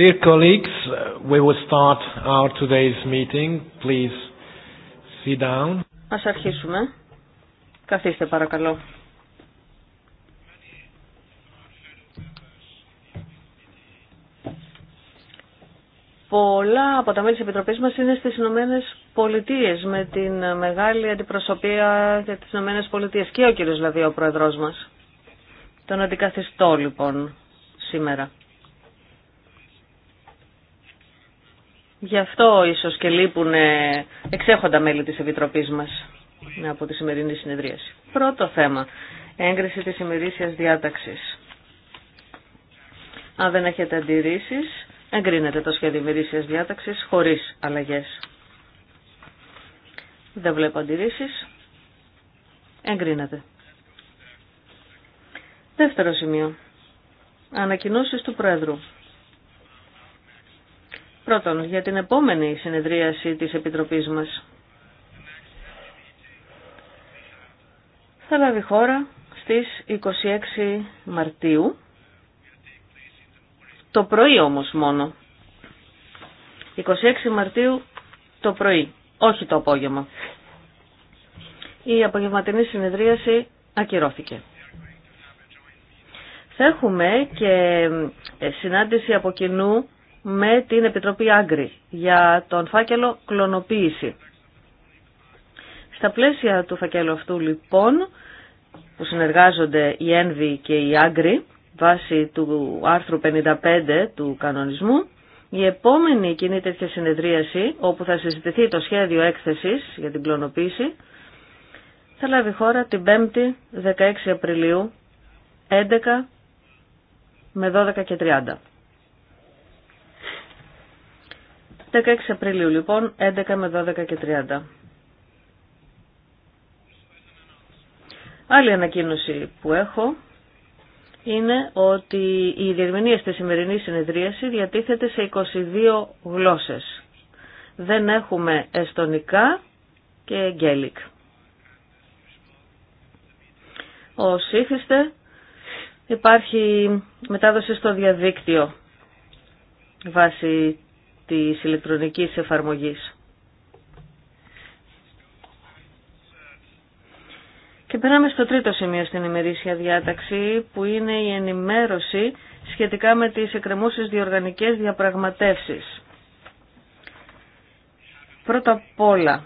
Dear colleagues, we will start our today's meeting. Please sit down. Ας αρχίσουμε. Καθίστε παρακαλώ. Πολλά από τα μέλη της Επιτροπής μας είναι στις Ηνωμένε Πολιτείε με την μεγάλη αντιπροσωπεία για τις Ηνωμένε Πολιτείε και ο κύριος δηλαδή ο πρόεδρός μας. Τον αντικαθιστώ λοιπόν σήμερα. Γι' αυτό ίσως και λείπουν εξέχοντα μέλη της Επιτροπής μας από τη σημερινή συνεδρίαση. Πρώτο θέμα, έγκριση της ημερήσιας διάταξης. Αν δεν έχετε αντιρρήσεις, εγκρίνετε το σχέδιο ημερήσιας διάταξης χωρίς αλλαγές. Δεν βλέπω αντιρρήσεις. Εγκρίνεται. Δεύτερο σημείο. Ανακοινώσεις του Πρόεδρου. Πρώτον, για την επόμενη συνεδρίαση της Επιτροπής μας. Θα λάβει χώρα στις 26 Μαρτίου, το πρωί όμως μόνο. 26 Μαρτίου το πρωί, όχι το απόγευμα. Η απογευματινή συνεδρίαση ακυρώθηκε. Θα έχουμε και συνάντηση από κοινού με την Επιτροπή Άγκρη για τον φάκελο κλωνοποίηση. Στα πλαίσια του φακέλου αυτού λοιπόν που συνεργάζονται η Ένβη και η Άγκρη βάσει του άρθρου 55 του κανονισμού η επόμενη κοινή τέτοια συνεδρίαση όπου θα συζητηθεί το σχέδιο έκθεσης για την κλωνοποίηση θα λάβει χώρα την 5η 16 Απριλίου 11 με 12 και 30. 16 Απριλίου λοιπόν, 11 με 12 και 30. Άλλη ανακοίνωση που έχω είναι ότι η διερμηνία στη σημερινή συνεδρίαση διατίθεται σε 22 γλώσσες. Δεν έχουμε εστονικά και γκέλικ. Ο ήθιστε υπάρχει μετάδοση στο διαδίκτυο βάσει της ηλεκτρονικής εφαρμογής. Και περάμε στο τρίτο σημείο στην ημερήσια διάταξη που είναι η ενημέρωση σχετικά με τις εκκρεμούσες διοργανικές διαπραγματεύσεις. Πρώτα απ' όλα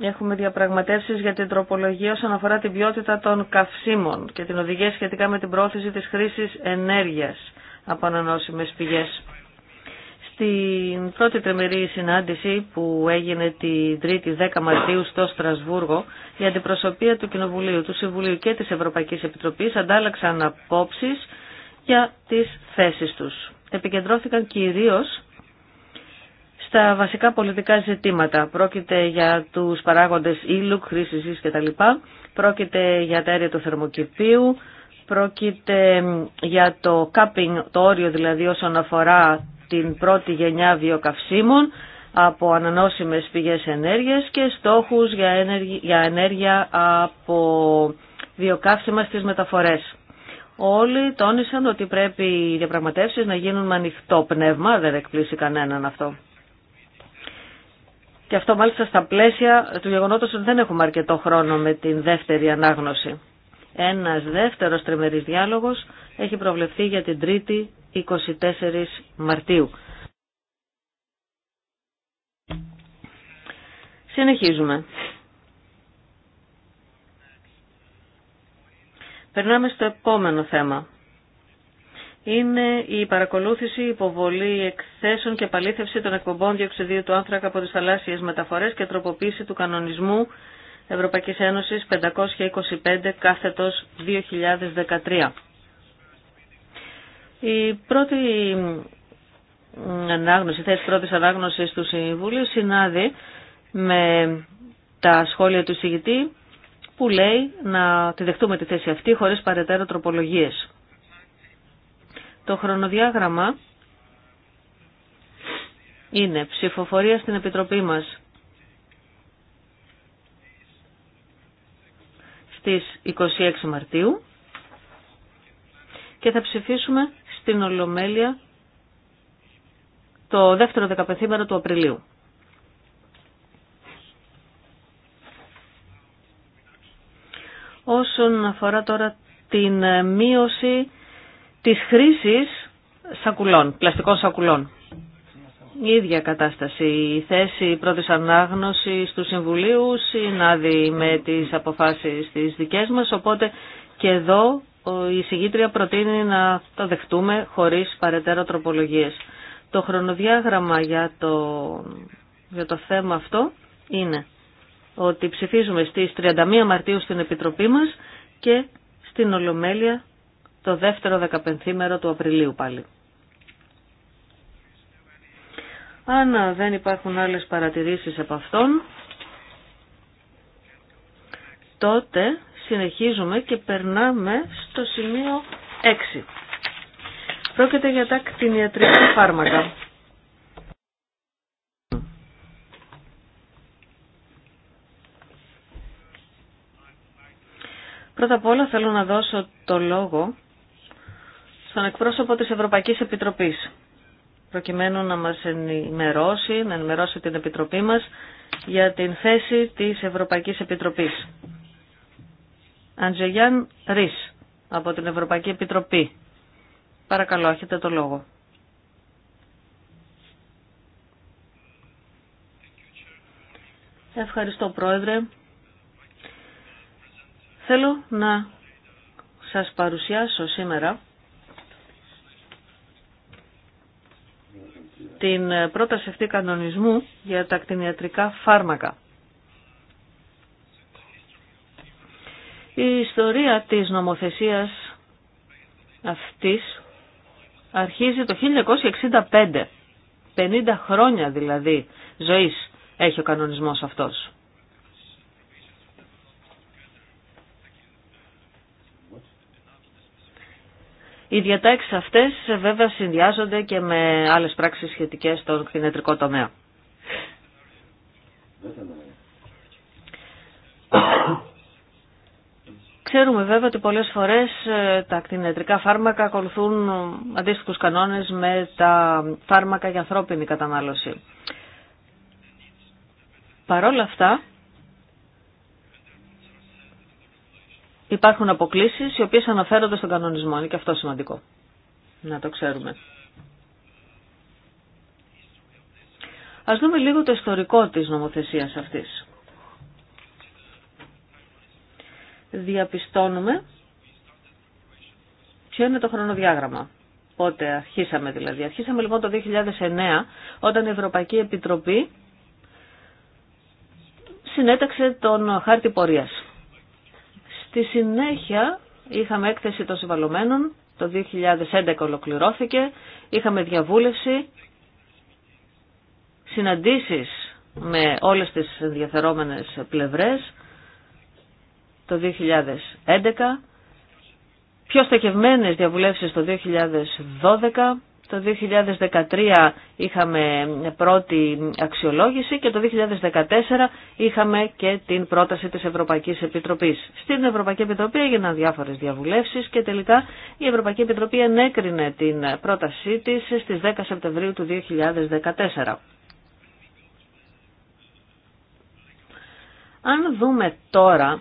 έχουμε διαπραγματεύσεις για την τροπολογία όσον αφορά την ποιότητα των καυσίμων και την οδηγία σχετικά με την πρόθεση της χρήσης ενέργειας από ανανόσιμες πηγές στην πρώτη τρεμερή συνάντηση που έγινε τη 3η 10 Μαρτίου στο Στρασβούργο, η αντιπροσωπεία του Κοινοβουλίου, του Συμβουλίου και της Ευρωπαϊκής Επιτροπής αντάλλαξαν απόψεις για τις θέσεις τους. Επικεντρώθηκαν κυρίως στα βασικά πολιτικά ζητήματα. Πρόκειται για τους παράγοντες ήλου, χρήση ζής κτλ. Πρόκειται για τα αέρια του θερμοκηπίου, πρόκειται για το κάπινγκ, το όριο δηλαδή όσον αφορά την πρώτη γενιά βιοκαυσίμων από ανανόσιμες πηγές ενέργειας και στόχους για ενέργεια, για ενέργεια από βιοκαύσιμα στις μεταφορές. Όλοι τόνισαν ότι πρέπει οι διαπραγματεύσεις να γίνουν με ανοιχτό πνεύμα, δεν εκπλήσει κανέναν αυτό. Και αυτό μάλιστα στα πλαίσια του γεγονότος ότι δεν έχουμε αρκετό χρόνο με την δεύτερη ανάγνωση. Ένας δεύτερος τριμερής διάλογος έχει προβλεφθεί για την 3η 24 Μαρτίου. Συνεχίζουμε. Περνάμε στο επόμενο θέμα. Είναι η παρακολούθηση, υποβολή εκθέσεων και παλήθευση των εκπομπών διοξιδίου του άνθρακα από τις θαλάσσιες μεταφορές και τροποποίηση του κανονισμού Ευρωπαϊκής Ένωσης 525 κάθετος 2013. Η πρώτη ανάγνωση, θέση πρώτης ανάγνωση του Συμβουλίου συνάδει με τα σχόλια του συγητή που λέει να τη δεχτούμε τη θέση αυτή χωρίς παρετέρω τροπολογίες. Το χρονοδιάγραμμα είναι ψηφοφορία στην Επιτροπή μας στις 26 Μαρτίου και θα ψηφίσουμε στην Ολομέλεια το δεύτερο δεκαπεθήμερο του Απριλίου. Όσον αφορά τώρα την ε, μείωση της χρήσης σακουλών, πλαστικών σακουλών. Η ίδια κατάσταση. Η θέση πρώτης ανάγνωση του Συμβουλίου συνάδει με τις αποφάσεις της δικές μας, οπότε και εδώ η συγγήτρια προτείνει να το δεχτούμε χωρίς παρετέρω τροπολογίες. Το χρονοδιάγραμμα για το, για το θέμα αυτό είναι ότι ψηφίζουμε στις 31 Μαρτίου στην Επιτροπή μας και στην Ολομέλεια το δεύτερο δεκαπενθήμερο του Απριλίου πάλι. Αν δεν υπάρχουν άλλες παρατηρήσεις από αυτόν, τότε συνεχίζουμε και περνάμε στο σημείο 6. Πρόκειται για τα κτηνιατρικά φάρμακα. Πρώτα απ' όλα θέλω να δώσω το λόγο στον εκπρόσωπο της Ευρωπαϊκής Επιτροπής, προκειμένου να μας ενημερώσει, να ενημερώσει την Επιτροπή μας για την θέση της Ευρωπαϊκής Επιτροπής Αντζεγιάν Ρις από την Ευρωπαϊκή Επιτροπή. Παρακαλώ, έχετε το λόγο. Ευχαριστώ Πρόεδρε. Θέλω να σας παρουσιάσω σήμερα την πρόταση αυτή κανονισμού για τα κτηνιατρικά φάρμακα. Η ιστορία της νομοθεσίας αυτής αρχίζει το 1965. 50 χρόνια δηλαδή ζωής έχει ο κανονισμός αυτός. Οι διατάξεις αυτές βέβαια συνδυάζονται και με άλλες πράξεις σχετικές στον κτηνιατρικό τομέα. Ξέρουμε βέβαια ότι πολλές φορές ε, τα ακτινιατρικά φάρμακα ακολουθούν ε, αντίστοιχους κανόνες με τα φάρμακα για ανθρώπινη κατανάλωση. Παρόλα αυτά, υπάρχουν αποκλήσεις οι οποίες αναφέρονται στον κανονισμό. Είναι και αυτό σημαντικό. Να το ξέρουμε. Ας δούμε λίγο το ιστορικό της νομοθεσίας αυτής. διαπιστώνουμε ποιο είναι το χρονοδιάγραμμα. Πότε αρχίσαμε δηλαδή. Αρχίσαμε λοιπόν το 2009 όταν η Ευρωπαϊκή Επιτροπή συνέταξε τον χάρτη πορείας. Στη συνέχεια είχαμε έκθεση των συμβαλωμένων, το 2011 ολοκληρώθηκε, είχαμε διαβούλευση, συναντήσεις με όλες τις ενδιαφερόμενες πλευρές, το 2011, πιο στοχευμένες διαβουλεύσεις το 2012, το 2013 είχαμε πρώτη αξιολόγηση και το 2014 είχαμε και την πρόταση της Ευρωπαϊκής Επιτροπής. Στην Ευρωπαϊκή Επιτροπή έγιναν διάφορες διαβουλεύσεις και τελικά η Ευρωπαϊκή Επιτροπή ενέκρινε την πρότασή της στις 10 Σεπτεμβρίου του 2014. Αν δούμε τώρα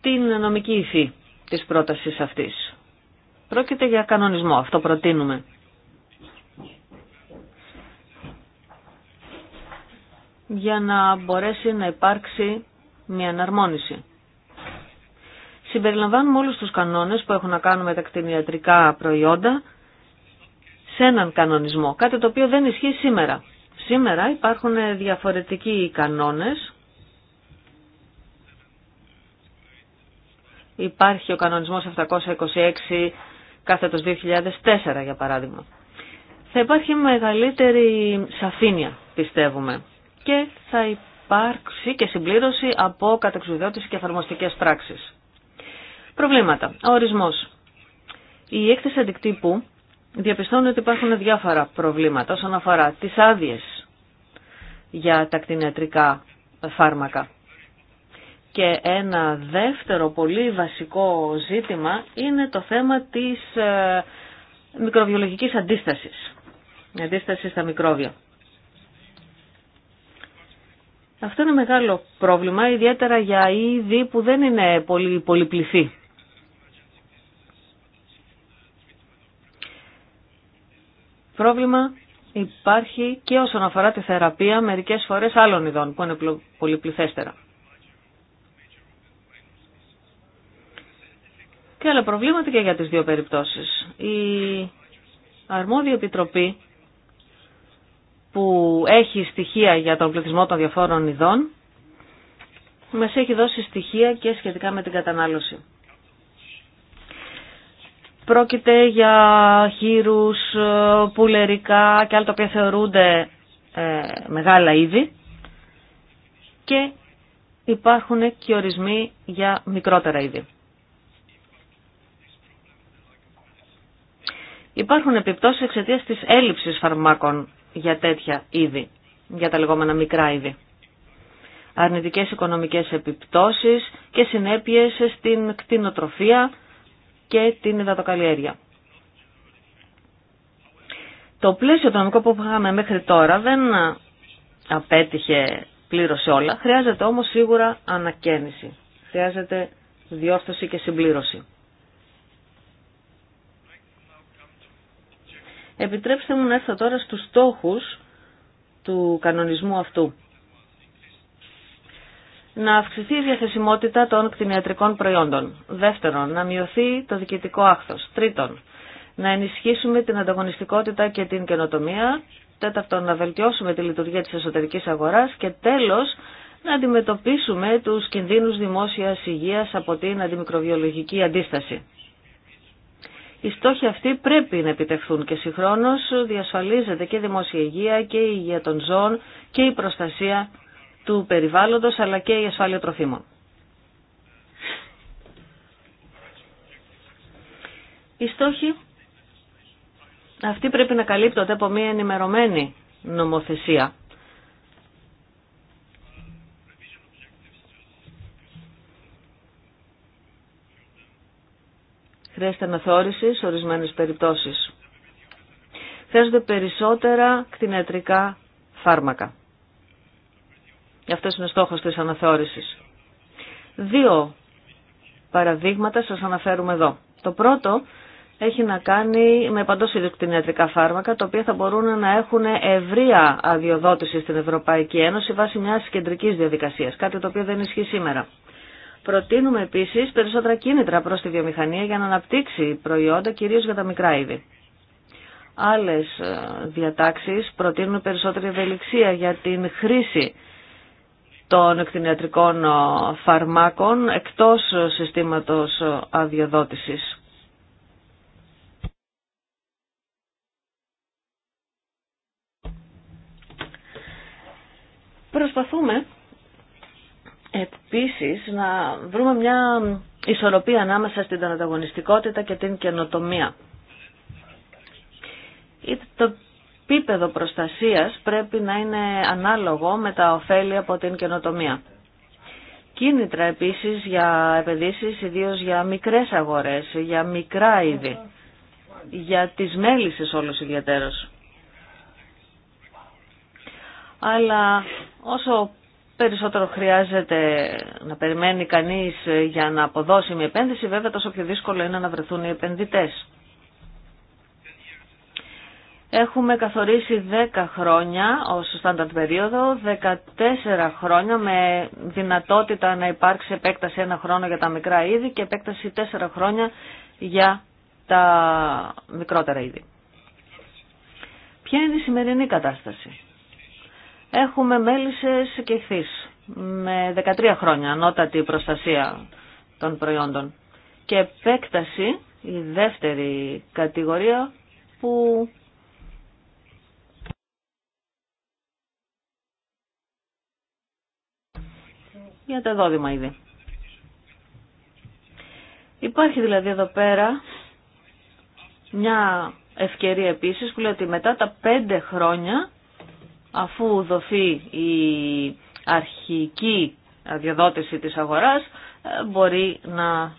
την νομική υφή της πρότασης αυτής. Πρόκειται για κανονισμό, αυτό προτείνουμε. για να μπορέσει να υπάρξει μια αναρμόνιση. Συμπεριλαμβάνουμε όλους τους κανόνες που έχουν να κάνουν με τα κτηνιατρικά προϊόντα σε έναν κανονισμό, κάτι το οποίο δεν ισχύει σήμερα. Σήμερα υπάρχουν διαφορετικοί κανόνες υπάρχει ο κανονισμός 726 κάθετος 2004 για παράδειγμα. Θα υπάρχει μεγαλύτερη σαφήνεια πιστεύουμε και θα υπάρξει και συμπλήρωση από κατεξουδιώτηση και εφαρμοστικές πράξεις. Προβλήματα. Ο ορισμός. Η έκθεση αντικτύπου διαπιστώνει ότι υπάρχουν διάφορα προβλήματα όσον αφορά τις άδειες για τα κτηνιατρικά φάρμακα. Και ένα δεύτερο πολύ βασικό ζήτημα είναι το θέμα της ε, μικροβιολογικής αντίστασης. Αντίσταση στα μικρόβια. Αυτό είναι μεγάλο πρόβλημα, ιδιαίτερα για είδη που δεν είναι πολύ πολυπληθή. Πρόβλημα υπάρχει και όσον αφορά τη θεραπεία μερικές φορές άλλων ειδών που είναι πολυπληθέστερα. και άλλα προβλήματα και για τις δύο περιπτώσεις. Η αρμόδια επιτροπή που έχει στοιχεία για τον πληθυσμό των διαφόρων ειδών μας έχει δώσει στοιχεία και σχετικά με την κατανάλωση. Πρόκειται για χείρους, ε, πουλερικά και άλλα τα οποία θεωρούνται ε, μεγάλα είδη και υπάρχουν και ορισμοί για μικρότερα είδη. Υπάρχουν επιπτώσεις εξαιτίας της έλλειψης φαρμάκων για τέτοια είδη, για τα λεγόμενα μικρά είδη. Αρνητικές οικονομικές επιπτώσεις και συνέπειες στην κτηνοτροφία και την υδατοκαλλιέργεια. Το πλαίσιο οικονομικό που είχαμε μέχρι τώρα δεν απέτυχε σε όλα, χρειάζεται όμως σίγουρα ανακαίνιση. Χρειάζεται διόρθωση και συμπλήρωση. Επιτρέψτε μου να έρθω τώρα στους στόχους του κανονισμού αυτού. Να αυξηθεί η διαθεσιμότητα των κτηνιατρικών προϊόντων. Δεύτερον, να μειωθεί το διοικητικό άχθος. Τρίτον, να ενισχύσουμε την ανταγωνιστικότητα και την καινοτομία. Τέταρτον, να βελτιώσουμε τη λειτουργία της εσωτερικής αγοράς. Και τέλος, να αντιμετωπίσουμε τους κινδύνους δημόσιας υγείας από την αντιμικροβιολογική αντίσταση. Οι στόχοι αυτοί πρέπει να επιτευχθούν και συγχρόνως διασφαλίζεται και η δημόσια υγεία και η υγεία των ζώων και η προστασία του περιβάλλοντος αλλά και η ασφάλεια τροφίμων. Οι στόχοι αυτοί πρέπει να καλύπτονται από μια ενημερωμένη νομοθεσία Χρειάζεται αναθεώρηση σε ορισμένες περιπτώσεις. Χρειάζονται περισσότερα κτηνιατρικά φάρμακα. αυτό είναι ο στόχος της αναθεώρησης. Δύο παραδείγματα σας αναφέρουμε εδώ. Το πρώτο έχει να κάνει με παντό είδου κτηνιατρικά φάρμακα, τα οποία θα μπορούν να έχουν ευρεία αδειοδότηση στην Ευρωπαϊκή Ένωση βάσει μια κεντρικής διαδικασία. κάτι το οποίο δεν ισχύει σήμερα. Προτείνουμε επίση περισσότερα κίνητρα προς τη βιομηχανία για να αναπτύξει προϊόντα, κυρίως για τα μικρά είδη. Άλλες ε, διατάξεις προτείνουν περισσότερη ευελιξία για την χρήση των εκτινιατρικών ε, φαρμάκων εκτός συστήματος ε, αδειοδότησης. Προσπαθούμε επίσης να βρούμε μια ισορροπία ανάμεσα στην ανταγωνιστικότητα και την καινοτομία. Το επίπεδο προστασίας πρέπει να είναι ανάλογο με τα ωφέλη από την καινοτομία. Κίνητρα επίσης για επενδύσεις, ιδίως για μικρές αγορές, για μικρά είδη, για τις μέλησες όλους ιδιαίτερως. Αλλά όσο περισσότερο χρειάζεται να περιμένει κανείς ε, για να αποδώσει μια επένδυση, βέβαια τόσο πιο δύσκολο είναι να βρεθούν οι επενδυτές. Έχουμε καθορίσει 10 χρόνια ως στάνταρτ περίοδο, 14 χρόνια με δυνατότητα να υπάρξει επέκταση ένα χρόνο για τα μικρά είδη και επέκταση 4 χρόνια για τα μικρότερα είδη. Ποια είναι η σημερινή κατάσταση. Έχουμε μέλισσες και χθείς με 13 χρόνια ανώτατη προστασία των προϊόντων και επέκταση η δεύτερη κατηγορία που για τα δόδημα ήδη. Υπάρχει δηλαδή εδώ πέρα μια ευκαιρία επίσης που λέει ότι μετά τα πέντε χρόνια αφού δοθεί η αρχική διαδότηση της αγοράς, ε, μπορεί να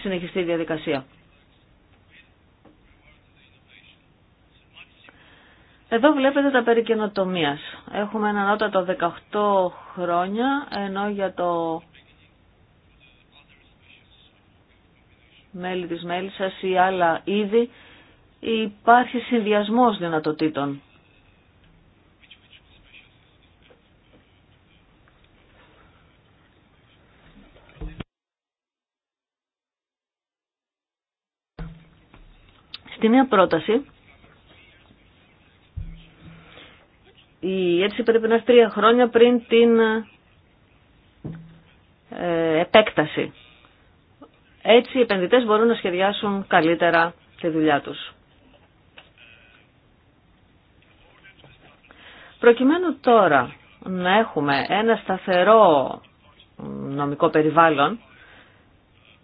συνεχιστεί η διαδικασία. Εδώ βλέπετε τα περί καινοτομίας. Έχουμε έναν ότατο 18 χρόνια, ενώ για το μέλη της μέλισσας ή άλλα είδη υπάρχει συνδυασμός δυνατοτήτων. Η νέα πρόταση, η έτσι πρέπει να είναι τρία χρόνια πριν την ε, επέκταση. Έτσι οι επενδυτές μπορούν να σχεδιάσουν καλύτερα τη δουλειά τους. Προκειμένου τώρα να έχουμε ένα σταθερό νομικό περιβάλλον,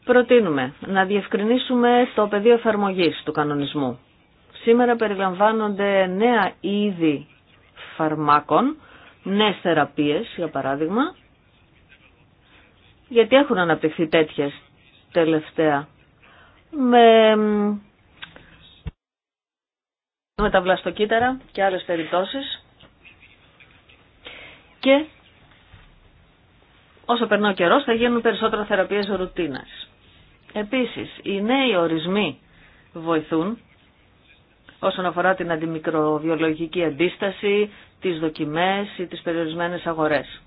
Προτείνουμε να διευκρινίσουμε το πεδίο εφαρμογής του κανονισμού. Σήμερα περιλαμβάνονται νέα είδη φαρμάκων, νέες θεραπείες για παράδειγμα, γιατί έχουν αναπτυχθεί τέτοιες τελευταία με, με τα βλαστοκύτταρα και άλλες περιπτώσεις και όσο περνά ο καιρός θα γίνουν περισσότερα θεραπείες ρουτίνας. Επίσης, οι νέοι ορισμοί βοηθούν όσον αφορά την αντιμικροβιολογική αντίσταση, τις δοκιμές ή τις περιορισμένες αγορές.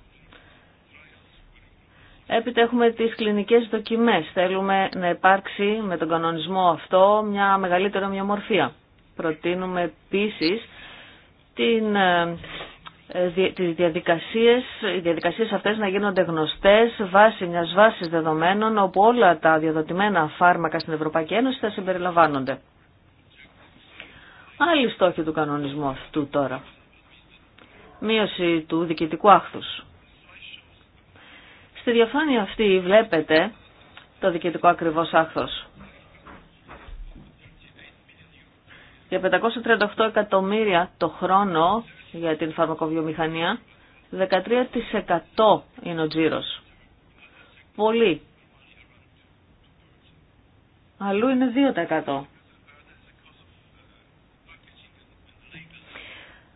Έπειτα έχουμε τις κλινικές δοκιμές. Θέλουμε να υπάρξει με τον κανονισμό αυτό μια μεγαλύτερη ομοιομορφία. Προτείνουμε επίσης την ε, τις διαδικασίες, οι διαδικασίες αυτές να γίνονται γνωστές βάσει μιας βάσης δεδομένων όπου όλα τα διαδοτημένα φάρμακα στην Ευρωπαϊκή Ένωση θα συμπεριλαμβάνονται. Άλλη στόχη του κανονισμού αυτού τώρα. Μείωση του διοικητικού άχθους. Στη διαφάνεια αυτή βλέπετε το διοικητικό ακριβώς άχθος. Για 538 εκατομμύρια το χρόνο για την φαρμακοβιομηχανία. 13% είναι ο τζίρος. Πολύ. Αλλού είναι 2%.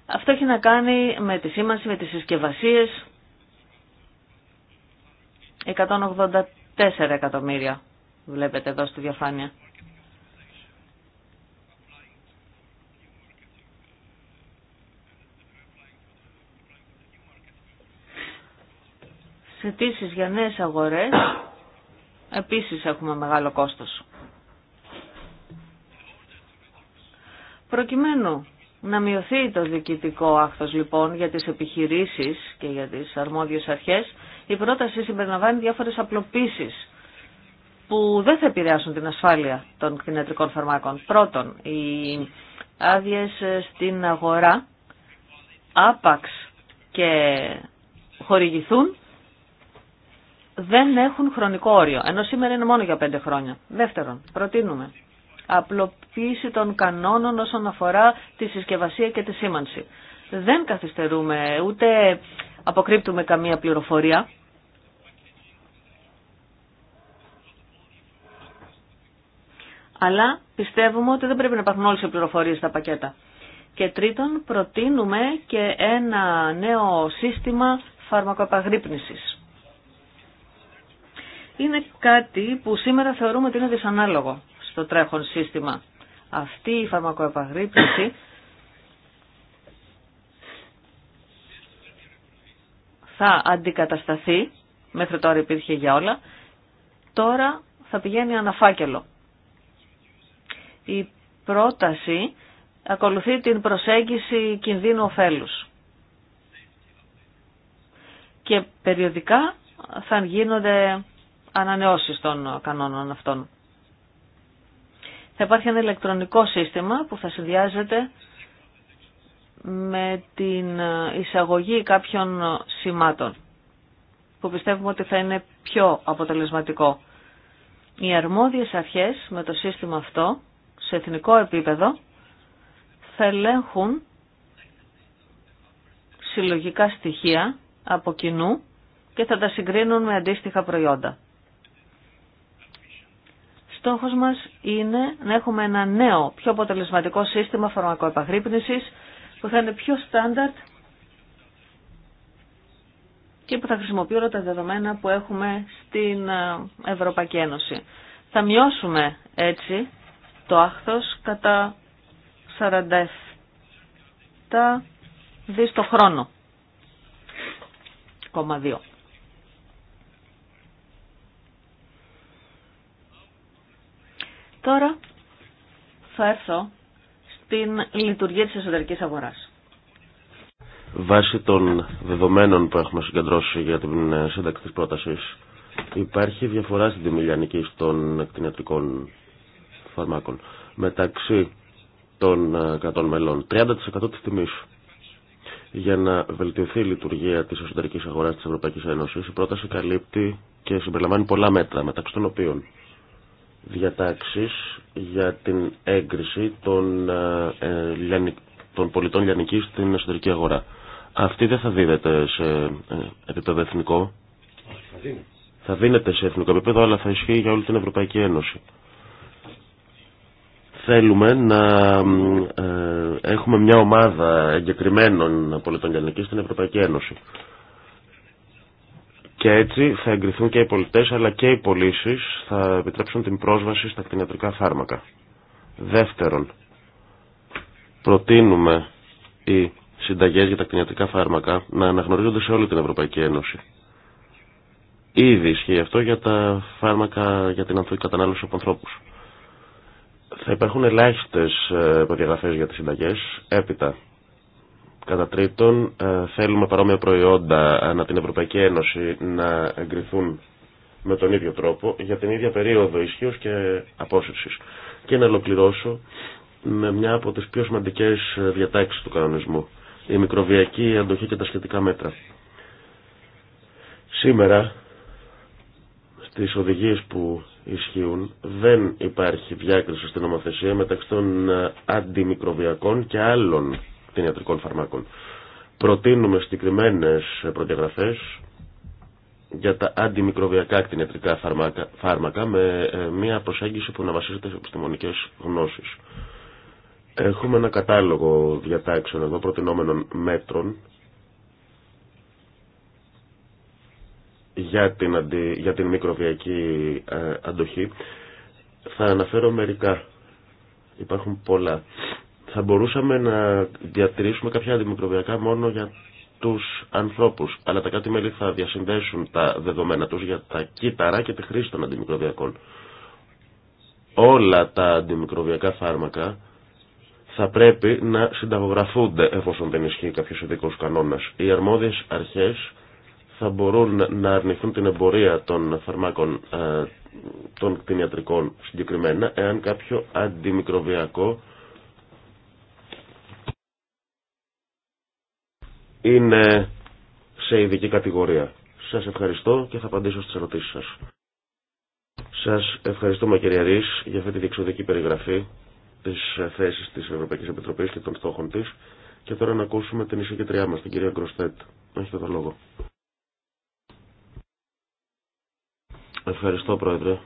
Αυτό έχει να κάνει με τη σήμανση, με τις συσκευασίες. 184 εκατομμύρια βλέπετε εδώ στη διαφάνεια. Συζητήσει για νέες αγορές επίσης έχουμε μεγάλο κόστος. Προκειμένου να μειωθεί το διοικητικό άκθος λοιπόν για τις επιχειρήσεις και για τις αρμόδιες αρχές, η πρόταση συμπεριλαμβάνει διάφορες απλοποίησεις που δεν θα επηρεάσουν την ασφάλεια των κτηνιατρικών φαρμάκων. Πρώτον, οι άδειε στην αγορά άπαξ και χορηγηθούν δεν έχουν χρονικό όριο, ενώ σήμερα είναι μόνο για πέντε χρόνια. Δεύτερον, προτείνουμε απλοποίηση των κανόνων όσον αφορά τη συσκευασία και τη σήμανση. Δεν καθυστερούμε, ούτε αποκρύπτουμε καμία πληροφορία. Αλλά πιστεύουμε ότι δεν πρέπει να υπάρχουν όλες οι πληροφορίες στα πακέτα. Και τρίτον, προτείνουμε και ένα νέο σύστημα φαρμακοεπαγρύπνησης είναι κάτι που σήμερα θεωρούμε ότι είναι δυσανάλογο στο τρέχον σύστημα. Αυτή η φαρμακοεπαγρύπνηση θα αντικατασταθεί, μέχρι τώρα υπήρχε για όλα, τώρα θα πηγαίνει αναφάκελο. Η πρόταση ακολουθεί την προσέγγιση κινδύνου ωφέλους. Και περιοδικά θα γίνονται ανανεώσεις των κανόνων αυτών. Θα υπάρχει ένα ηλεκτρονικό σύστημα που θα συνδυάζεται με την εισαγωγή κάποιων σημάτων που πιστεύουμε ότι θα είναι πιο αποτελεσματικό. Οι αρμόδιες αρχές με το σύστημα αυτό σε εθνικό επίπεδο θα ελέγχουν συλλογικά στοιχεία από κοινού και θα τα συγκρίνουν με αντίστοιχα προϊόντα. Στόχος μας είναι να έχουμε ένα νέο, πιο αποτελεσματικό σύστημα φαρμακοεπαγρύπνησης που θα είναι πιο στάνταρτ και που θα χρησιμοποιούν τα δεδομένα που έχουμε στην ε, Ευρωπαϊκή Ένωση. Θα μειώσουμε έτσι το άχθος κατά 47 δις το χρόνο. 2. Τώρα θα έρθω στην λειτουργία της εσωτερικής αγοράς. Βάσει των δεδομένων που έχουμε συγκεντρώσει για την ε, σύνταξη της πρότασης, υπάρχει διαφορά στη δημιουργιανική των εκτινιατρικών φαρμάκων μεταξύ των ε, κρατών μελών. 30% της τιμής για να βελτιωθεί η λειτουργία της εσωτερικής αγοράς της Ευρωπαϊκής Ένωσης, η πρόταση καλύπτει και συμπεριλαμβάνει πολλά μέτρα, μεταξύ των οποίων διατάξεις για την έγκριση των, ε, ε, των πολιτών λιανικής στην εσωτερική αγορά. Αυτή δεν θα δίδεται σε ε, επίπεδο εθνικό. Θα δίνεται σε εθνικό επίπεδο, αλλά θα ισχύει για όλη την Ευρωπαϊκή Ένωση. Θέλουμε να έχουμε μια ομάδα εγκεκριμένων πολιτών λιανικής στην Ευρωπαϊκή Ένωση. Και έτσι θα εγκριθούν και οι πολιτές αλλά και οι πωλήσει θα επιτρέψουν την πρόσβαση στα κτηνιατρικά φάρμακα. Δεύτερον, προτείνουμε οι συνταγέ για τα κτηνιατρικά φάρμακα να αναγνωρίζονται σε όλη την Ευρωπαϊκή Ένωση. Ήδη ισχύει αυτό για τα φάρμακα για την κατανάλωση από ανθρώπου. Θα υπάρχουν ελάχιστε προδιαγραφέ για τι συνταγέ Έπειτα, Κατά τρίτον, ε, θέλουμε παρόμοια προϊόντα ε, ανά την Ευρωπαϊκή Ένωση να εγκριθούν με τον ίδιο τρόπο για την ίδια περίοδο ισχύω και απόσυρσης. Και να ολοκληρώσω με μια από τις πιο σημαντικές ε, διατάξει του κανονισμού, η μικροβιακή αντοχή και τα σχετικά μέτρα. Σήμερα, στις οδηγίες που ισχύουν, δεν υπάρχει διάκριση στην νομοθεσία μεταξύ των αντιμικροβιακών και άλλων ιατρικών φαρμάκων. Προτείνουμε συγκεκριμένε προδιαγραφέ για τα αντιμικροβιακά κτηνιατρικά φάρμακα, φάρμακα με ε, μια προσέγγιση που να βασίζεται σε επιστημονικέ γνώσεις. Έχουμε ένα κατάλογο διατάξεων εδώ προτινόμενων μέτρων για την, αντι, για την μικροβιακή ε, αντοχή. Θα αναφέρω μερικά. Υπάρχουν πολλά θα μπορούσαμε να διατηρήσουμε κάποια αντιμικροβιακά μόνο για τους ανθρώπους, αλλά τα κάτι μέλη θα διασυνδέσουν τα δεδομένα τους για τα κύτταρα και τη χρήση των αντιμικροβιακών. Όλα τα αντιμικροβιακά φάρμακα θα πρέπει να συνταγογραφούνται εφόσον δεν ισχύει κάποιο ειδικό κανόνα. Οι αρμόδιες αρχές θα μπορούν να αρνηθούν την εμπορία των φαρμάκων ε, των κτηνιατρικών συγκεκριμένα εάν κάποιο αντιμικροβιακό είναι σε ειδική κατηγορία. Σας ευχαριστώ και θα απαντήσω στις ερωτήσεις σας. Σας ευχαριστούμε κυρία Ρίς για αυτή τη διεξοδική περιγραφή της θέσης της Ευρωπαϊκής Επιτροπής και των στόχων της και τώρα να ακούσουμε την εισηγητριά μας, την κυρία Γκροστέτ. Έχετε το λόγο. Ευχαριστώ Πρόεδρε.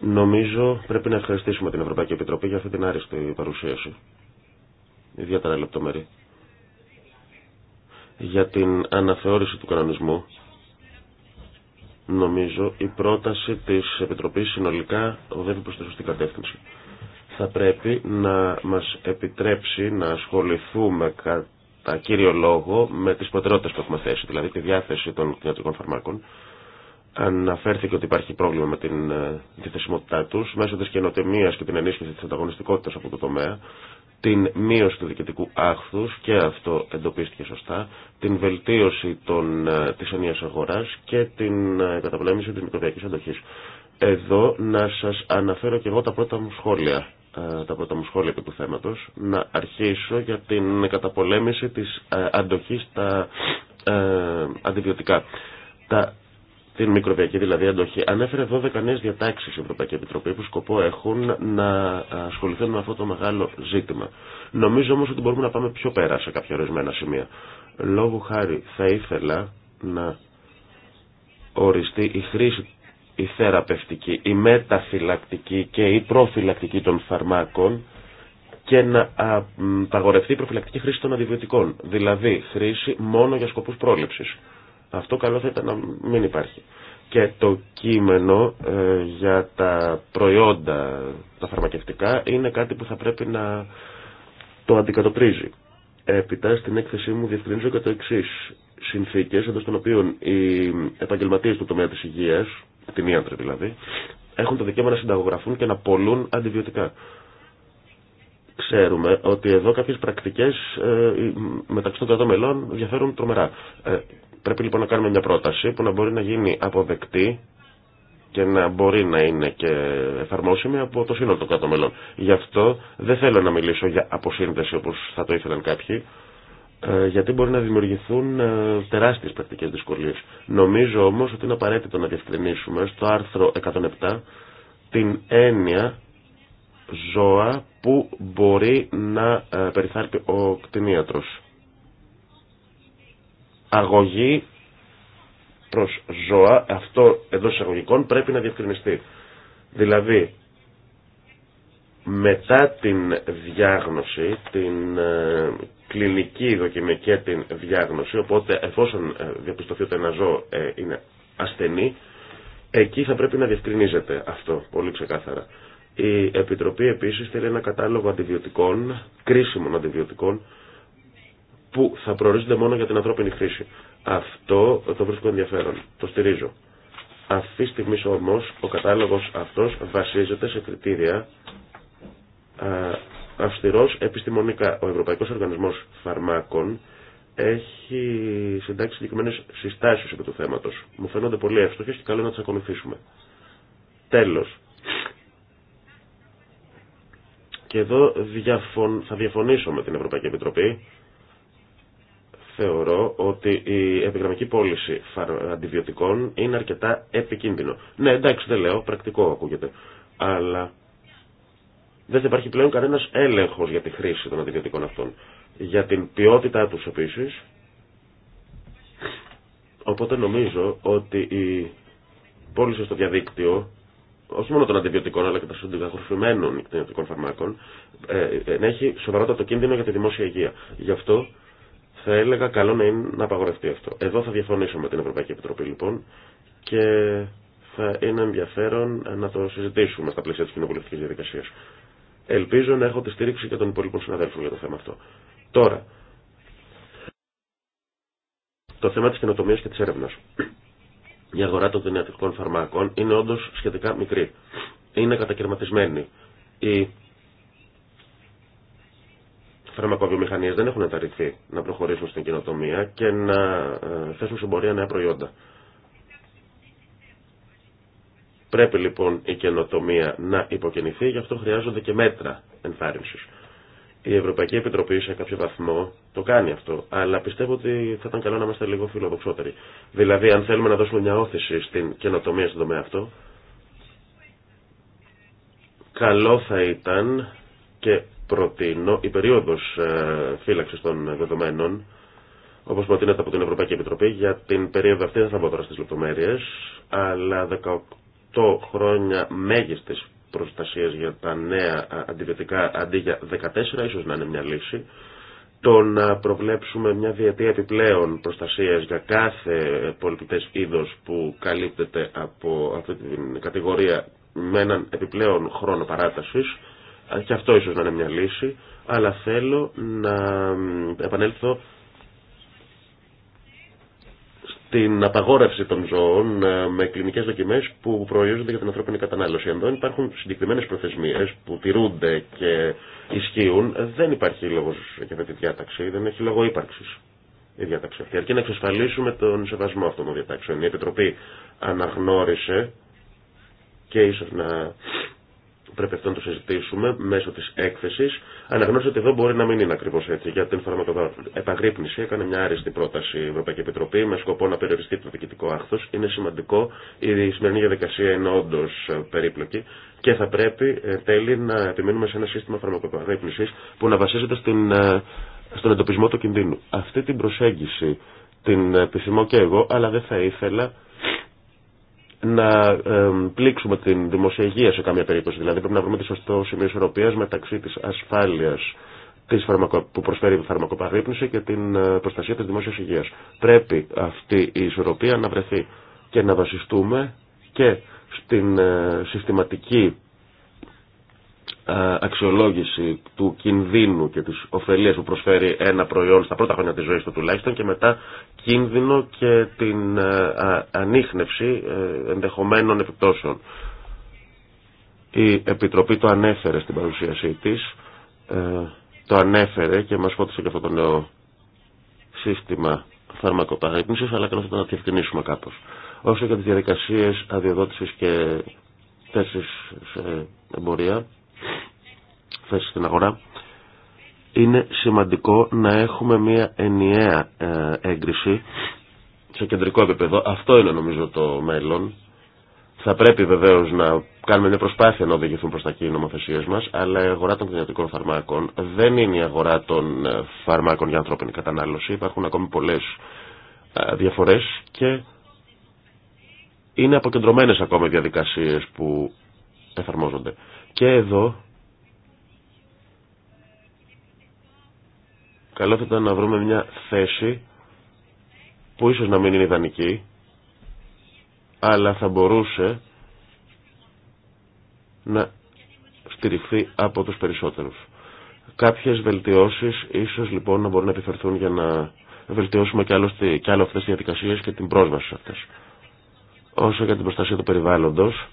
Νομίζω πρέπει να ευχαριστήσουμε την Ευρωπαϊκή Επιτροπή για αυτή την άριστη παρουσίαση. Ιδιαίτερα λεπτομερή για την αναθεώρηση του κανονισμού, νομίζω η πρόταση της Επιτροπής συνολικά οδεύει προς τη σωστή κατεύθυνση. Θα πρέπει να μας επιτρέψει να ασχοληθούμε κατά κύριο λόγο με τις προτεραιότητες που έχουμε θέσει, δηλαδή τη διάθεση των κοινωνικών φαρμάκων. Αναφέρθηκε ότι υπάρχει πρόβλημα με την διθεσιμότητά ε, τους μέσω της καινοτομία και την ενίσχυση της ανταγωνιστικότητας από το τομέα την μείωση του διοικητικού άχθους και αυτό εντοπίστηκε σωστά, την βελτίωση των, ε, της αγορά αγοράς και την ε, καταπολέμηση της μικροβιακής αντοχής. Εδώ να σας αναφέρω και εγώ τα πρώτα μου σχόλια ε, τα πρώτα μου σχόλια του θέματος, να αρχίσω για την καταπολέμηση της αντοχής στα αντιβιωτικά. Τα την μικροβιακή δηλαδή αντοχή. Ανέφερε 12 νέε διατάξει η Ευρωπαϊκή Επιτροπή που σκοπό έχουν να ασχοληθούν με αυτό το μεγάλο ζήτημα. Νομίζω όμω ότι μπορούμε να πάμε πιο πέρα σε κάποια ορισμένα σημεία. Λόγω χάρη θα ήθελα να οριστεί η χρήση, η θεραπευτική, η μεταφυλακτική και η προφυλακτική των φαρμάκων και να απαγορευτεί η προφυλακτική χρήση των αντιβιωτικών. Δηλαδή χρήση μόνο για σκοπούς πρόληψης αυτό καλό θα ήταν να μην υπάρχει. Και το κείμενο ε, για τα προϊόντα, τα φαρμακευτικά, είναι κάτι που θα πρέπει να το αντικατοπτρίζει. Έπειτα στην έκθεσή μου διευκρινίζω και το εξή. Συνθήκε εντό των οποίων οι επαγγελματίε του τομέα τη υγεία, την ίαντρη δηλαδή, έχουν το δικαίωμα να συνταγογραφούν και να πολλούν αντιβιωτικά. Ξέρουμε ότι εδώ κάποιε πρακτικέ ε, μεταξύ των κρατών μελών διαφέρουν τρομερά. Ε, Πρέπει λοιπόν να κάνουμε μια πρόταση που να μπορεί να γίνει αποδεκτή και να μπορεί να είναι και εφαρμόσιμη από το σύνολο των κάτω μελών. Γι' αυτό δεν θέλω να μιλήσω για αποσύνδεση όπως θα το ήθελαν κάποιοι, ε, γιατί μπορεί να δημιουργηθούν ε, τεράστιες πρακτικές δυσκολίες. Νομίζω όμως ότι είναι απαραίτητο να διευκρινίσουμε στο άρθρο 107 την έννοια ζώα που μπορεί να ε, περιθάρει ο κτηνίατρος αγωγή προς ζώα, αυτό εντό εισαγωγικών πρέπει να διευκρινιστεί. Δηλαδή, μετά την διάγνωση, την ε, κλινική δοκιμή και την διάγνωση, οπότε εφόσον ε, διαπιστωθεί ότι ένα ζώο ε, είναι ασθενή, εκεί θα πρέπει να διευκρινίζεται αυτό πολύ ξεκάθαρα. Η Επιτροπή επίσης θέλει ένα κατάλογο αντιβιωτικών, κρίσιμων αντιβιωτικών, που θα προορίζονται μόνο για την ανθρώπινη χρήση. Αυτό το βρίσκω ενδιαφέρον. Το στηρίζω. Αυτή τη στιγμή όμω ο κατάλογο αυτό βασίζεται σε κριτήρια αυστηρό επιστημονικά. Ο Ευρωπαϊκό Οργανισμό Φαρμάκων έχει συντάξει συγκεκριμένε συστάσει επί του θέματο. Μου φαίνονται πολύ εύστοχε και καλό να τι ακολουθήσουμε. Τέλο. Και εδώ θα διαφωνήσω με την Ευρωπαϊκή Επιτροπή θεωρώ ότι η επιγραμμική πώληση αντιβιωτικών είναι αρκετά επικίνδυνο. Ναι, εντάξει, δεν λέω, πρακτικό ακούγεται. Αλλά δεν υπάρχει πλέον κανένα έλεγχο για τη χρήση των αντιβιωτικών αυτών. Για την ποιότητά του επίση. Οπότε νομίζω ότι η πώληση στο διαδίκτυο όχι μόνο των αντιβιωτικών αλλά και των συνταγορφημένων κτηνιωτικών φαρμάκων, ε, ε, έχει σοβαρότατο κίνδυνο για τη δημόσια υγεία. Γι' αυτό θα έλεγα καλό να είναι να απαγορευτεί αυτό. Εδώ θα διαφωνήσω με την Ευρωπαϊκή Επιτροπή λοιπόν και θα είναι ενδιαφέρον να το συζητήσουμε στα πλαίσια της κοινοβουλευτικής διαδικασίας. Ελπίζω να έχω τη στήριξη και των υπολοιπών συναδέλφων για το θέμα αυτό. Τώρα, το θέμα της καινοτομίας και της έρευνα Η αγορά των δυνατικών φαρμάκων είναι όντως σχετικά μικρή. Είναι κατακαιρματισμένη φαρμακοβιομηχανίε δεν έχουν ενταρρυνθεί να προχωρήσουν στην κοινοτομία και να ε, θέσουν σε πορεία νέα προϊόντα. Πρέπει λοιπόν η καινοτομία να υποκινηθεί, γι' αυτό χρειάζονται και μέτρα ενθάρρυνσης. Η Ευρωπαϊκή Επιτροπή σε κάποιο βαθμό το κάνει αυτό, αλλά πιστεύω ότι θα ήταν καλό να είμαστε λίγο φιλοδοξότεροι. Δηλαδή, αν θέλουμε να δώσουμε μια όθηση στην καινοτομία στον τομέα αυτό, καλό θα ήταν και προτείνω η περίοδος ε, φύλαξης των δεδομένων όπως προτείνεται από την Ευρωπαϊκή Επιτροπή για την περίοδο αυτή δεν θα μπω τώρα στις λεπτομέρειες αλλά 18 χρόνια μέγιστης προστασίας για τα νέα ε, αντιβιωτικά αντί για 14 ίσως να είναι μια λύση το να προβλέψουμε μια διετία επιπλέον προστασίας για κάθε πολιτικές είδος που καλύπτεται από αυτή την κατηγορία με έναν επιπλέον χρόνο παράτασης και αυτό ίσως να είναι μια λύση, αλλά θέλω να επανέλθω στην απαγόρευση των ζώων ε, με κλινικέ δοκιμέ που προορίζονται για την ανθρώπινη κατανάλωση. Εδώ υπάρχουν συγκεκριμένε προθεσμίες που τηρούνται και ισχύουν. Δεν υπάρχει λόγο για αυτή τη διάταξη, δεν έχει λόγο ύπαρξη η διάταξη αυτή. Αρκεί να εξασφαλίσουμε τον σεβασμό αυτών των διατάξεων. Η Επιτροπή αναγνώρισε και ίσω να πρέπει αυτό να το συζητήσουμε μέσω τη έκθεση. Αναγνώριζα ότι εδώ μπορεί να μην είναι ακριβώ έτσι. Για την φαρμακοεπαγρύπνηση έκανε μια άριστη πρόταση η Ευρωπαϊκή Επιτροπή με σκοπό να περιοριστεί το διοικητικό άχθο. Είναι σημαντικό. Η σημερινή διαδικασία είναι όντω ε, περίπλοκη και θα πρέπει ε, τέλει να επιμείνουμε σε ένα σύστημα φαρμακοεπαγρύπνηση που να βασίζεται στην, ε, στον εντοπισμό του κινδύνου. Αυτή την προσέγγιση την επιθυμώ και εγώ, αλλά δεν θα ήθελα να πλήξουμε την δημοσία υγεία σε καμία περίπτωση. Δηλαδή πρέπει να βρούμε τη σωστό σημείο ισορροπία μεταξύ τη ασφάλεια που προσφέρει η φαρμακοπαρύπνηση και την ε, προστασία της δημόσιας υγείας. Πρέπει αυτή η ισορροπία να βρεθεί και να βασιστούμε και στην ε, συστηματική ε, αξιολόγηση του κινδύνου και της ωφελίας που προσφέρει ένα προϊόν στα πρώτα χρόνια της ζωής του τουλάχιστον και μετά κίνδυνο και την ε, ανείχνευση ε, ενδεχομένων επιπτώσεων. Η Επιτροπή το ανέφερε στην παρουσίασή της, το ανέφερε και μας φώτισε και αυτό το νέο σύστημα φαρμακοπαγρύπνησης, αλλά καλό θα να διευκρινίσουμε κάπως. Όσο για τις διαδικασίες αδειοδότησης και θέσεις σε εμπορία, θέση στην αγορά, είναι σημαντικό να έχουμε μια ενιαία ε, έγκριση σε κεντρικό επίπεδο. Αυτό είναι νομίζω το μέλλον. Θα πρέπει βεβαίως να κάνουμε μια προσπάθεια να οδηγηθούν προς τα εκεί οι μας, αλλά η αγορά των κτηνιατικών φαρμάκων δεν είναι η αγορά των ε, φαρμάκων για ανθρώπινη κατανάλωση. Υπάρχουν ακόμη πολλές ε, διαφορές και είναι αποκεντρωμένες ακόμη διαδικασίες που εφαρμόζονται. Και εδώ Καλό θα ήταν να βρούμε μια θέση που ίσως να μην είναι ιδανική, αλλά θα μπορούσε να στηριχθεί από τους περισσότερους. Κάποιες βελτιώσεις ίσως λοιπόν να μπορούν να επιφερθούν για να βελτιώσουμε και άλλο, και άλλο αυτές τις διαδικασίες και την πρόσβαση σε αυτές. Όσο για την προστασία του περιβάλλοντος,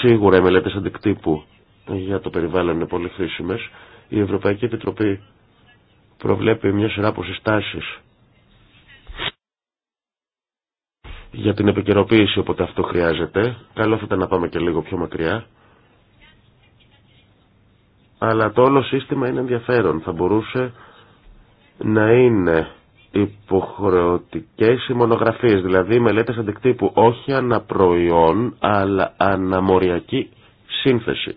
σίγουρα οι μελέτες αντικτύπου για το περιβάλλον είναι πολύ χρήσιμες. Η Ευρωπαϊκή Επιτροπή προβλέπει μια σειρά από για την επικαιροποίηση όποτε αυτό χρειάζεται. Καλό θα ήταν να πάμε και λίγο πιο μακριά. Αλλά το όλο σύστημα είναι ενδιαφέρον. Θα μπορούσε να είναι υποχρεωτικές οι μονογραφίες, δηλαδή μελέτες αντικτύπου, όχι αναπροϊόν, αλλά αναμοριακή σύνθεση.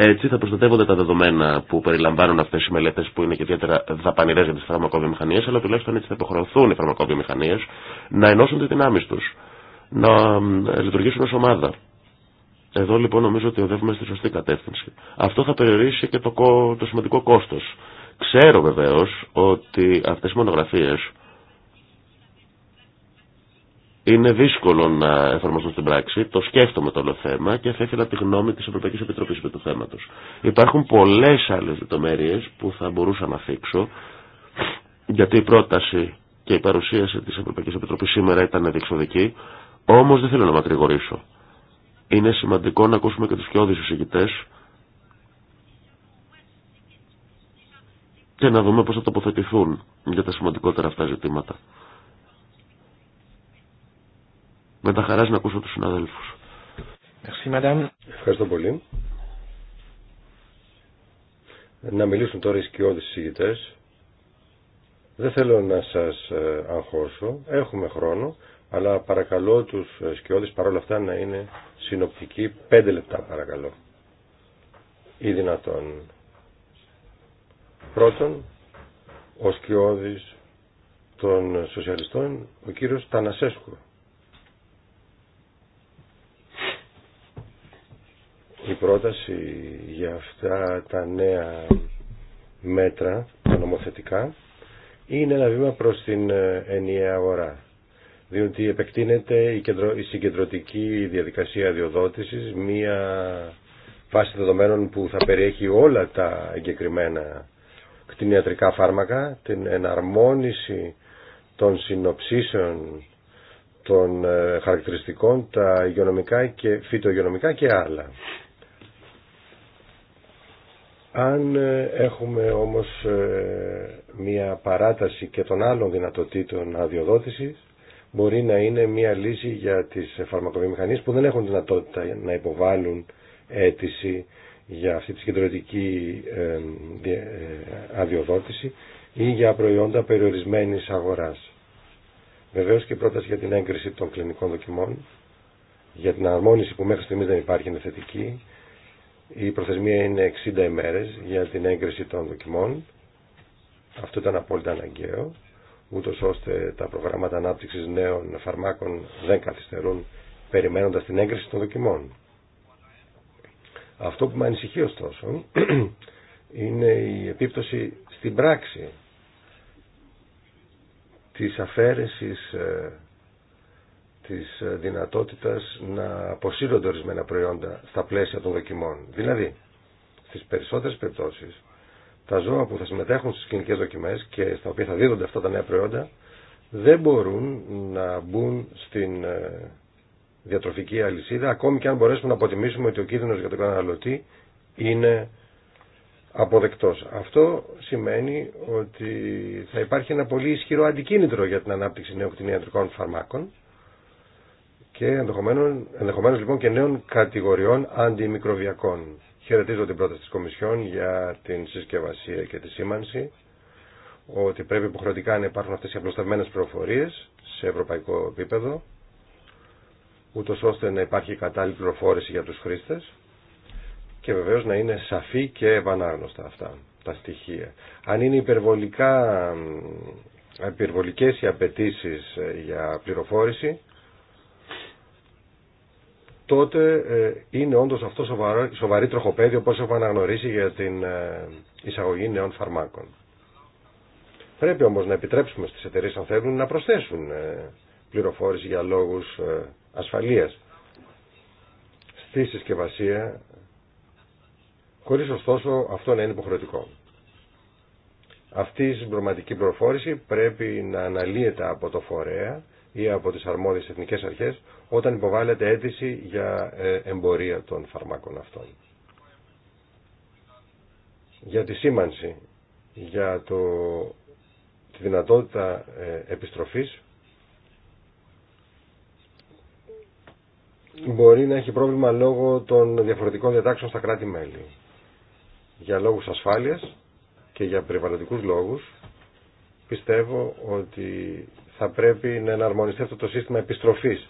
Έτσι θα προστατεύονται τα δεδομένα που περιλαμβάνουν αυτέ οι μελέτε που είναι και ιδιαίτερα δαπανηρέ για τι φαρμακοβιομηχανίε, αλλά τουλάχιστον έτσι θα υποχρεωθούν οι φαρμακοβιομηχανίε να ενώσουν τι δυνάμει του, να λειτουργήσουν ω ομάδα. Εδώ λοιπόν νομίζω ότι οδεύουμε στη σωστή κατεύθυνση. Αυτό θα περιορίσει και το, το σημαντικό κόστο. Ξέρω βεβαίω ότι αυτέ οι μονογραφίε είναι δύσκολο να εφαρμοστούν στην πράξη. Το σκέφτομαι το όλο θέμα και θα ήθελα τη γνώμη τη Ευρωπαϊκή Επιτροπή επί του θέματο. Υπάρχουν πολλέ άλλε λεπτομέρειε που θα μπορούσα να θίξω, γιατί η πρόταση και η παρουσίαση τη Ευρωπαϊκή Επιτροπή σήμερα ήταν διεξοδική, όμω δεν θέλω να μακρηγορήσω. Είναι σημαντικό να ακούσουμε και του πιο συζητητέ και να δούμε πώ θα τοποθετηθούν για τα σημαντικότερα αυτά ζητήματα με τα χαράς να ακούσω τους συναδέλφους. Ευχαριστώ πολύ. Να μιλήσουν τώρα οι σκιώδεις συζητητές. Δεν θέλω να σας ε, αγχώσω. Έχουμε χρόνο. Αλλά παρακαλώ τους ε, σκιώδεις παρόλα αυτά να είναι συνοπτικοί. Πέντε λεπτά παρακαλώ. Ή δυνατόν. Πρώτον, ο σκιώδης των σοσιαλιστών, ο κύριος Τανασέσκου. η πρόταση για αυτά τα νέα μέτρα, τα νομοθετικά, είναι ένα βήμα προς την ε, ενιαία αγορά. Διότι επεκτείνεται η συγκεντρωτική διαδικασία αδειοδότησης, μία βάση δεδομένων που θα περιέχει όλα τα εγκεκριμένα κτηνιατρικά φάρμακα, την εναρμόνιση των συνοψίσεων των ε, χαρακτηριστικών, τα υγειονομικά και φυτογειονομικά και άλλα. Αν ε, έχουμε όμως ε, μια παράταση και των άλλων δυνατοτήτων αδειοδότησης, μπορεί να είναι μια λύση για τις φαρμακοβιομηχανίες που δεν έχουν δυνατότητα να υποβάλουν αίτηση για αυτή τη συγκεντρωτική ε, αδειοδότηση ή για προϊόντα περιορισμένης αγοράς. Βεβαίως και η πρόταση για την έγκριση των κλινικών δοκιμών, για την αρμόνιση που μέχρι στιγμής δεν υπάρχει είναι θετική, η προθεσμία είναι 60 ημέρες για την έγκριση των δοκιμών. Αυτό ήταν απόλυτα αναγκαίο, ούτω ώστε τα προγράμματα ανάπτυξης νέων φαρμάκων δεν καθυστερούν περιμένοντας την έγκριση των δοκιμών. Αυτό που με ανησυχεί ωστόσο είναι η επίπτωση στην πράξη της αφαίρεσης ε, της δυνατότητας να αποσύρονται ορισμένα προϊόντα στα πλαίσια των δοκιμών. Δηλαδή, στις περισσότερες περιπτώσεις, τα ζώα που θα συμμετέχουν στις κλινικές δοκιμές και στα οποία θα δίδονται αυτά τα νέα προϊόντα, δεν μπορούν να μπουν στην ε, διατροφική αλυσίδα, ακόμη και αν μπορέσουμε να αποτιμήσουμε ότι ο κίνδυνος για τον καταναλωτή είναι αποδεκτός. Αυτό σημαίνει ότι θα υπάρχει ένα πολύ ισχυρό αντικίνητρο για την ανάπτυξη νέων κτηνιατρικών φαρμάκων και ενδεχομένω λοιπόν και νέων κατηγοριών αντιμικροβιακών. Χαιρετίζω την πρόταση της Κομισιόν για την συσκευασία και τη σήμανση ότι πρέπει υποχρεωτικά να υπάρχουν αυτές οι απλωστευμένες πληροφορίες σε ευρωπαϊκό επίπεδο ούτω ώστε να υπάρχει κατάλληλη πληροφόρηση για τους χρήστες και βεβαίως να είναι σαφή και επανάγνωστα αυτά τα στοιχεία. Αν είναι υπερβολικά υπερβολικές οι απαιτήσει ε, για πληροφόρηση τότε ε, είναι όντως αυτό σοβαρό, σοβαρή τροχοπέδιο, όπως έχω αναγνωρίσει για την ε, εισαγωγή νέων φαρμάκων. Πρέπει όμως να επιτρέψουμε στις εταιρείες αν θέλουν να προσθέσουν ε, πληροφόρηση για λόγους ασφαλείας στη συσκευασία χωρίς ωστόσο αυτό να είναι υποχρεωτικό. Αυτή η συμπροματική πληροφόρηση πρέπει να αναλύεται από το φορέα ή από τις αρμόδιες εθνικές αρχές όταν υποβάλλεται αίτηση για ε, εμπορία των φαρμάκων αυτών. Για τη σήμανση, για το, τη δυνατότητα ε, επιστροφής μπορεί να έχει πρόβλημα λόγω των διαφορετικών διατάξεων στα κράτη-μέλη. Για λόγους ασφάλειας και για περιβαλλοντικούς λόγους πιστεύω ότι θα πρέπει να εναρμονιστεί αυτό το σύστημα επιστροφής.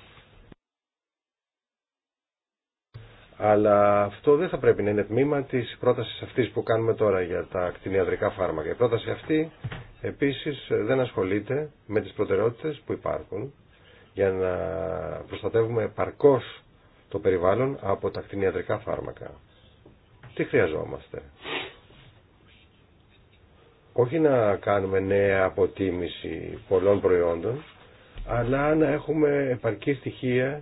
Αλλά αυτό δεν θα πρέπει να είναι τμήμα της πρότασης αυτής που κάνουμε τώρα για τα κτηνιατρικά φάρμακα. Η πρόταση αυτή επίσης δεν ασχολείται με τις προτεραιότητες που υπάρχουν για να προστατεύουμε επαρκώς το περιβάλλον από τα κτηνιατρικά φάρμακα. Τι χρειαζόμαστε όχι να κάνουμε νέα αποτίμηση πολλών προϊόντων, αλλά να έχουμε επαρκή στοιχεία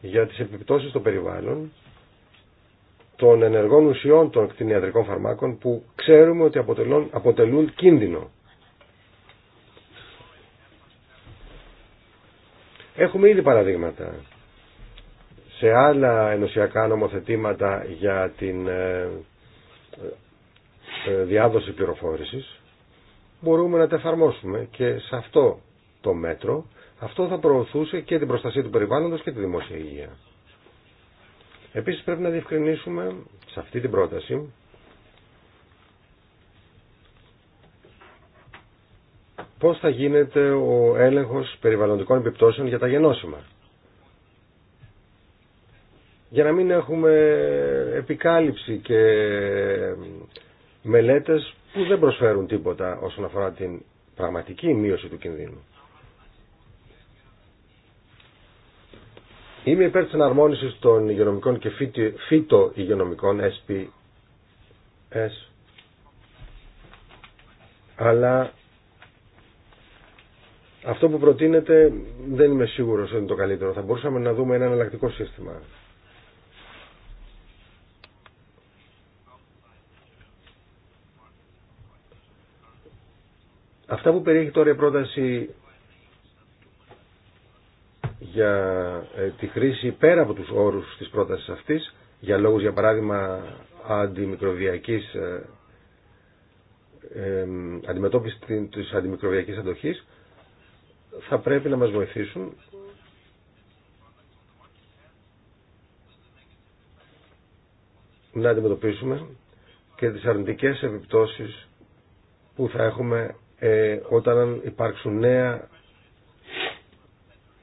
για τις επιπτώσεις των περιβάλλων, των ενεργών ουσιών των κτηνιατρικών φαρμάκων που ξέρουμε ότι αποτελούν, αποτελούν κίνδυνο. Έχουμε ήδη παραδείγματα σε άλλα ενωσιακά νομοθετήματα για την ε, ε, διάδοση πληροφόρησης μπορούμε να τα εφαρμόσουμε και σε αυτό το μέτρο αυτό θα προωθούσε και την προστασία του περιβάλλοντος και τη δημόσια υγεία. Επίσης πρέπει να διευκρινίσουμε σε αυτή την πρόταση πώς θα γίνεται ο έλεγχος περιβαλλοντικών επιπτώσεων για τα γενώσιμα. Για να μην έχουμε επικάλυψη και μελέτες που δεν προσφέρουν τίποτα όσον αφορά την πραγματική μείωση του κινδύνου. Είμαι υπέρ της εναρμόνισης των υγειονομικών και φυτο-υγειονομικών SPS αλλά αυτό που προτείνεται δεν είμαι σίγουρος ότι είναι το καλύτερο. Θα μπορούσαμε να δούμε ένα εναλλακτικό σύστημα. Αυτά που περιέχει τώρα η πρόταση για ε, τη χρήση πέρα από τους όρους της πρότασης αυτής, για λόγους για παράδειγμα αντιμικροβιακής ε, αντιμετώπιση της αντιμικροβιακής αντοχής θα πρέπει να μας βοηθήσουν να αντιμετωπίσουμε και τις αρνητικές επιπτώσεις που θα έχουμε ε, όταν υπάρξουν νέα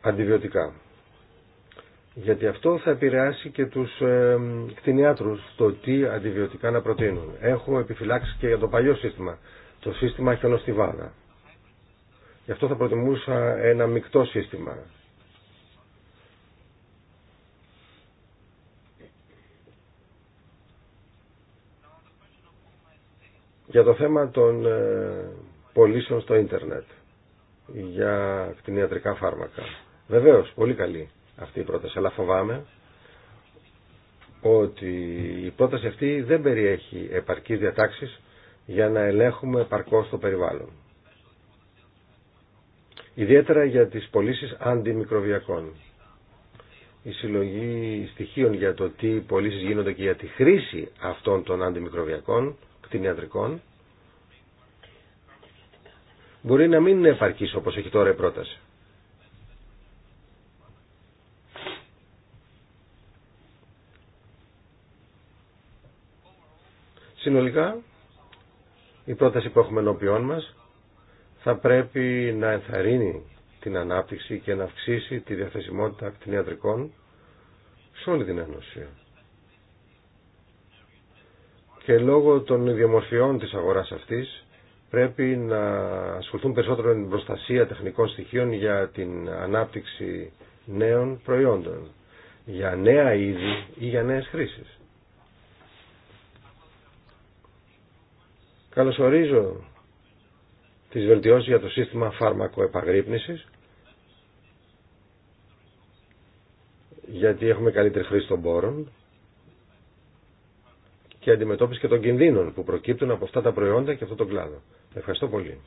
αντιβιωτικά. Γιατί αυτό θα επηρεάσει και τους ε, κτηνιάτρους το τι αντιβιωτικά να προτείνουν. Έχω επιφυλάξει και για το παλιό σύστημα, το σύστημα χιονοστιβάδα. Γι' αυτό θα προτιμούσα ένα μεικτό σύστημα. Για το θέμα των ε, πωλήσεων στο ίντερνετ για κτηνιατρικά φάρμακα. Βεβαίως, πολύ καλή αυτή η πρόταση, αλλά φοβάμαι ότι η πρόταση αυτή δεν περιέχει επαρκείς διατάξεις για να ελέγχουμε επαρκώ το περιβάλλον. Ιδιαίτερα για τις πωλήσει αντιμικροβιακών. Η συλλογή στοιχείων για το τι πωλήσει γίνονται και για τη χρήση αυτών των αντιμικροβιακών κτηνιατρικών μπορεί να μην είναι όπως έχει τώρα η πρόταση. Συνολικά, η πρόταση που έχουμε ενώπιόν μας θα πρέπει να ενθαρρύνει την ανάπτυξη και να αυξήσει τη διαθεσιμότητα κτηνιατρικών σε όλη την Ένωση. Και λόγω των ιδιομορφιών της αγοράς αυτής πρέπει να ασχοληθούν περισσότερο με την προστασία τεχνικών στοιχείων για την ανάπτυξη νέων προϊόντων, για νέα είδη ή για νέες χρήσεις. Καλωσορίζω τις βελτιώσεις για το σύστημα φάρμακοεπαγρύπνησης, γιατί έχουμε καλύτερη χρήση των πόρων και αντιμετώπιση και των κινδύνων που προκύπτουν από αυτά τα προϊόντα και αυτό τον κλάδο. Ευχαριστώ πολύ.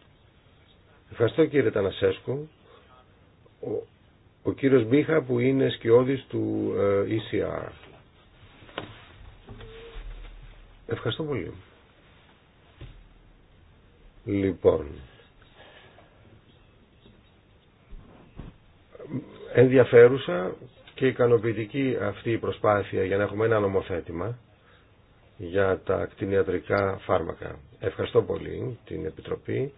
Ευχαριστώ κύριε Τανασέσκου. Ο, ο κύριος Μπίχα που είναι σκιώδης του ε, ECR. Ευχαριστώ πολύ. Λοιπόν, ενδιαφέρουσα και ικανοποιητική αυτή η προσπάθεια για να έχουμε ένα νομοθέτημα για τα κτηνιατρικά φάρμακα. Ευχαριστώ πολύ την Επιτροπή.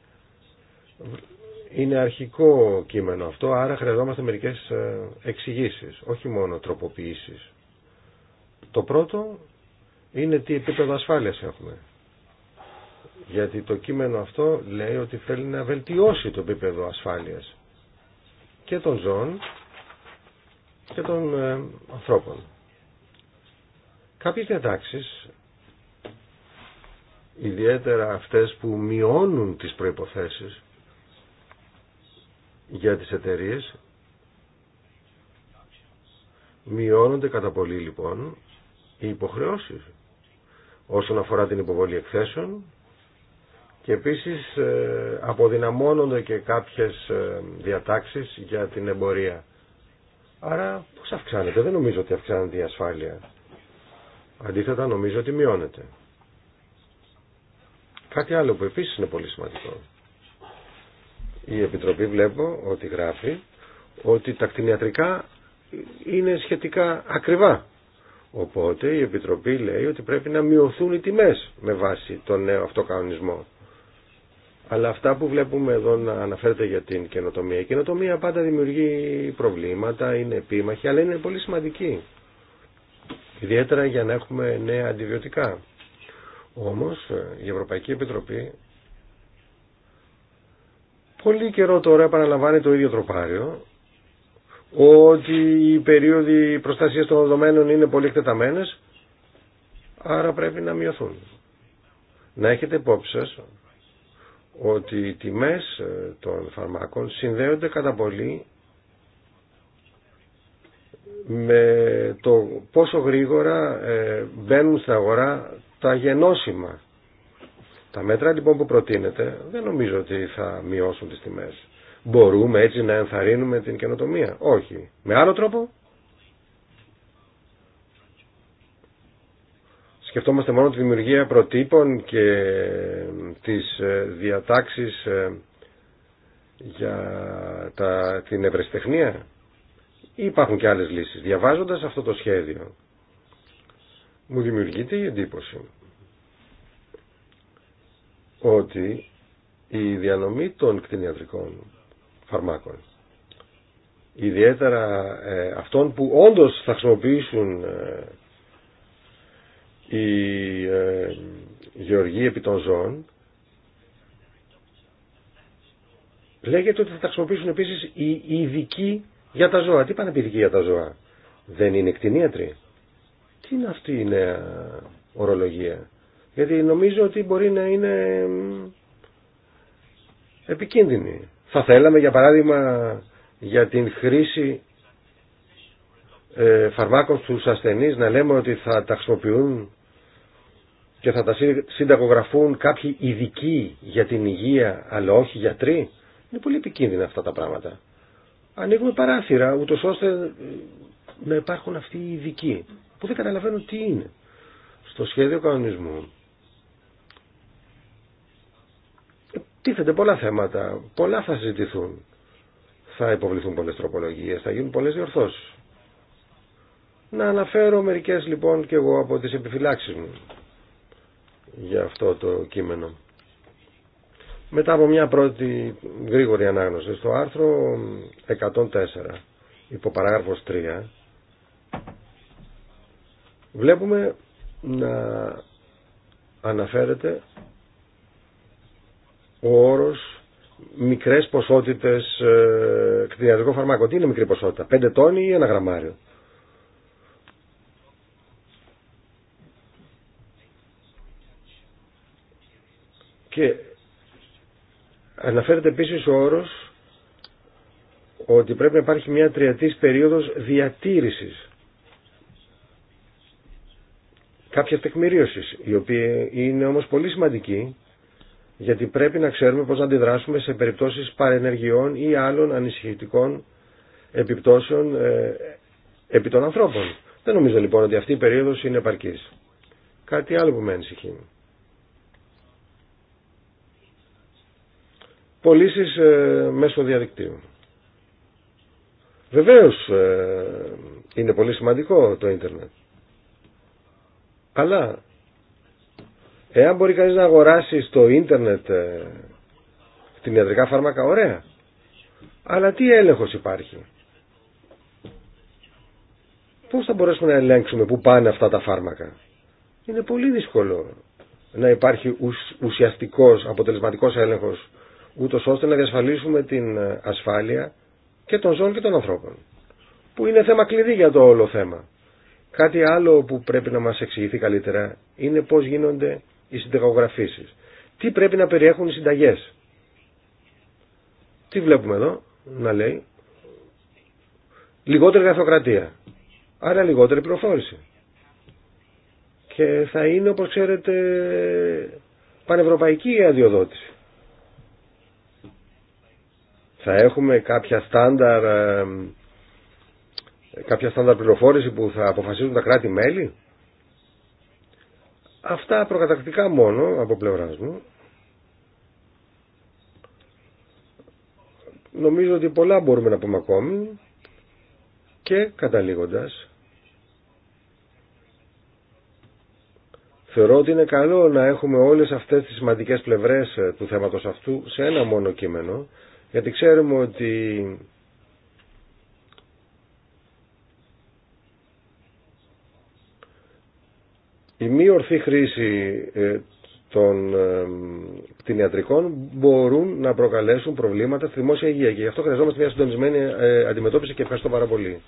Είναι αρχικό κείμενο αυτό, άρα χρειαζόμαστε μερικές ε, εξηγήσεις, όχι μόνο τροποποιήσεις. Το πρώτο είναι τι επίπεδο ασφάλειας έχουμε. Γιατί το κείμενο αυτό λέει ότι θέλει να βελτιώσει το επίπεδο ασφάλειας και των ζώων και των ε, ανθρώπων. Κάποιες διατάξεις ιδιαίτερα αυτές που μειώνουν τις προϋποθέσεις για τις εταιρείε. Μειώνονται κατά πολύ λοιπόν οι υποχρεώσεις όσον αφορά την υποβολή εκθέσεων και επίσης ε, αποδυναμώνονται και κάποιες ε, διατάξεις για την εμπορία. Άρα πώς αυξάνεται, δεν νομίζω ότι αυξάνεται η ασφάλεια. Αντίθετα νομίζω ότι μειώνεται. Κάτι άλλο που επίσης είναι πολύ σημαντικό. Η Επιτροπή βλέπω ότι γράφει ότι τα κτηνιατρικά είναι σχετικά ακριβά. Οπότε η Επιτροπή λέει ότι πρέπει να μειωθούν οι τιμές με βάση τον νέο αυτοκανονισμό. Αλλά αυτά που βλέπουμε εδώ να αναφέρεται για την καινοτομία. Η καινοτομία πάντα δημιουργεί προβλήματα, είναι επίμαχη, αλλά είναι πολύ σημαντική. Ιδιαίτερα για να έχουμε νέα αντιβιωτικά. Όμως ε, η Ευρωπαϊκή Επιτροπή πολύ καιρό τώρα επαναλαμβάνει το ίδιο τροπάριο ότι οι περίοδοι προστασίας των δεδομένων είναι πολύ εκτεταμένες άρα πρέπει να μειωθούν. Να έχετε υπόψη σας ότι οι τιμές ε, των φαρμάκων συνδέονται κατά πολύ με το πόσο γρήγορα ε, μπαίνουν στην αγορά τα γενώσιμα. Τα μέτρα λοιπόν που προτείνεται δεν νομίζω ότι θα μειώσουν τις τιμές. Μπορούμε έτσι να ενθαρρύνουμε την καινοτομία. Όχι. Με άλλο τρόπο. Σκεφτόμαστε μόνο τη δημιουργία προτύπων και τις ε, διατάξεις ε, για τα, την ευρεσιτεχνία. Υπάρχουν και άλλες λύσεις. Διαβάζοντας αυτό το σχέδιο μου δημιουργείται η εντύπωση ότι η διανομή των κτηνιατρικών φαρμάκων ιδιαίτερα ε, αυτών που όντως θα χρησιμοποιήσουν ε, οι ε, γεωργοί επί των ζώων λέγεται ότι θα τα χρησιμοποιήσουν επίσης οι ειδικοί για τα ζώα. Τι πάνε για τα ζώα. Δεν είναι κτηνίατροι είναι αυτή η νέα ορολογία. Γιατί νομίζω ότι μπορεί να είναι επικίνδυνη. Θα θέλαμε για παράδειγμα για την χρήση ε, φαρμάκων στους ασθενείς να λέμε ότι θα τα χρησιμοποιούν και θα τα συνταγογραφούν κάποιοι ειδικοί για την υγεία αλλά όχι γιατροί. Είναι πολύ επικίνδυνα αυτά τα πράγματα. Ανοίγουμε παράθυρα ούτω ώστε ε, να υπάρχουν αυτοί οι ειδικοί που δεν καταλαβαίνουν τι είναι. Στο σχέδιο κανονισμού τίθενται πολλά θέματα, πολλά θα συζητηθούν. Θα υποβληθούν πολλές τροπολογίες, θα γίνουν πολλές διορθώσεις. Να αναφέρω μερικές λοιπόν και εγώ από τις επιφυλάξεις μου για αυτό το κείμενο. Μετά από μια πρώτη γρήγορη ανάγνωση στο άρθρο 104 υπό παράγραφος 3 Βλέπουμε να αναφέρεται ο όρος μικρές ποσότητες ε, κτηνιατρικό φαρμάκο. Τι είναι μικρή ποσότητα, 5 τόνι ή ένα γραμμάριο. Και αναφέρεται επίσης ο όρος ότι πρέπει να υπάρχει μια τριετής περίοδος διατήρησης κάποια τεκμηρίωσης, η οποία είναι όμως πολύ σημαντική, γιατί πρέπει να ξέρουμε πώς να αντιδράσουμε σε περιπτώσεις παρενεργειών ή άλλων ανησυχητικών επιπτώσεων ε, επί των ανθρώπων. Δεν νομίζω λοιπόν ότι αυτή η αλλων ανησυχητικων επιπτωσεων είναι επαρκής. Κάτι άλλο που με ανησυχεί. Πωλήσει ε, μέσω διαδικτύου. Βεβαίως ε, είναι πολύ σημαντικό το ίντερνετ. Αλλά εάν μπορεί κανείς να αγοράσει στο ίντερνετ ε, την ιατρικά φάρμακα, ωραία. Αλλά τι έλεγχος υπάρχει. Πώς θα μπορέσουμε να ελέγξουμε πού πάνε αυτά τα φάρμακα. Είναι πολύ δύσκολο να υπάρχει ουσιαστικός, αποτελεσματικός έλεγχος ούτως ώστε να διασφαλίσουμε την ε, ασφάλεια και των ζώων και των ανθρώπων. Που είναι θέμα κλειδί για το όλο θέμα. Κάτι άλλο που πρέπει να μας εξηγηθεί καλύτερα είναι πώς γίνονται οι συνταγογραφήσεις. Τι πρέπει να περιέχουν οι συνταγές. Τι βλέπουμε εδώ να λέει. Λιγότερη γραφειοκρατία. Άρα λιγότερη πληροφόρηση. Και θα είναι όπως ξέρετε πανευρωπαϊκή η αδειοδότηση. Θα έχουμε κάποια στάνταρ ε, κάποια στάνταρ πληροφόρηση που θα αποφασίζουν τα κράτη-μέλη. Αυτά προκατακτικά μόνο από πλευρά μου. Νομίζω ότι πολλά μπορούμε να πούμε ακόμη και καταλήγοντας Θεωρώ ότι είναι καλό να έχουμε όλες αυτές τις σημαντικές πλευρές του θέματος αυτού σε ένα μόνο κείμενο, γιατί ξέρουμε ότι Η μη ορθή χρήση ε, των ε, κτηνιατρικών μπορούν να προκαλέσουν προβλήματα στη δημόσια υγεία και γι' αυτό χρειαζόμαστε μια συντονισμένη ε, αντιμετώπιση και ευχαριστώ πάρα πολύ.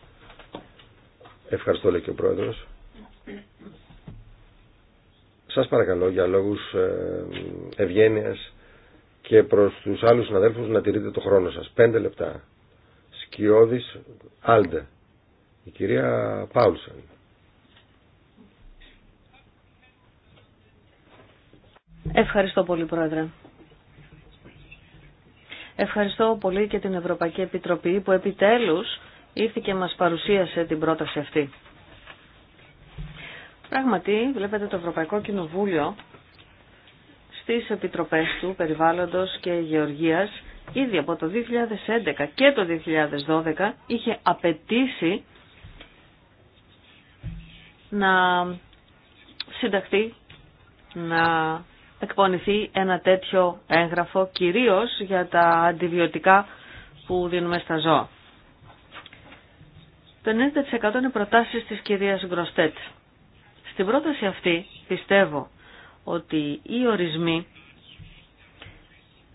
Ευχαριστώ λέει και ο Πρόεδρος. Σας παρακαλώ για λόγους ευγένειας και προς τους άλλους συναδέλφους να τηρείτε το χρόνο σας. Πέντε λεπτά. Σκιώδης Άλντε. Η κυρία Πάουλσεν. Ευχαριστώ πολύ, Πρόεδρε. Ευχαριστώ πολύ και την Ευρωπαϊκή Επιτροπή που επιτέλους ήρθε και μας παρουσίασε την πρόταση αυτή. Πράγματι, βλέπετε το Ευρωπαϊκό Κοινοβούλιο στις Επιτροπές του Περιβάλλοντος και Γεωργίας ήδη από το 2011 και το 2012 είχε απαιτήσει να συνταχθεί, να εκπονηθεί ένα τέτοιο έγγραφο, κυρίως για τα αντιβιωτικά που δίνουμε στα ζώα. Το 90% είναι προτάσεις της κυρίας Γκροστέτ. Στην πρόταση αυτή πιστεύω ότι οι ορισμοί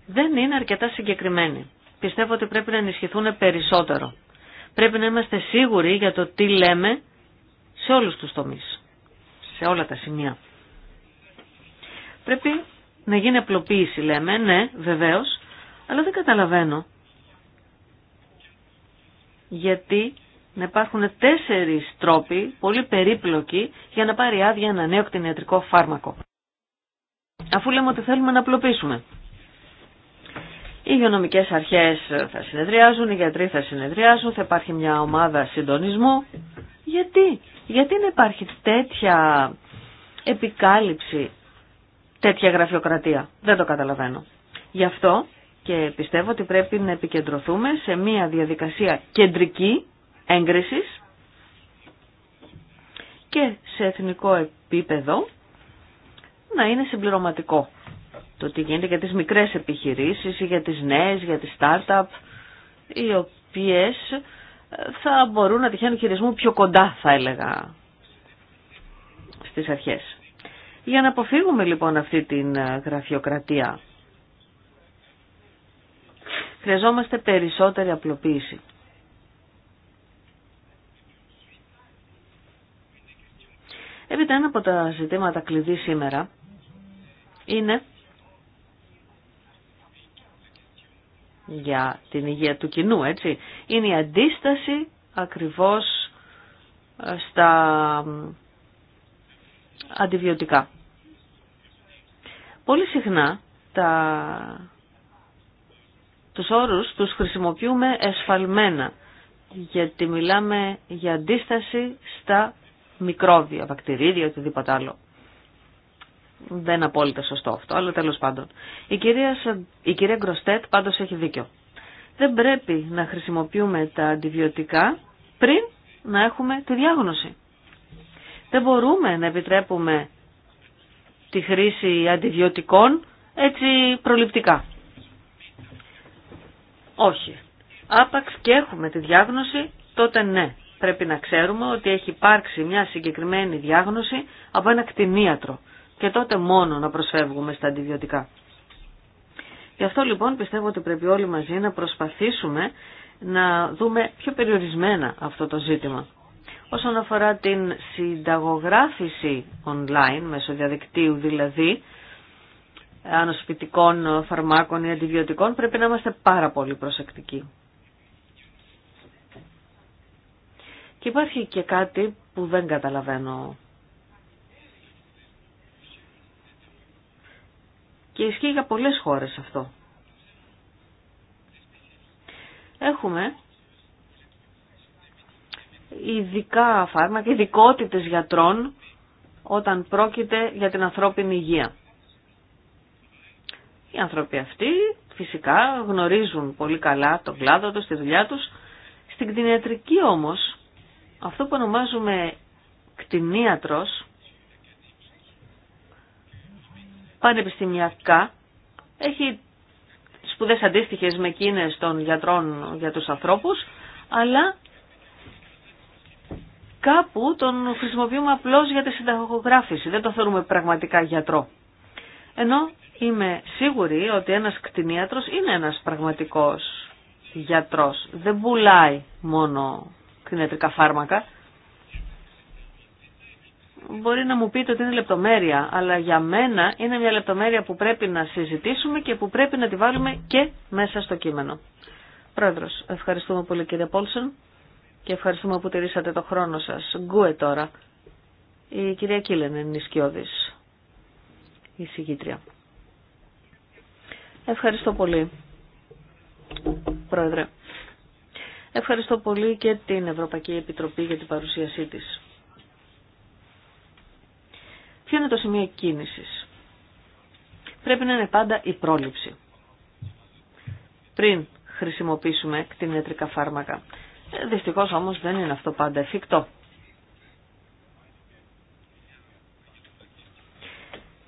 δεν είναι αρκετά συγκεκριμένοι. Πιστεύω ότι πρέπει να ενισχυθούν περισσότερο. Πρέπει να είμαστε σίγουροι για το τι λέμε σε όλους τους τομείς, σε όλα τα σημεία. Πρέπει να γίνει απλοποίηση λέμε, ναι βεβαίως, αλλά δεν καταλαβαίνω γιατί να υπάρχουν τέσσερις τρόποι, πολύ περίπλοκοι, για να πάρει άδεια ένα νέο κτηνιατρικό φάρμακο. Αφού λέμε ότι θέλουμε να απλοποιήσουμε. Οι υγειονομικές αρχές θα συνεδριάζουν, οι γιατροί θα συνεδριάζουν, θα υπάρχει μια ομάδα συντονισμού. Γιατί, γιατί να υπάρχει τέτοια επικάλυψη τέτοια γραφειοκρατία. Δεν το καταλαβαίνω. Γι' αυτό και πιστεύω ότι πρέπει να επικεντρωθούμε σε μια διαδικασία κεντρική έγκρισης και σε εθνικό επίπεδο να είναι συμπληρωματικό το τι γίνεται για τις μικρές επιχειρήσεις ή για τις νέες, για τις startup οι οποίες ε, θα μπορούν να τυχαίνουν χειρισμού πιο κοντά θα έλεγα στις αρχές. Για να αποφύγουμε λοιπόν αυτή την ε, γραφειοκρατία. Χρειαζόμαστε περισσότερη απλοποίηση. Έπειτα ένα από τα ζητήματα κλειδί σήμερα είναι για την υγεία του κοινού, έτσι. Είναι η αντίσταση ακριβώς ε, στα αντιβιωτικά. Πολύ συχνά τα... τους όρους τους χρησιμοποιούμε εσφαλμένα, γιατί μιλάμε για αντίσταση στα μικρόβια, βακτηρίδια, οτιδήποτε άλλο. Δεν είναι απόλυτα σωστό αυτό, αλλά τέλος πάντων. Η κυρία, η κυρία Γκροστέτ πάντως έχει δίκιο. Δεν πρέπει να χρησιμοποιούμε τα αντιβιωτικά πριν να έχουμε τη διάγνωση. Δεν μπορούμε να επιτρέπουμε τη χρήση αντιβιωτικών έτσι προληπτικά. Όχι. Άπαξ και έχουμε τη διάγνωση, τότε ναι. Πρέπει να ξέρουμε ότι έχει υπάρξει μια συγκεκριμένη διάγνωση από ένα κτηνίατρο και τότε μόνο να προσφεύγουμε στα αντιβιωτικά. Γι' αυτό λοιπόν πιστεύω ότι πρέπει όλοι μαζί να προσπαθήσουμε να δούμε πιο περιορισμένα αυτό το ζήτημα. Όσον αφορά την συνταγογράφηση online, μέσω διαδικτύου δηλαδή, ανοσπιτικών φαρμάκων ή αντιβιωτικών, πρέπει να είμαστε πάρα πολύ προσεκτικοί. Και υπάρχει και κάτι που δεν καταλαβαίνω. Και ισχύει για πολλές χώρες αυτό. Έχουμε ειδικά φάρμακα, ειδικότητες γιατρών όταν πρόκειται για την ανθρώπινη υγεία. Οι άνθρωποι αυτοί φυσικά γνωρίζουν πολύ καλά τον κλάδο τους, τη δουλειά τους. Στην κτηνιατρική όμως, αυτό που ονομάζουμε κτηνίατρος, πανεπιστημιακά, έχει σπουδές αντίστοιχες με εκείνες των γιατρών για τους ανθρώπους, αλλά κάπου τον χρησιμοποιούμε απλώς για τη συνταγογράφηση. Δεν το θέλουμε πραγματικά γιατρό. Ενώ είμαι σίγουρη ότι ένας κτηνίατρος είναι ένας πραγματικός γιατρός. Δεν πουλάει μόνο κτηνιατρικά φάρμακα. Μπορεί να μου πείτε ότι είναι λεπτομέρεια, αλλά για μένα είναι μια λεπτομέρεια που πρέπει να συζητήσουμε και που πρέπει να τη βάλουμε και μέσα στο κείμενο. Πρόεδρος, ευχαριστούμε πολύ κύριε Πόλσον και ευχαριστούμε που τηρήσατε το χρόνο σας. Γκουε τώρα. Η κυρία Κίλεν είναι σκιώδης. η συγκήτρια. Ευχαριστώ πολύ, Πρόεδρε. Ευχαριστώ πολύ και την Ευρωπαϊκή Επιτροπή για την παρουσίασή της. Ποιο είναι το σημείο κίνησης. Πρέπει να είναι πάντα η πρόληψη. Πριν χρησιμοποιήσουμε κτηνιατρικά φάρμακα. Ε, δυστυχώς όμως δεν είναι αυτό πάντα εφικτό.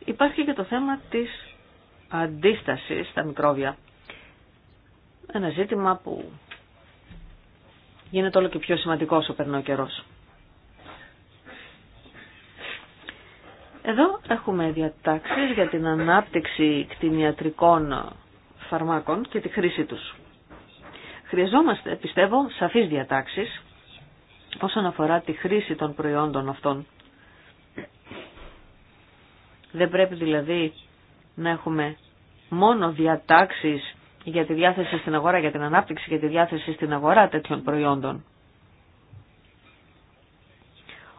Υπάρχει και το θέμα της αντίστασης στα μικρόβια. Ένα ζήτημα που γίνεται όλο και πιο σημαντικό όσο περνά ο καιρός. Εδώ έχουμε διατάξεις για την ανάπτυξη κτηνιατρικών φαρμάκων και τη χρήση τους. Χρειαζόμαστε, πιστεύω, σαφείς διατάξεις όσον αφορά τη χρήση των προϊόντων αυτών. Δεν πρέπει δηλαδή να έχουμε μόνο διατάξεις για τη διάθεση στην αγορά, για την ανάπτυξη για τη διάθεση στην αγορά τέτοιων προϊόντων.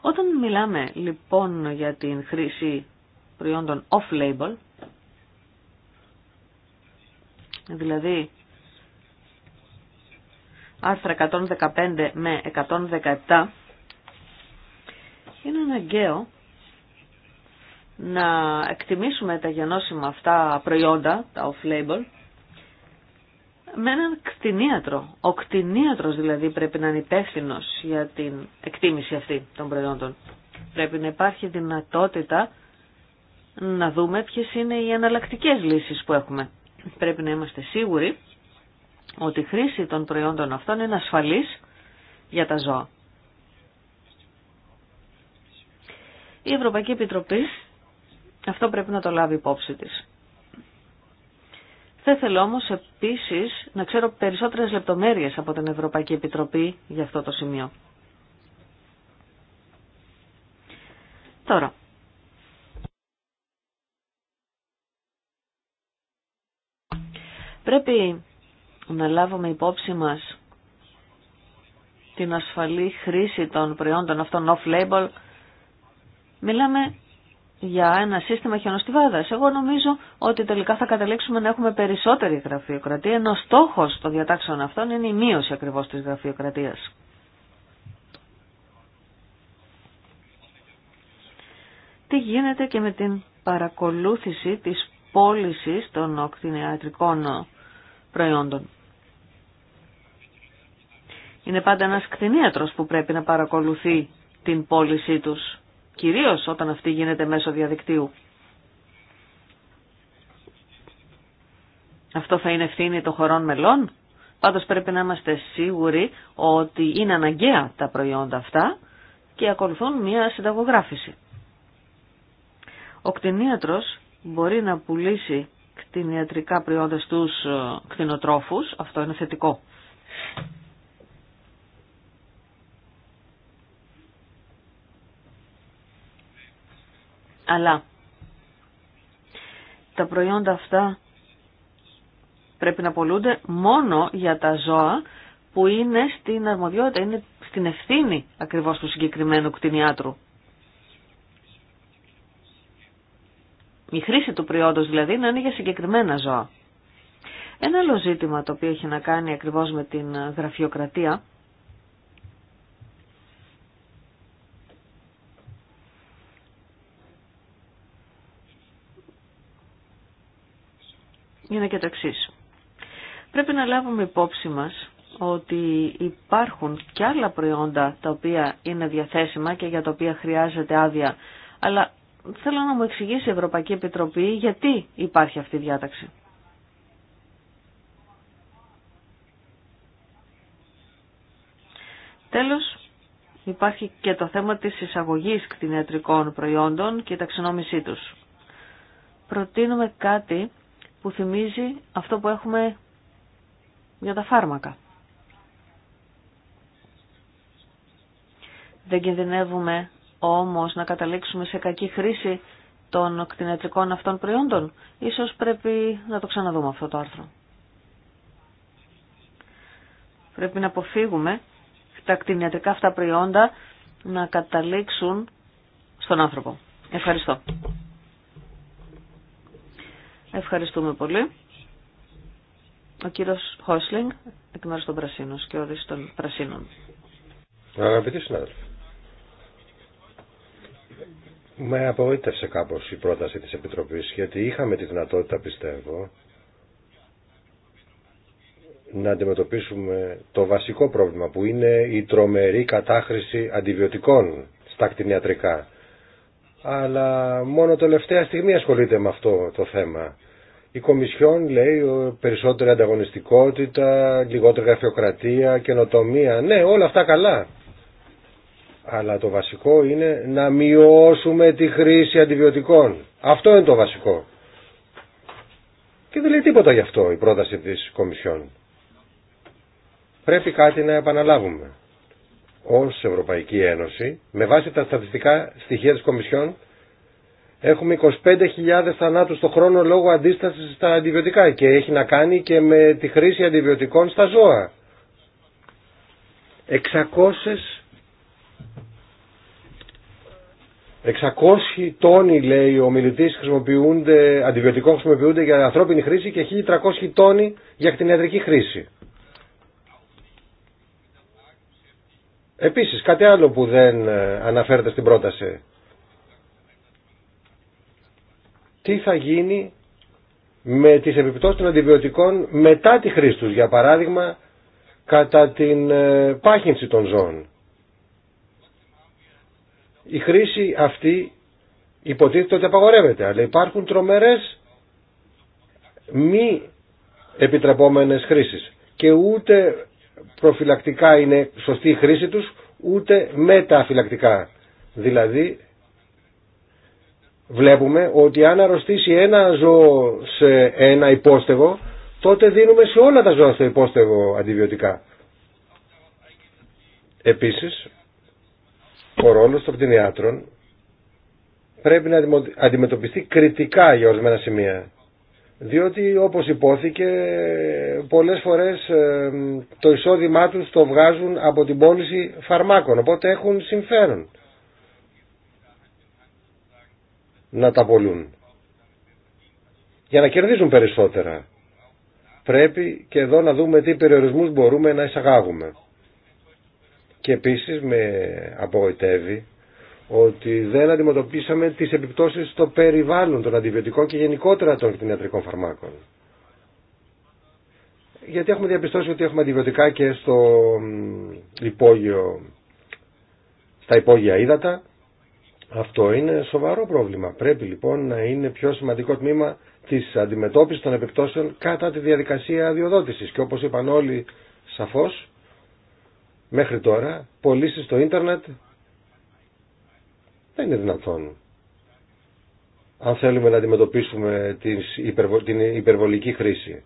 Όταν μιλάμε λοιπόν για την χρήση προϊόντων off-label, δηλαδή άρθρα 115 με 117, είναι αναγκαίο να εκτιμήσουμε τα γενώσιμα αυτά προϊόντα, τα off-label, με έναν κτηνίατρο. Ο κτηνίατρος δηλαδή πρέπει να είναι υπεύθυνο για την εκτίμηση αυτή των προϊόντων. Πρέπει να υπάρχει δυνατότητα να δούμε ποιες είναι οι αναλλακτικές λύσεις που έχουμε. Πρέπει να είμαστε σίγουροι ότι η χρήση των προϊόντων αυτών είναι ασφαλής για τα ζώα. Η Ευρωπαϊκή Επιτροπή αυτό πρέπει να το λάβει υπόψη της. Θα ήθελα όμως επίσης να ξέρω περισσότερες λεπτομέρειες από την Ευρωπαϊκή Επιτροπή για αυτό το σημείο. Τώρα. Πρέπει να λάβουμε υπόψη μας την ασφαλή χρήση των προϊόντων αυτών off-label, μιλάμε για ένα σύστημα χιονοστιβάδας. Εγώ νομίζω ότι τελικά θα καταλήξουμε να έχουμε περισσότερη γραφειοκρατία, ενώ στόχος των διατάξεων αυτών είναι η μείωση ακριβώς της γραφειοκρατίας. Τι γίνεται και με την παρακολούθηση της πώληση των οκτηνιατρικών προϊόντων. Είναι πάντα ένας κτηνίατρος που πρέπει να παρακολουθεί την πώλησή τους, κυρίως όταν αυτή γίνεται μέσω διαδικτύου. Αυτό θα είναι ευθύνη των χωρών μελών. Πάντως πρέπει να είμαστε σίγουροι ότι είναι αναγκαία τα προϊόντα αυτά και ακολουθούν μια συνταγογράφηση. Ο κτηνίατρος μπορεί να πουλήσει κτηνιατρικά προϊόντα στους ε, κτηνοτρόφους. Αυτό είναι θετικό. Αλλά τα προϊόντα αυτά πρέπει να πολλούνται μόνο για τα ζώα που είναι στην αρμοδιότητα, είναι στην ευθύνη ακριβώς του συγκεκριμένου κτηνιάτρου. η χρήση του προϊόντος δηλαδή να είναι για συγκεκριμένα ζώα. Ένα άλλο ζήτημα το οποίο έχει να κάνει ακριβώς με την γραφειοκρατία είναι και το εξή. Πρέπει να λάβουμε υπόψη μας ότι υπάρχουν και άλλα προϊόντα τα οποία είναι διαθέσιμα και για τα οποία χρειάζεται άδεια, αλλά Θέλω να μου εξηγήσει η Ευρωπαϊκή Επιτροπή γιατί υπάρχει αυτή η διάταξη. Τέλος, υπάρχει και το θέμα της εισαγωγής κτηνιατρικών προϊόντων και ταξινόμησή τους. Προτείνουμε κάτι που θυμίζει αυτό που έχουμε για τα φάρμακα. Δεν κινδυνεύουμε όμως να καταλήξουμε σε κακή χρήση των κτηνιατρικών αυτών προϊόντων. Ίσως πρέπει να το ξαναδούμε αυτό το άρθρο. Πρέπει να αποφύγουμε τα κτηνιατρικά αυτά προϊόντα να καταλήξουν στον άνθρωπο. Ευχαριστώ. Ευχαριστούμε πολύ. Ο κύριος Χόσλινγκ, εκ μέρους των Πρασίνων και ορίστων των Πρασίνων. Αγαπητοί συνάδελφοι, με απογοήτευσε κάπως η πρόταση της Επιτροπής γιατί είχαμε τη δυνατότητα πιστεύω να αντιμετωπίσουμε το βασικό πρόβλημα που είναι η τρομερή κατάχρηση αντιβιωτικών στα κτηνιατρικά. Αλλά μόνο τελευταία στιγμή ασχολείται με αυτό το θέμα. Η Κομισιόν λέει περισσότερη ανταγωνιστικότητα, λιγότερη γραφειοκρατία, καινοτομία. Ναι, όλα αυτά καλά. Αλλά το βασικό είναι να μειώσουμε τη χρήση αντιβιωτικών. Αυτό είναι το βασικό. Και δεν λέει τίποτα γι' αυτό η πρόταση της Κομισιόν. Πρέπει κάτι να επαναλάβουμε. Ως Ευρωπαϊκή Ένωση, με βάση τα στατιστικά στοιχεία της Κομισιόν, έχουμε 25.000 θανάτους το χρόνο λόγω αντίστασης στα αντιβιωτικά και έχει να κάνει και με τη χρήση αντιβιωτικών στα ζώα. 600 600 τόνοι, λέει ο μιλητή, χρησιμοποιούνται, αντιβιωτικών χρησιμοποιούνται για ανθρώπινη χρήση και 1300 τόνοι για κτηνιατρική χρήση. Επίσης, κάτι άλλο που δεν ε, αναφέρεται στην πρόταση. Τι θα γίνει με τις επιπτώσεις των αντιβιωτικών μετά τη χρήση τους, για παράδειγμα, κατά την ε, πάχυνση των ζώων η χρήση αυτή υποτίθεται ότι απαγορεύεται, αλλά υπάρχουν τρομερές μη επιτρεπόμενες χρήσεις και ούτε προφυλακτικά είναι σωστή η χρήση τους, ούτε μεταφυλακτικά. Δηλαδή, βλέπουμε ότι αν αρρωστήσει ένα ζώο σε ένα υπόστεγο, τότε δίνουμε σε όλα τα ζώα στο υπόστεγο αντιβιωτικά. Επίσης, ο ρόλος των κτηνιάτρων πρέπει να αντιμετωπιστεί κριτικά για ορισμένα σημεία. Διότι όπως υπόθηκε πολλές φορές ε, το εισόδημά τους το βγάζουν από την πώληση φαρμάκων οπότε έχουν συμφέρον να τα πολλούν για να κερδίζουν περισσότερα. Πρέπει και εδώ να δούμε τι περιορισμούς μπορούμε να εισαγάγουμε. Και επίσης με απογοητεύει ότι δεν αντιμετωπίσαμε τις επιπτώσεις στο περιβάλλον των αντιβιωτικών και γενικότερα των κτηνιατρικών φαρμάκων. Γιατί έχουμε διαπιστώσει ότι έχουμε αντιβιωτικά και στο υπόγειο, στα υπόγεια ύδατα. Αυτό είναι σοβαρό πρόβλημα. Πρέπει λοιπόν να είναι πιο σημαντικό τμήμα της αντιμετώπισης των επιπτώσεων κατά τη διαδικασία αδειοδότησης. Και όπως είπαν όλοι σαφώς, Μέχρι τώρα, πωλήσει στο ίντερνετ δεν είναι δυνατόν. Αν θέλουμε να αντιμετωπίσουμε την υπερβολική χρήση,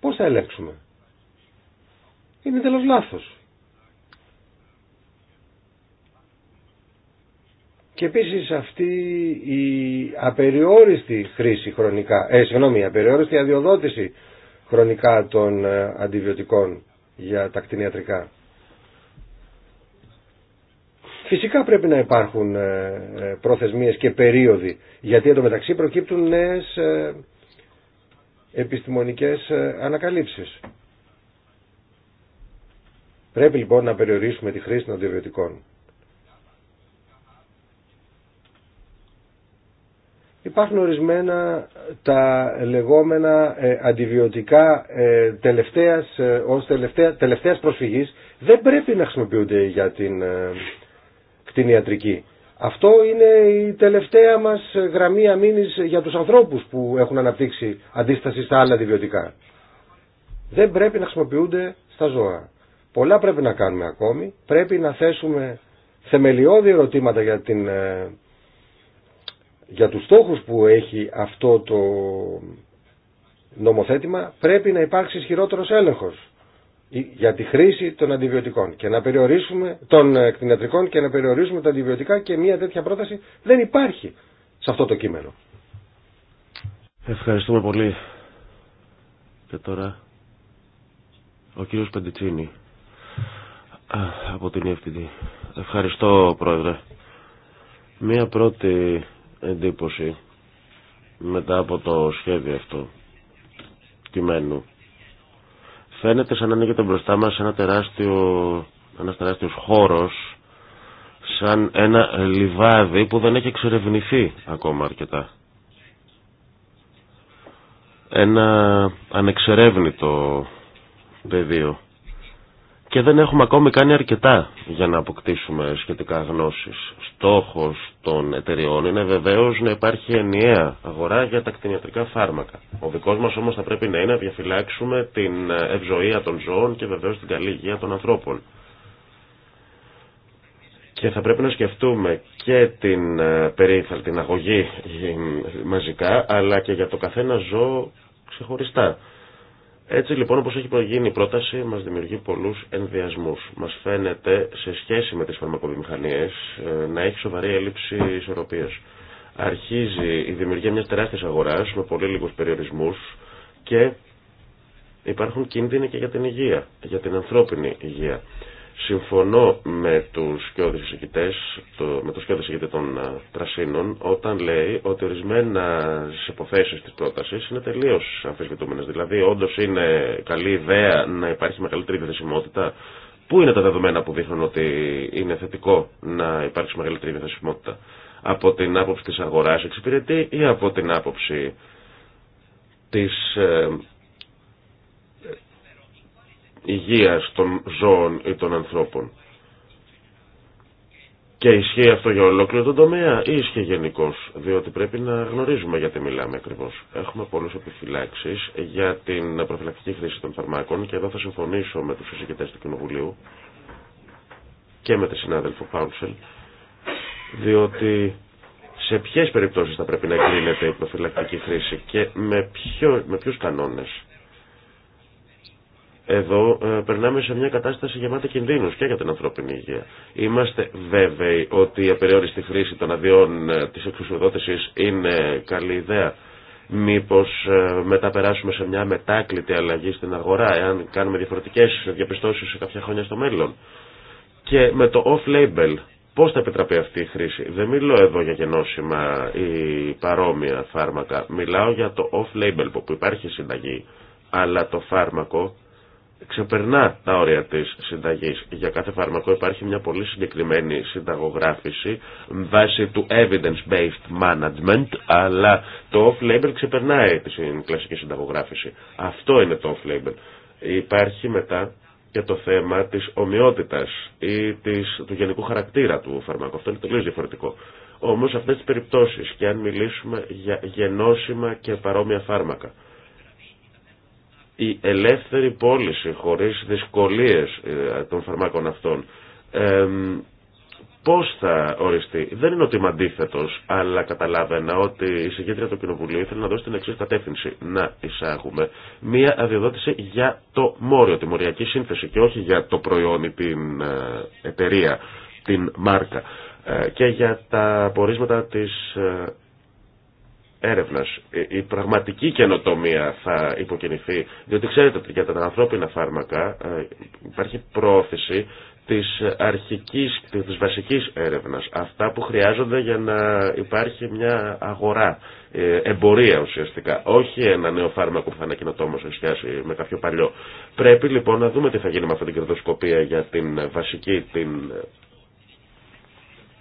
πώς θα ελέγξουμε. Είναι τέλος λάθος. Και επίσης αυτή η απεριόριστη χρήση χρονικά, ε, συγγνώμη, η απεριόριστη αδειοδότηση χρονικά των ε, αντιβιωτικών για τα κτηνιατρικά. Φυσικά πρέπει να υπάρχουν ε, ε, προθεσμίες και περίοδοι, γιατί εντωμεταξύ προκύπτουν νέες ε, επιστημονικές ανακαλύψεις. Πρέπει λοιπόν να περιορίσουμε τη χρήση των αντιβιωτικών. Υπάρχουν ορισμένα τα λεγόμενα αντιβιωτικά τελευταίας, ως τελευταία, τελευταίας προσφυγής. Δεν πρέπει να χρησιμοποιούνται για την ιατρική. Αυτό είναι η τελευταία μας γραμμή αμήνης για τους ανθρώπους που έχουν αναπτύξει αντίσταση στα άλλα αντιβιωτικά. Δεν πρέπει να χρησιμοποιούνται στα ζώα. Πολλά πρέπει να κάνουμε ακόμη. Πρέπει να θέσουμε θεμελιώδη ερωτήματα για, την, ε, για τους στόχους που έχει αυτό το νομοθέτημα. Πρέπει να υπάρξει ισχυρότερος έλεγχος για τη χρήση των αντιβιωτικών και να περιορίσουμε των ε, κτηνιατρικών και να περιορίσουμε τα αντιβιωτικά και μια τέτοια πρόταση δεν υπάρχει σε αυτό το κείμενο. Ευχαριστούμε πολύ. Και τώρα ο κύριος Πεντιτσίνη από την ΕΕ. Ευχαριστώ πρόεδρε. Μία πρώτη εντύπωση μετά από το σχέδιο αυτό κειμένου Φαίνεται σαν να ανοίγεται μπροστά μας ένα τεράστιο, ένας τεράστιος χώρος, σαν ένα λιβάδι που δεν έχει εξερευνηθεί ακόμα αρκετά. Ένα ανεξερεύνητο πεδίο και δεν έχουμε ακόμη κάνει αρκετά για να αποκτήσουμε σχετικά γνώσεις. Στόχος των εταιριών είναι βεβαίως να υπάρχει ενιαία αγορά για τα κτηνιατρικά φάρμακα. Ο δικός μας όμως θα πρέπει να είναι να διαφυλάξουμε την ευζοία των ζώων και βεβαίως την καλή υγεία των ανθρώπων. Και θα πρέπει να σκεφτούμε και την ε, περίθαλ, αγωγή ε, μαζικά, αλλά και για το καθένα ζώο ξεχωριστά. Έτσι λοιπόν όπως έχει προγίνει η πρόταση μας δημιουργεί πολλούς ενδιασμούς. Μας φαίνεται σε σχέση με τις φαρμακοβιομηχανίες ε, να έχει σοβαρή έλλειψη ισορροπίας. Αρχίζει η δημιουργία μιας τεράστιας αγοράς με πολύ λίγους περιορισμούς και υπάρχουν κίνδυνοι και για την υγεία, για την ανθρώπινη υγεία. Συμφωνώ με τους σκιώδης εισηγητές, το, με τους των Τρασίνων, όταν λέει ότι ορισμένα υποθέσεις της πρότασης είναι τελείως αμφισβητούμενες. Δηλαδή, όντως είναι καλή ιδέα να υπάρχει μεγαλύτερη διαθεσιμότητα. Πού είναι τα δεδομένα που δείχνουν ότι είναι θετικό να υπάρξει μεγαλύτερη διαθεσιμότητα. Από την άποψη της αγοράς εξυπηρετεί ή από την άποψη της ε, υγείας των ζώων ή των ανθρώπων. Και ισχύει αυτό για ολόκληρο τον τομέα ή ισχύει γενικώ, διότι πρέπει να γνωρίζουμε γιατί μιλάμε ακριβώ. Έχουμε πολλού επιφυλάξει για την προφυλακτική χρήση των φαρμάκων και εδώ θα συμφωνήσω με του συζητητέ του Κοινοβουλίου και με τη συνάδελφο Πάουνσελ, διότι σε ποιε περιπτώσει θα πρέπει να κρίνεται η προφυλακτική χρήση και με, με ποιου κανόνε. Εδώ ε, περνάμε σε μια κατάσταση γεμάτη κινδύνου και για την ανθρώπινη υγεία. Είμαστε βέβαιοι ότι η απεριόριστη χρήση των αδειών ε, τη εξουσιοδότηση είναι καλή ιδέα. Μήπω ε, μετά περάσουμε σε μια μετάκλητη αλλαγή στην αγορά, εάν κάνουμε διαφορετικέ διαπιστώσει σε κάποια χρόνια στο μέλλον. Και με το off-label, πώ θα επιτραπεί αυτή η χρήση. Δεν μιλώ εδώ για γενώσιμα ή παρόμοια φάρμακα. Μιλάω για το off-label που υπάρχει συνταγή, αλλά το φάρμακο ξεπερνά τα όρια της συνταγής. Για κάθε φάρμακο υπάρχει μια πολύ συγκεκριμένη συνταγογράφηση βάσει του evidence-based management, αλλά το off-label ξεπερνάει την κλασική συνταγογράφηση. Αυτό είναι το off-label. Υπάρχει μετά και το θέμα της ομοιότητας ή της, του γενικού χαρακτήρα του φαρμάκου. Αυτό είναι τελείω διαφορετικό. Όμως σε αυτές τις περιπτώσεις και αν μιλήσουμε για γενώσιμα και παρόμοια φάρμακα, η ελεύθερη πώληση χωρίς δυσκολίες ε, των φαρμάκων αυτών ε, πώς θα οριστεί. Δεν είναι ότι είμαι αντίθετο, αλλά καταλάβαινα ότι η συγκέντρια του Κοινοβουλίου ήθελε να δώσει την εξής κατεύθυνση. Να εισάγουμε μία αδειοδότηση για το μόριο, τη μοριακή σύνθεση και όχι για το προϊόν ή την ε, εταιρεία, την μάρκα ε, και για τα πορίσματα της η πραγματική καινοτομία θα υποκινηθεί, διότι ξέρετε ότι για τα ανθρώπινα φάρμακα ε, υπάρχει πρόθεση της αρχικής, της βασικής έρευνας, αυτά που χρειάζονται για να υπάρχει μια αγορά, ε, εμπορία ουσιαστικά, όχι ένα νέο φάρμακο που θα είναι σε σχέση με κάποιο παλιό. Πρέπει λοιπόν να δούμε τι θα γίνει με αυτή την κερδοσκοπία για την βασική, την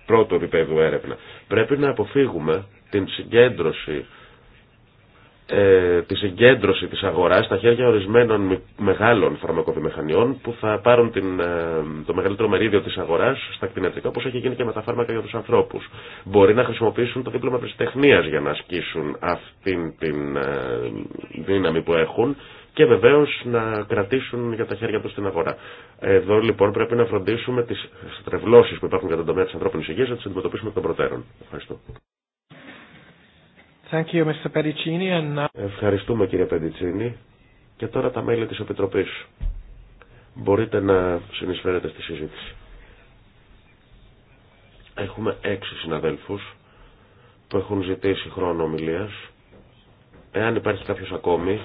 πρώτο επίπεδο έρευνα. Πρέπει να αποφύγουμε την συγκέντρωση ε, τη συγκέντρωση της αγοράς στα χέρια ορισμένων μεγάλων φαρμακοβιομηχανιών που θα πάρουν την, ε, το μεγαλύτερο μερίδιο της αγοράς στα κτηνιατρικά όπως έχει γίνει και με τα φάρμακα για τους ανθρώπους. Μπορεί να χρησιμοποιήσουν το δίπλωμα τεχνίας για να ασκήσουν αυτήν την ε, δύναμη που έχουν και βεβαίω να κρατήσουν για τα χέρια του την αγορά. Εδώ λοιπόν πρέπει να φροντίσουμε τις στρεβλώσεις που υπάρχουν για τον τομέα τη ανθρώπινη υγεία να τι αντιμετωπίσουμε τον προτέρων. Ευχαριστώ. Thank you, Mr. Ευχαριστούμε κύριε Πεντιτσίνη. Και τώρα τα μέλη της Επιτροπής. Μπορείτε να συνεισφέρετε στη συζήτηση. Έχουμε έξι συναδέλφους που έχουν ζητήσει χρόνο ομιλίας. Εάν υπάρχει κάποιος ακόμη,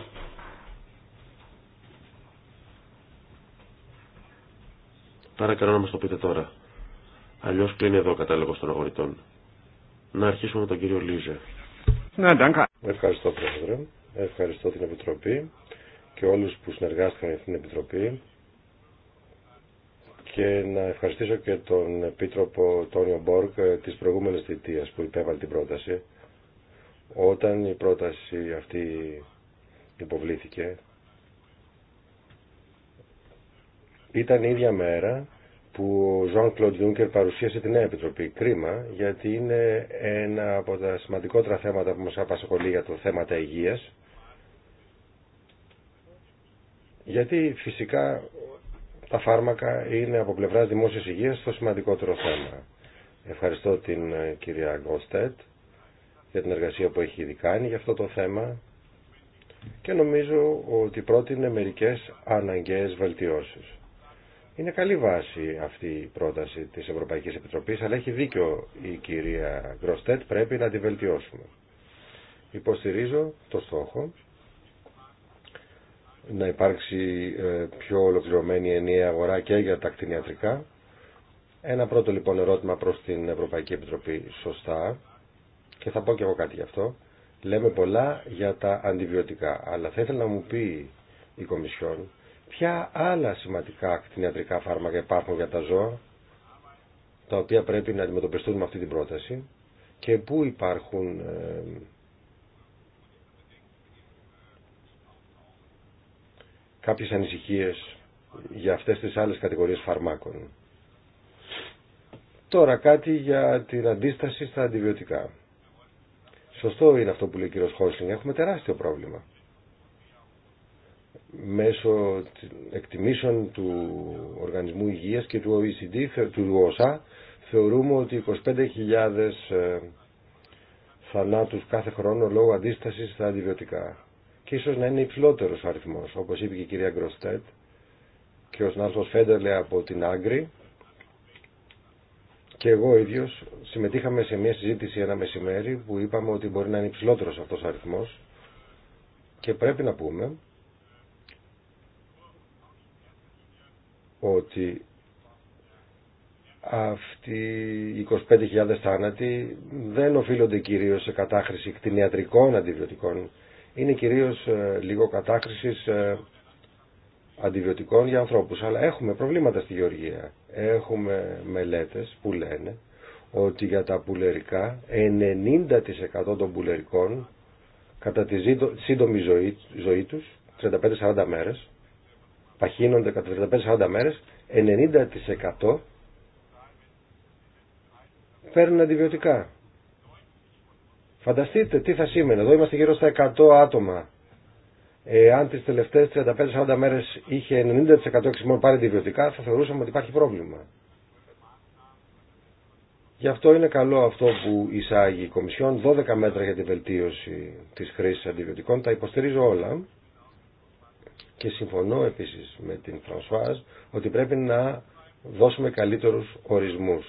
παρακαλώ να μας το πείτε τώρα. Αλλιώς κλείνει εδώ ο κατάλογος των αγορητών. Να αρχίσουμε με τον κύριο Λίζε. Ναι, Ευχαριστώ, Πρόεδρε. Ευχαριστώ την Επιτροπή και όλους που συνεργάστηκαν για την Επιτροπή και να ευχαριστήσω και τον Επίτροπο Τόνιο Μπόρκ ε, της προηγούμενης θητείας που υπέβαλε την πρόταση. Όταν η πρόταση αυτή υποβλήθηκε ήταν η ίδια μέρα που ο Ζωάν Κλοντ παρουσίασε την Νέα Επιτροπή. Κρίμα, γιατί είναι ένα από τα σημαντικότερα θέματα που μας απασχολεί για το θέμα τα υγείας. Γιατί φυσικά τα φάρμακα είναι από πλευρά δημόσιας υγείας το σημαντικότερο θέμα. Ευχαριστώ την ε, κυρία Γκόστετ για την εργασία που έχει ήδη κάνει για αυτό το θέμα και νομίζω ότι πρότεινε μερικές αναγκαίες βελτιώσεις. Είναι καλή βάση αυτή η πρόταση της Ευρωπαϊκής Επιτροπής, αλλά έχει δίκιο η κυρία Γκροστέτ, πρέπει να τη βελτιώσουμε. Υποστηρίζω το στόχο να υπάρξει ε, πιο ολοκληρωμένη ενιαία αγορά και για τα κτηνιατρικά. Ένα πρώτο λοιπόν ερώτημα προς την Ευρωπαϊκή Επιτροπή σωστά και θα πω και εγώ κάτι γι' αυτό. Λέμε πολλά για τα αντιβιωτικά, αλλά θα ήθελα να μου πει η Κομισιόν Ποια άλλα σημαντικά κτηνιατρικά φάρμακα υπάρχουν για τα ζώα, τα οποία πρέπει να αντιμετωπιστούν με αυτή την πρόταση και πού υπάρχουν ε, κάποιες ανησυχίες για αυτές τις άλλες κατηγορίες φαρμάκων. Τώρα κάτι για την αντίσταση στα αντιβιωτικά. Σωστό είναι αυτό που λέει ο κύριος Χόσλινγκ. Έχουμε τεράστιο πρόβλημα μέσω εκτιμήσεων του Οργανισμού Υγείας και του OECD, του ΟΣΑ, θεωρούμε ότι 25.000 ε, θανάτους κάθε χρόνο λόγω αντίστασης στα αντιβιωτικά. Και ίσως να είναι υψηλότερος αριθμός, όπως είπε και η κυρία Γκροστέτ και ο συνάδελφος Φέντερλε από την Άγκρη. Και εγώ ίδιος συμμετείχαμε σε μια συζήτηση ένα μεσημέρι που είπαμε ότι μπορεί να είναι υψηλότερος αυτός ο αριθμός και πρέπει να πούμε ότι αυτοί οι 25.000 θάνατοι δεν οφείλονται κυρίως σε κατάχρηση κτηνιατρικών αντιβιωτικών. Είναι κυρίως ε, λίγο κατάχρησης ε, αντιβιωτικών για ανθρώπους. Αλλά έχουμε προβλήματα στη γεωργία. Έχουμε μελέτες που λένε ότι για τα πουλερικά 90% των πουλερικών κατά τη σύντομη ζωή, ζωή τους, 35-40 μέρες, παχύνονται κατά 35-40 μέρε 90% παίρνουν αντιβιωτικά. Φανταστείτε τι θα σήμαινε. Εδώ είμαστε γύρω στα 100 άτομα. Εάν τι τελευταιε 35 35-40 μέρε είχε 90% εξημών πάρει αντιβιωτικά θα θεωρούσαμε ότι υπάρχει πρόβλημα. Γι' αυτό είναι καλό αυτό που εισάγει η Κομισιόν, 12 μέτρα για τη βελτίωση της χρήσης αντιβιωτικών, τα υποστηρίζω όλα και συμφωνώ επίσης με την Φρανσουάζ ότι πρέπει να δώσουμε καλύτερους ορισμούς.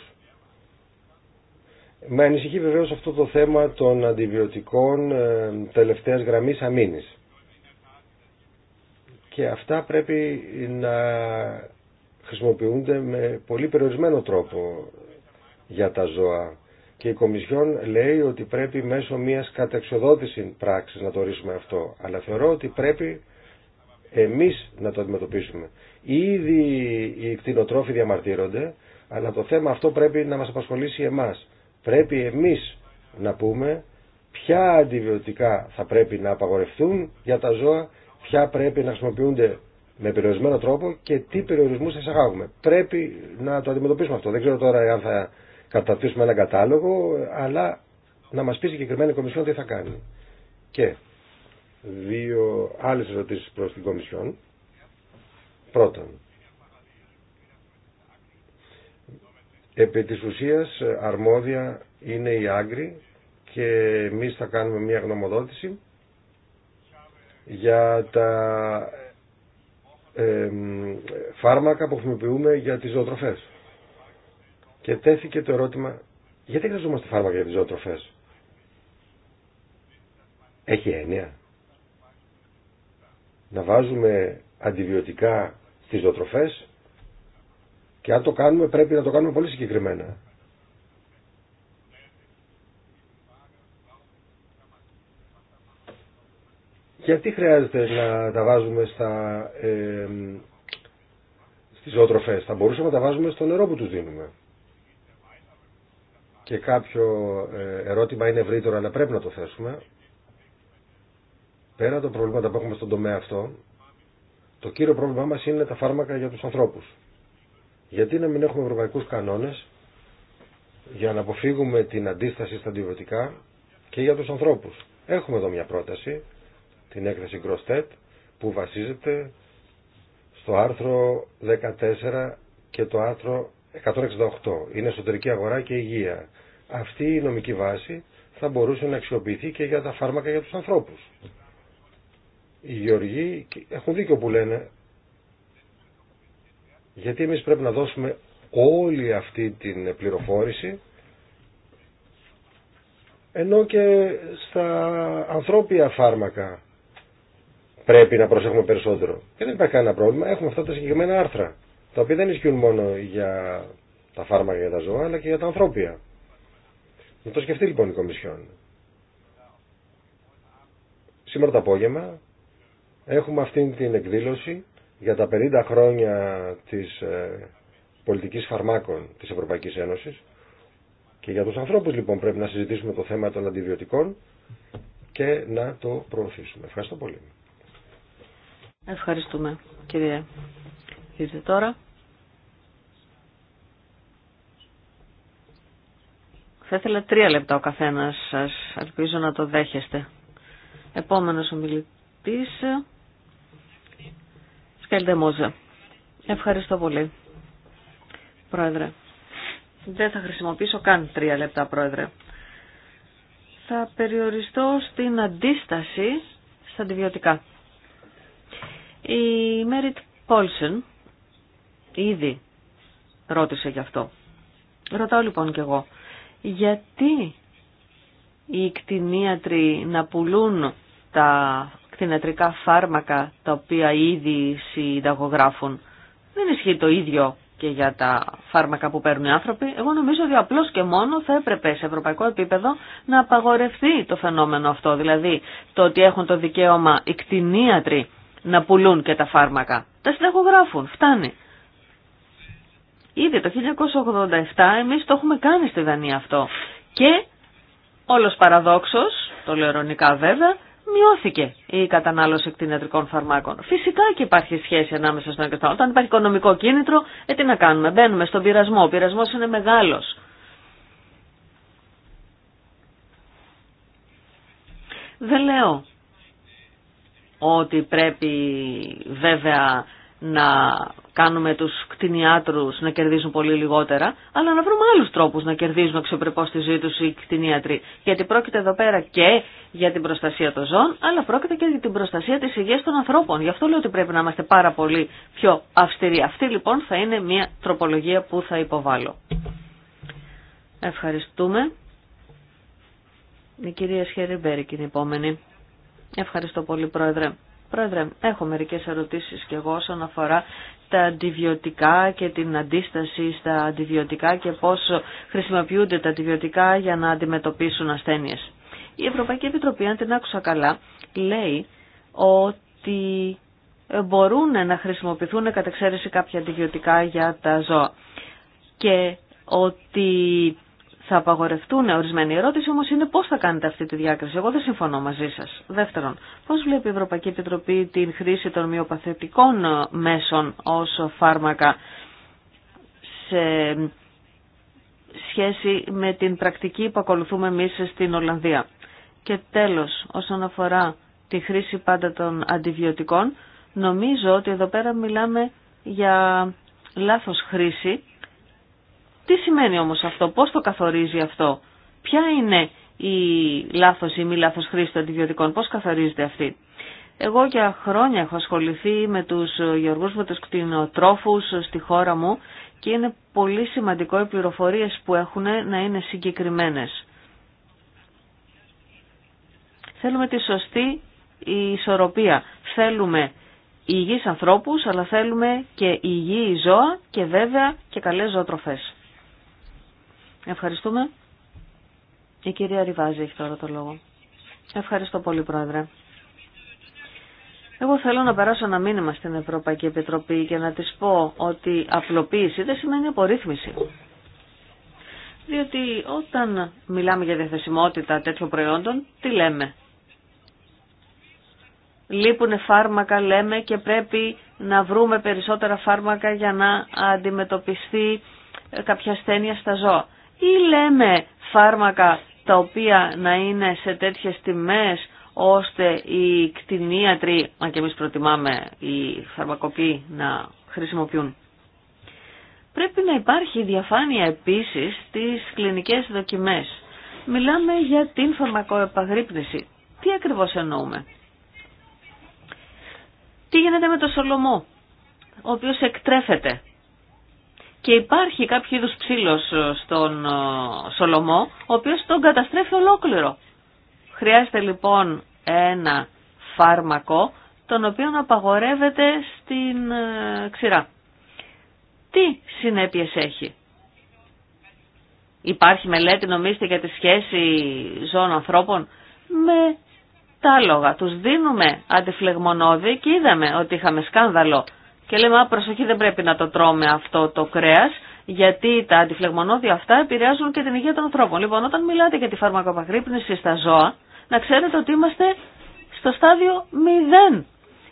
Με ανησυχεί βεβαίω αυτό το θέμα των αντιβιωτικών ε, τελευταίας γραμμής αμήνης. Και αυτά πρέπει να χρησιμοποιούνται με πολύ περιορισμένο τρόπο για τα ζώα. Και η Κομισιόν λέει ότι πρέπει μέσω μιας καταξιοδότησης πράξης να το ορίσουμε αυτό. Αλλά θεωρώ ότι πρέπει εμείς να το αντιμετωπίσουμε. Ήδη οι κτηνοτρόφοι διαμαρτύρονται, αλλά το θέμα αυτό πρέπει να μας απασχολήσει εμάς. Πρέπει εμείς να πούμε ποια αντιβιωτικά θα πρέπει να απαγορευτούν για τα ζώα, ποια πρέπει να χρησιμοποιούνται με περιορισμένο τρόπο και τι περιορισμούς θα εισαγάγουμε. Πρέπει να το αντιμετωπίσουμε αυτό. Δεν ξέρω τώρα αν θα καταρτήσουμε ένα κατάλογο, αλλά να μας πει συγκεκριμένη κομισιόν τι θα κάνει. Και δύο άλλε ερωτήσει προς την Κομισιόν. Πρώτον, επί τη αρμόδια είναι η Άγκρη και εμεί θα κάνουμε μια γνωμοδότηση για τα φάρμακα που χρησιμοποιούμε για τις ζωοτροφές. Και τέθηκε το ερώτημα, γιατί χρειαζόμαστε φάρμακα για τις ζωοτροφές. Έχει έννοια να βάζουμε αντιβιωτικά στις ζωοτροφές και αν το κάνουμε πρέπει να το κάνουμε πολύ συγκεκριμένα. Γιατί χρειάζεται να τα βάζουμε στα, ε, στις ζωοτροφές. Θα μπορούσαμε να τα βάζουμε στο νερό που τους δίνουμε. Και κάποιο ε, ερώτημα είναι ευρύτερο αλλά πρέπει να το θέσουμε. Πέρα τα προβλήματα που έχουμε στον τομέα αυτό, το κύριο πρόβλημά μας είναι τα φάρμακα για τους ανθρώπους. Γιατί να μην έχουμε ευρωπαϊκούς κανόνες για να αποφύγουμε την αντίσταση στα αντιβιωτικά και για τους ανθρώπους. Έχουμε εδώ μια πρόταση, την έκθεση Grosstet, που βασίζεται στο άρθρο 14 και το άρθρο 168. Είναι εσωτερική αγορά και υγεία. Αυτή η νομική βάση θα μπορούσε να αξιοποιηθεί και για τα φάρμακα για τους ανθρώπους οι γεωργοί έχουν δίκιο που λένε γιατί εμείς πρέπει να δώσουμε όλη αυτή την πληροφόρηση ενώ και στα ανθρώπια φάρμακα πρέπει να προσέχουμε περισσότερο. Και δεν υπάρχει κανένα πρόβλημα. Έχουμε αυτά τα συγκεκριμένα άρθρα, τα οποία δεν ισχύουν μόνο για τα φάρμακα για τα ζώα, αλλά και για τα ανθρώπια. Να το σκεφτεί λοιπόν η Κομισιόν. Σήμερα το απόγευμα Έχουμε αυτή την εκδήλωση για τα 50 χρόνια της ε, πολιτικής φαρμάκων της Ευρωπαϊκής Ένωσης και για τους ανθρώπους λοιπόν πρέπει να συζητήσουμε το θέμα των αντιβιωτικών και να το προωθήσουμε. Ευχαριστώ πολύ. Ευχαριστούμε κύριε. Ήρθε τώρα. Θα ήθελα τρία λεπτά ο καθένας σας. Ελπίζω να το δέχεστε. Επόμενος ομιλητής Ευχαριστώ πολύ, Πρόεδρε. Δεν θα χρησιμοποιήσω καν τρία λεπτά, Πρόεδρε. Θα περιοριστώ στην αντίσταση στα αντιβιωτικά. Η Μέριτ Πόλσεν ήδη ρώτησε γι' αυτό. Ρωτάω λοιπόν κι εγώ, γιατί οι κτηνίατροι να πουλούν τα ακτινατρικά φάρμακα τα οποία ήδη συνταγογράφουν. Δεν ισχύει το ίδιο και για τα φάρμακα που παίρνουν οι άνθρωποι. Εγώ νομίζω ότι απλώς και μόνο θα έπρεπε σε ευρωπαϊκό επίπεδο να απαγορευτεί το φαινόμενο αυτό. Δηλαδή το ότι έχουν το δικαίωμα οι κτηνίατροι να πουλούν και τα φάρμακα. Τα συνταγογράφουν, φτάνει. Ήδη το 1987 εμείς το έχουμε κάνει στη Δανία αυτό. Και όλος παραδόξος, το λέω βέβαια, μειώθηκε η κατανάλωση εκτινετρικών φαρμάκων. Φυσικά και υπάρχει σχέση ανάμεσα στον εγκαταλό. Όταν υπάρχει οικονομικό κίνητρο, ε, τι να κάνουμε, μπαίνουμε στον πειρασμό. Ο πειρασμός είναι μεγάλος. Δεν λέω ότι πρέπει βέβαια να κάνουμε τους κτηνιάτρους να κερδίζουν πολύ λιγότερα, αλλά να βρούμε άλλους τρόπους να κερδίζουν αξιοπρεπώς τη ζωή τους οι κτηνίατροι. Γιατί πρόκειται εδώ πέρα και για την προστασία των ζώων, αλλά πρόκειται και για την προστασία της υγείας των ανθρώπων. Γι' αυτό λέω ότι πρέπει να είμαστε πάρα πολύ πιο αυστηροί. Αυτή λοιπόν θα είναι μια τροπολογία που θα υποβάλω. Ευχαριστούμε. Η κυρία Σχερεμπέρικ είναι η επόμενη. Ευχαριστώ πολύ, Πρόεδρε. Πρόεδρε, έχω μερικές ερωτήσεις και εγώ όσον αφορά τα αντιβιωτικά και την αντίσταση στα αντιβιωτικά και πώς χρησιμοποιούνται τα αντιβιωτικά για να αντιμετωπίσουν ασθένειες. Η Ευρωπαϊκή Επιτροπή, αν την άκουσα καλά, λέει ότι μπορούν να χρησιμοποιηθούν κατά εξαίρεση κάποια αντιβιωτικά για τα ζώα και ότι θα απαγορευτούν ορισμένοι. Η ερώτηση όμω είναι πώ θα κάνετε αυτή τη διάκριση. Εγώ δεν συμφωνώ μαζί σα. Δεύτερον, πώ βλέπει η Ευρωπαϊκή Επιτροπή την χρήση των μειοπαθητικών ε, μέσων ω φάρμακα σε σχέση με την πρακτική που ακολουθούμε εμεί στην Ολλανδία. Και τέλο, όσον αφορά τη χρήση πάντα των αντιβιωτικών, νομίζω ότι εδώ πέρα μιλάμε για λάθος χρήση τι σημαίνει όμως αυτό, πώς το καθορίζει αυτό, ποια είναι η λάθος ή μη λάθος χρήση των αντιβιωτικών, πώς καθορίζεται αυτή. Εγώ για χρόνια έχω ασχοληθεί με τους γεωργούς, με τους κτηνοτρόφους στη χώρα μου και είναι πολύ σημαντικό οι πληροφορίες που έχουν να είναι συγκεκριμένες. Θέλουμε τη σωστή ισορροπία. Θέλουμε υγιείς ανθρώπους, αλλά θέλουμε και υγιή ζώα και βέβαια και καλές ζωοτροφές. Ευχαριστούμε. Η κυρία Ριβάζη έχει τώρα το λόγο. Ευχαριστώ πολύ, Πρόεδρε. Εγώ θέλω να περάσω ένα μήνυμα στην Ευρωπαϊκή Επιτροπή και να της πω ότι απλοποίηση δεν σημαίνει απορρίθμιση. Διότι όταν μιλάμε για διαθεσιμότητα τέτοιων προϊόντων, τι λέμε. Λείπουν φάρμακα, λέμε, και πρέπει να βρούμε περισσότερα φάρμακα για να αντιμετωπιστεί κάποια ασθένεια στα ζώα ή λέμε φάρμακα τα οποία να είναι σε τέτοιες τιμές ώστε οι κτηνίατροι, αν και εμείς προτιμάμε οι φαρμακοποιοί να χρησιμοποιούν. Πρέπει να υπάρχει διαφάνεια επίσης στις κλινικές δοκιμές. Μιλάμε για την φαρμακοεπαγρύπνηση. Τι ακριβώς εννοούμε. Τι γίνεται με το Σολομό, ο οποίος εκτρέφεται και υπάρχει κάποιο είδους ψήλος ε, στον ε, Σολομό, ο οποίος τον καταστρέφει ολόκληρο. Χρειάζεται λοιπόν ένα φάρμακο, τον οποίο απαγορεύεται στην ε, ξηρά. Τι συνέπειες έχει. Υπάρχει μελέτη νομίζετε για τη σχέση ζώων ανθρώπων με τα λόγα. Τους δίνουμε αντιφλεγμονώδη και είδαμε ότι είχαμε σκάνδαλο και λέμε, α, προσοχή δεν πρέπει να το τρώμε αυτό το κρέας, γιατί τα αντιφλεγμονώδια αυτά επηρεάζουν και την υγεία των ανθρώπων. Λοιπόν, όταν μιλάτε για τη φαρμακοπαγρύπνηση στα ζώα, να ξέρετε ότι είμαστε στο στάδιο 0.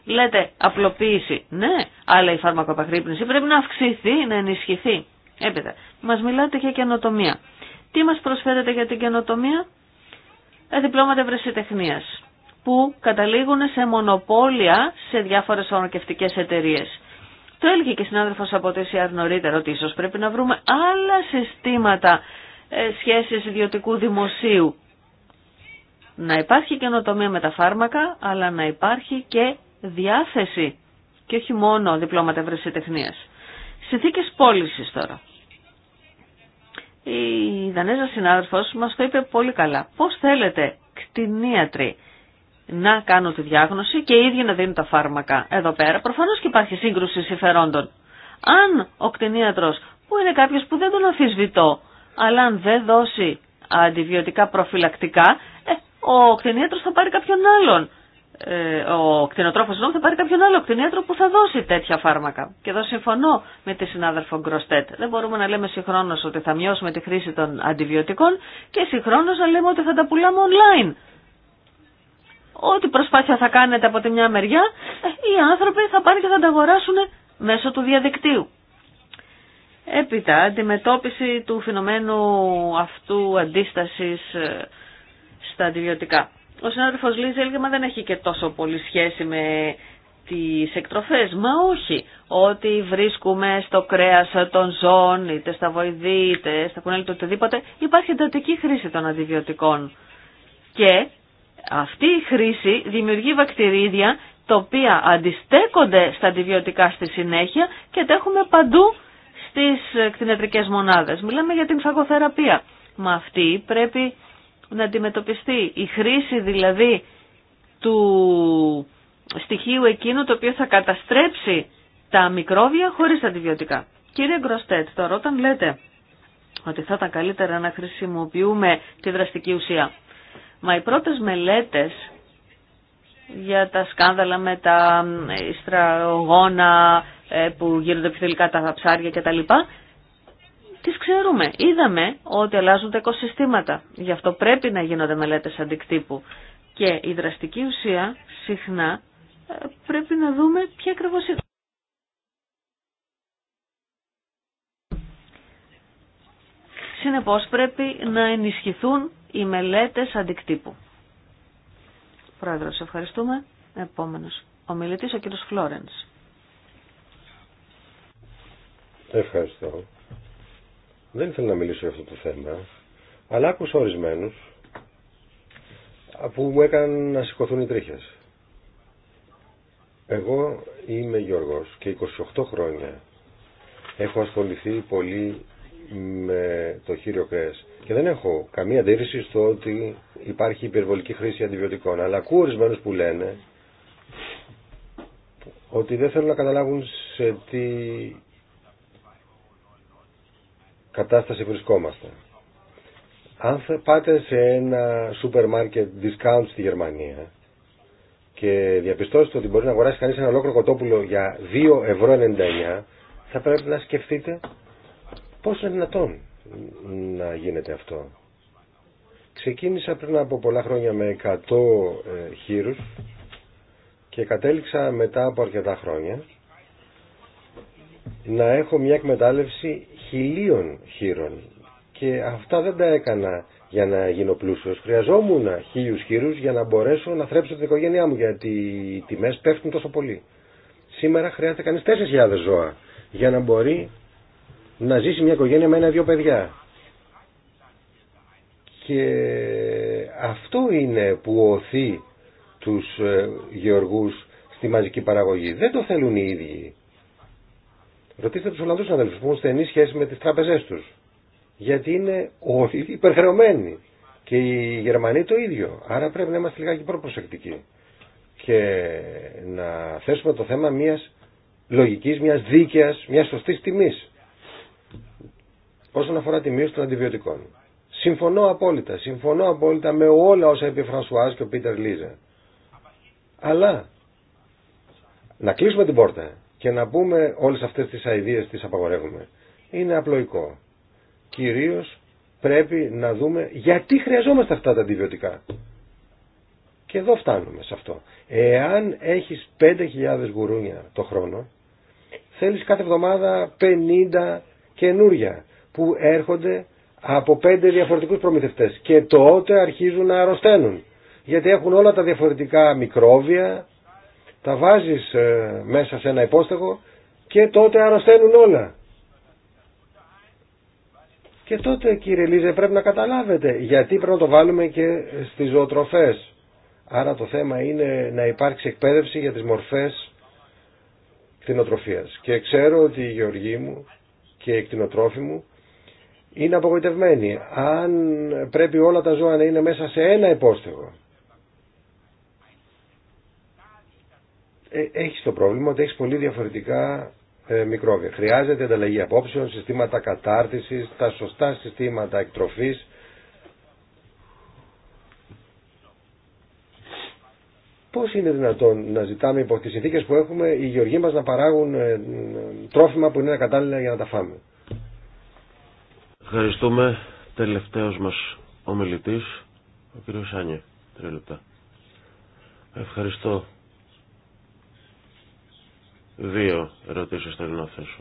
Λέτε απλοποίηση. Ναι, αλλά η φαρμακοπαγρύπνηση πρέπει να αυξηθεί, να ενισχυθεί. Έπειτα, μας μιλάτε για καινοτομία. Τι μας προσφέρετε για την καινοτομία? Τα ε, διπλώματα ευρεσιτεχνίας που καταλήγουν σε μονοπόλια σε διάφορες ονοκευτικές εταιρείες. Το έλεγε και συνάδελφος από τη ΕΣΥΑΡ νωρίτερα ότι ίσως πρέπει να βρούμε άλλα συστήματα ε, σχέσεις ιδιωτικού δημοσίου. Να υπάρχει καινοτομία με τα φάρμακα, αλλά να υπάρχει και διάθεση και όχι μόνο διπλώματα ευρεσιτεχνία. Συνθήκε πώληση τώρα. Η Δανέζα συνάδελφος μας το είπε πολύ καλά. Πώς θέλετε κτηνίατροι να κάνουν τη διάγνωση και οι ίδιοι να δίνουν τα φάρμακα εδώ πέρα. προφανώ και υπάρχει σύγκρουση συμφερόντων. Αν ο κτηνίατρος που είναι κάποιο που δεν τον αφισβητώ, αλλά αν δεν δώσει αντιβιωτικά προφυλακτικά, ε, ο κτηνίατρο θα πάρει κάποιον άλλον. Ε, ο κτηνοτρόφο νόμου θα πάρει κάποιον άλλο κτηνίατρο που θα δώσει τέτοια φάρμακα. Και εδώ συμφωνώ με τη συνάδελφο Γκροστέτ. Δεν μπορούμε να λέμε συγχρόνω ότι θα μειώσουμε τη χρήση των αντιβιωτικών και συγχρόνω να λέμε ότι θα τα πουλάμε online ό,τι προσπάθεια θα κάνετε από τη μια μεριά, οι άνθρωποι θα πάνε και θα τα αγοράσουν μέσω του διαδικτύου. Έπειτα, αντιμετώπιση του φαινομένου αυτού αντίστασης ε, στα αντιβιωτικά. Ο συνάδελφος Λίζη έλεγε, μα δεν έχει και τόσο πολύ σχέση με τις εκτροφές. Μα όχι, ό,τι βρίσκουμε στο κρέας των ζώων, είτε στα βοηδή, είτε στα κουνέλια, οτιδήποτε, υπάρχει εντατική χρήση των αντιβιωτικών. Και αυτή η χρήση δημιουργεί βακτηρίδια τα οποία αντιστέκονται στα αντιβιωτικά στη συνέχεια και τα έχουμε παντού στις ε, κτηνιατρικές μονάδες. Μιλάμε για την φαγοθεραπεία. Μα αυτή πρέπει να αντιμετωπιστεί. Η χρήση δηλαδή του στοιχείου εκείνου το οποίο θα καταστρέψει τα μικρόβια χωρίς αντιβιωτικά. Κύριε Γκροστέτ, τώρα όταν λέτε ότι θα ήταν καλύτερα να χρησιμοποιούμε τη δραστική ουσία. Μα οι πρώτες μελέτες για τα σκάνδαλα με τα ιστραγόνα ε, που γίνονται τελικά τα ψάρια κτλ. Τις ξέρουμε. Είδαμε ότι αλλάζουν τα οικοσυστήματα. Γι' αυτό πρέπει να γίνονται μελέτες αντικτύπου. Και η δραστική ουσία συχνά ε, πρέπει να δούμε ποια ακριβώ είναι. Συνεπώς πρέπει να ενισχυθούν οι μελέτες αντικτύπου. Πρόεδρος, ευχαριστούμε. Επόμενος. Ο μιλητής ο κύριος Φλόρενς. Ευχαριστώ. Δεν ήθελα να μιλήσω για αυτό το θέμα, αλλά άκουσα ορισμένου που μου έκαναν να σηκωθούν οι τρίχες. Εγώ είμαι Γιώργος και 28 χρόνια έχω ασχοληθεί πολύ με το χείριο κρέας. Και δεν έχω καμία αντίρρηση στο ότι υπάρχει υπερβολική χρήση αντιβιωτικών. Αλλά ακούω ορισμένου που λένε ότι δεν θέλουν να καταλάβουν σε τι κατάσταση βρισκόμαστε. Αν πάτε σε ένα σούπερ μάρκετ discount στη Γερμανία και διαπιστώσετε ότι μπορεί να αγοράσει κανείς ένα ολόκληρο κοτόπουλο για 2,99 ευρώ, θα πρέπει να σκεφτείτε Πώς είναι δυνατόν να γίνεται αυτό. Ξεκίνησα πριν από πολλά χρόνια με 100 ε, χείρους και κατέληξα μετά από αρκετά χρόνια να έχω μια εκμετάλλευση χιλίων χείρων και αυτά δεν τα έκανα για να γίνω πλούσιος. Χρειαζόμουν χίλιους χείρους για να μπορέσω να θρέψω την οικογένειά μου γιατί οι τιμές πέφτουν τόσο πολύ. Σήμερα χρειάζεται κανείς 4.000 ζώα για να μπορεί να ζήσει μια οικογένεια με ένα-δυο παιδιά. Και αυτό είναι που οθεί τους ε, γεωργούς στη μαζική παραγωγή. Δεν το θέλουν οι ίδιοι. Ρωτήστε τους Ολλανδούς αδελφούς που έχουν στενή σχέση με τις τράπεζές τους. Γιατί είναι όλοι υπερχρεωμένοι. Και οι Γερμανοί το ίδιο. Άρα πρέπει να είμαστε λιγάκι προπροσεκτικοί. Και να θέσουμε το θέμα μιας λογικής, μιας δίκαιας, μιας σωστής τιμής. Όσον αφορά τη μείωση των αντιβιωτικών. Συμφωνώ απόλυτα. Συμφωνώ απόλυτα με όλα όσα είπε ο Φρανσουάζ και ο Πίτερ Λίζε. Αλλά να κλείσουμε την πόρτα και να πούμε όλες αυτές τις ιδέες τις απαγορεύουμε. Είναι απλοϊκό. Κυρίως πρέπει να δούμε γιατί χρειαζόμαστε αυτά τα αντιβιωτικά. Και εδώ φτάνουμε σε αυτό. Εάν έχεις 5.000 γουρούνια το χρόνο, θέλεις κάθε εβδομάδα 50 καινούρια που έρχονται από πέντε διαφορετικούς προμηθευτές και τότε αρχίζουν να αρρωσταίνουν γιατί έχουν όλα τα διαφορετικά μικρόβια, τα βάζεις ε, μέσα σε ένα υπόστεγο και τότε αρρωσταίνουν όλα. Και τότε κύριε Λίζε πρέπει να καταλάβετε γιατί πρέπει να το βάλουμε και στις ζωοτροφές. Άρα το θέμα είναι να υπάρξει εκπαίδευση για τις μορφές κτηνοτροφίας. Και ξέρω ότι η γεωργοί μου και εκτινοτρόφιμου, είναι απογοητευμένοι. Αν πρέπει όλα τα ζώα να είναι μέσα σε ένα υπόστεγο, ε, έχεις το πρόβλημα ότι έχεις πολύ διαφορετικά ε, μικρόβια. Χρειάζεται ανταλλαγή απόψεων, συστήματα κατάρτισης, τα σωστά συστήματα εκτροφής Πώς είναι δυνατόν να ζητάμε υπό τις συνθήκες που έχουμε οι γεωργοί μας να παράγουν ε, τρόφιμα που είναι κατάλληλα για να τα φάμε. Ευχαριστούμε. Τελευταίος μας ομιλητής, ο κύριος Άνιε. Τρία λεπτά. Ευχαριστώ. Δύο ερωτήσεις θέλω να θέσω.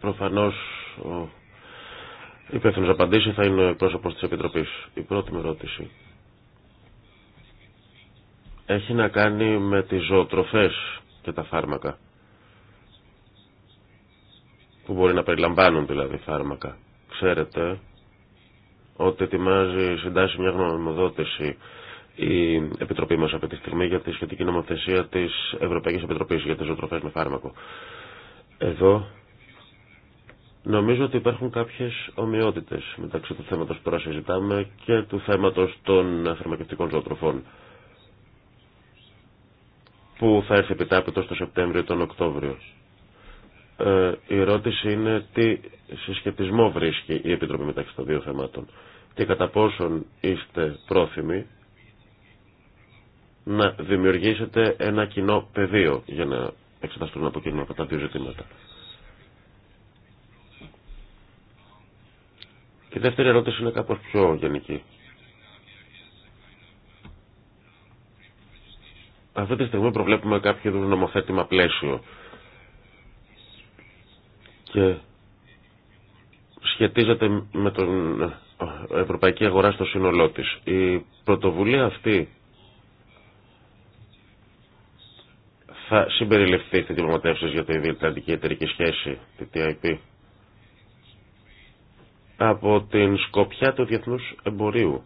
Προφανώς ο υπεύθυνος απαντήσει θα είναι ο πρόσωπος της Επιτροπής. Η πρώτη μου ερώτηση έχει να κάνει με τις ζωοτροφές και τα φάρμακα. Που μπορεί να περιλαμβάνουν δηλαδή φάρμακα. Ξέρετε ότι ετοιμάζει, συντάσει μια γνωμοδότηση η Επιτροπή μας από τη στιγμή για τη σχετική νομοθεσία της Ευρωπαϊκής Επιτροπής για τις ζωοτροφές με φάρμακο. Εδώ νομίζω ότι υπάρχουν κάποιες ομοιότητες μεταξύ του θέματος που τώρα συζητάμε και του θέματος των φαρμακευτικών ζωοτροφών που θα έρθει επιτάπητο το Σεπτέμβριο ή τον Οκτώβριο. Ε, η ερώτηση είναι τι συσχετισμό βρίσκει η Επιτροπή μεταξύ των δύο θεμάτων και κατά πόσον είστε πρόθυμοι να δημιουργήσετε ένα κοινό πεδίο για να εξεταστούν από κοινό αυτά τα δύο ζητήματα. Και η δεύτερη ερώτηση είναι κάπως πιο γενική. Αυτή τη στιγμή προβλέπουμε κάποιο είδου νομοθέτημα πλαίσιο. Και σχετίζεται με την ε, ευρωπαϊκή αγορά στο σύνολό της. Η πρωτοβουλία αυτή θα συμπεριληφθεί στις διαπραγματεύσεις για την διεκτατική εταιρική σχέση, τη TIP, από την σκοπιά του διεθνούς εμπορίου,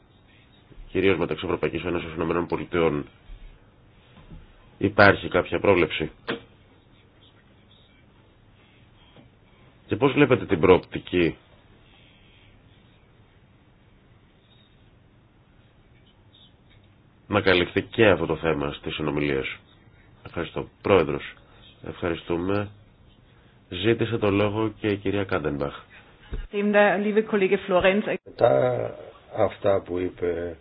κυρίως μεταξύ Ευρωπαϊκής Ένωσης και ΗΠΑ. Υπάρχει κάποια πρόβλεψη. Και πώς βλέπετε την προοπτική να καλυφθεί και αυτό το θέμα στις συνομιλίες. Ευχαριστώ. Πρόεδρος, ευχαριστούμε. Ζήτησε το λόγο και η κυρία Κάντεμπαχ. Μετά αυτά που είπε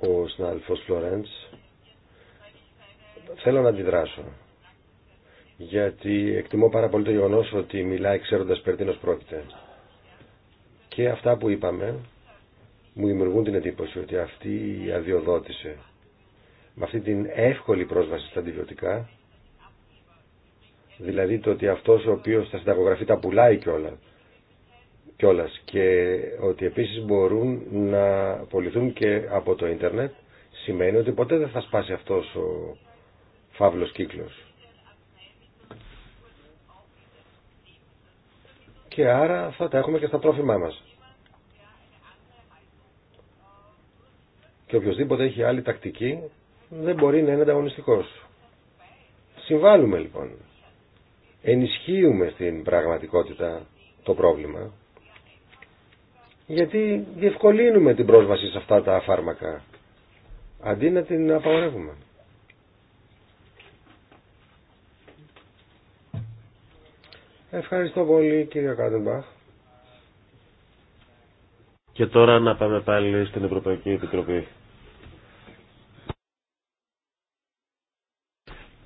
ο συνάδελφος Φλωρέντς, Θέλω να αντιδράσω. Γιατί εκτιμώ πάρα πολύ το γεγονό ότι μιλάει ξέροντας περί πρόκειται. Και αυτά που είπαμε μου δημιουργούν την εντύπωση ότι αυτή η αδειοδότηση με αυτή την εύκολη πρόσβαση στα αντιβιωτικά δηλαδή το ότι αυτό ο οποίο θα συνταγογραφεί τα πουλάει κιόλα, κιόλας και ότι επίσης μπορούν να πολιθούν και από το ίντερνετ σημαίνει ότι ποτέ δεν θα σπάσει αυτός ο φαύλος κύκλος. Και άρα θα τα έχουμε και στα τρόφιμά μας. Και οποιοδήποτε έχει άλλη τακτική δεν μπορεί να είναι ανταγωνιστικός. Συμβάλλουμε λοιπόν. Ενισχύουμε στην πραγματικότητα το πρόβλημα. Γιατί διευκολύνουμε την πρόσβαση σε αυτά τα φάρμακα. Αντί να την απαγορεύουμε. Ευχαριστώ πολύ κύριε Κάντεμπαχ. Και τώρα να πάμε πάλι στην Ευρωπαϊκή Επιτροπή.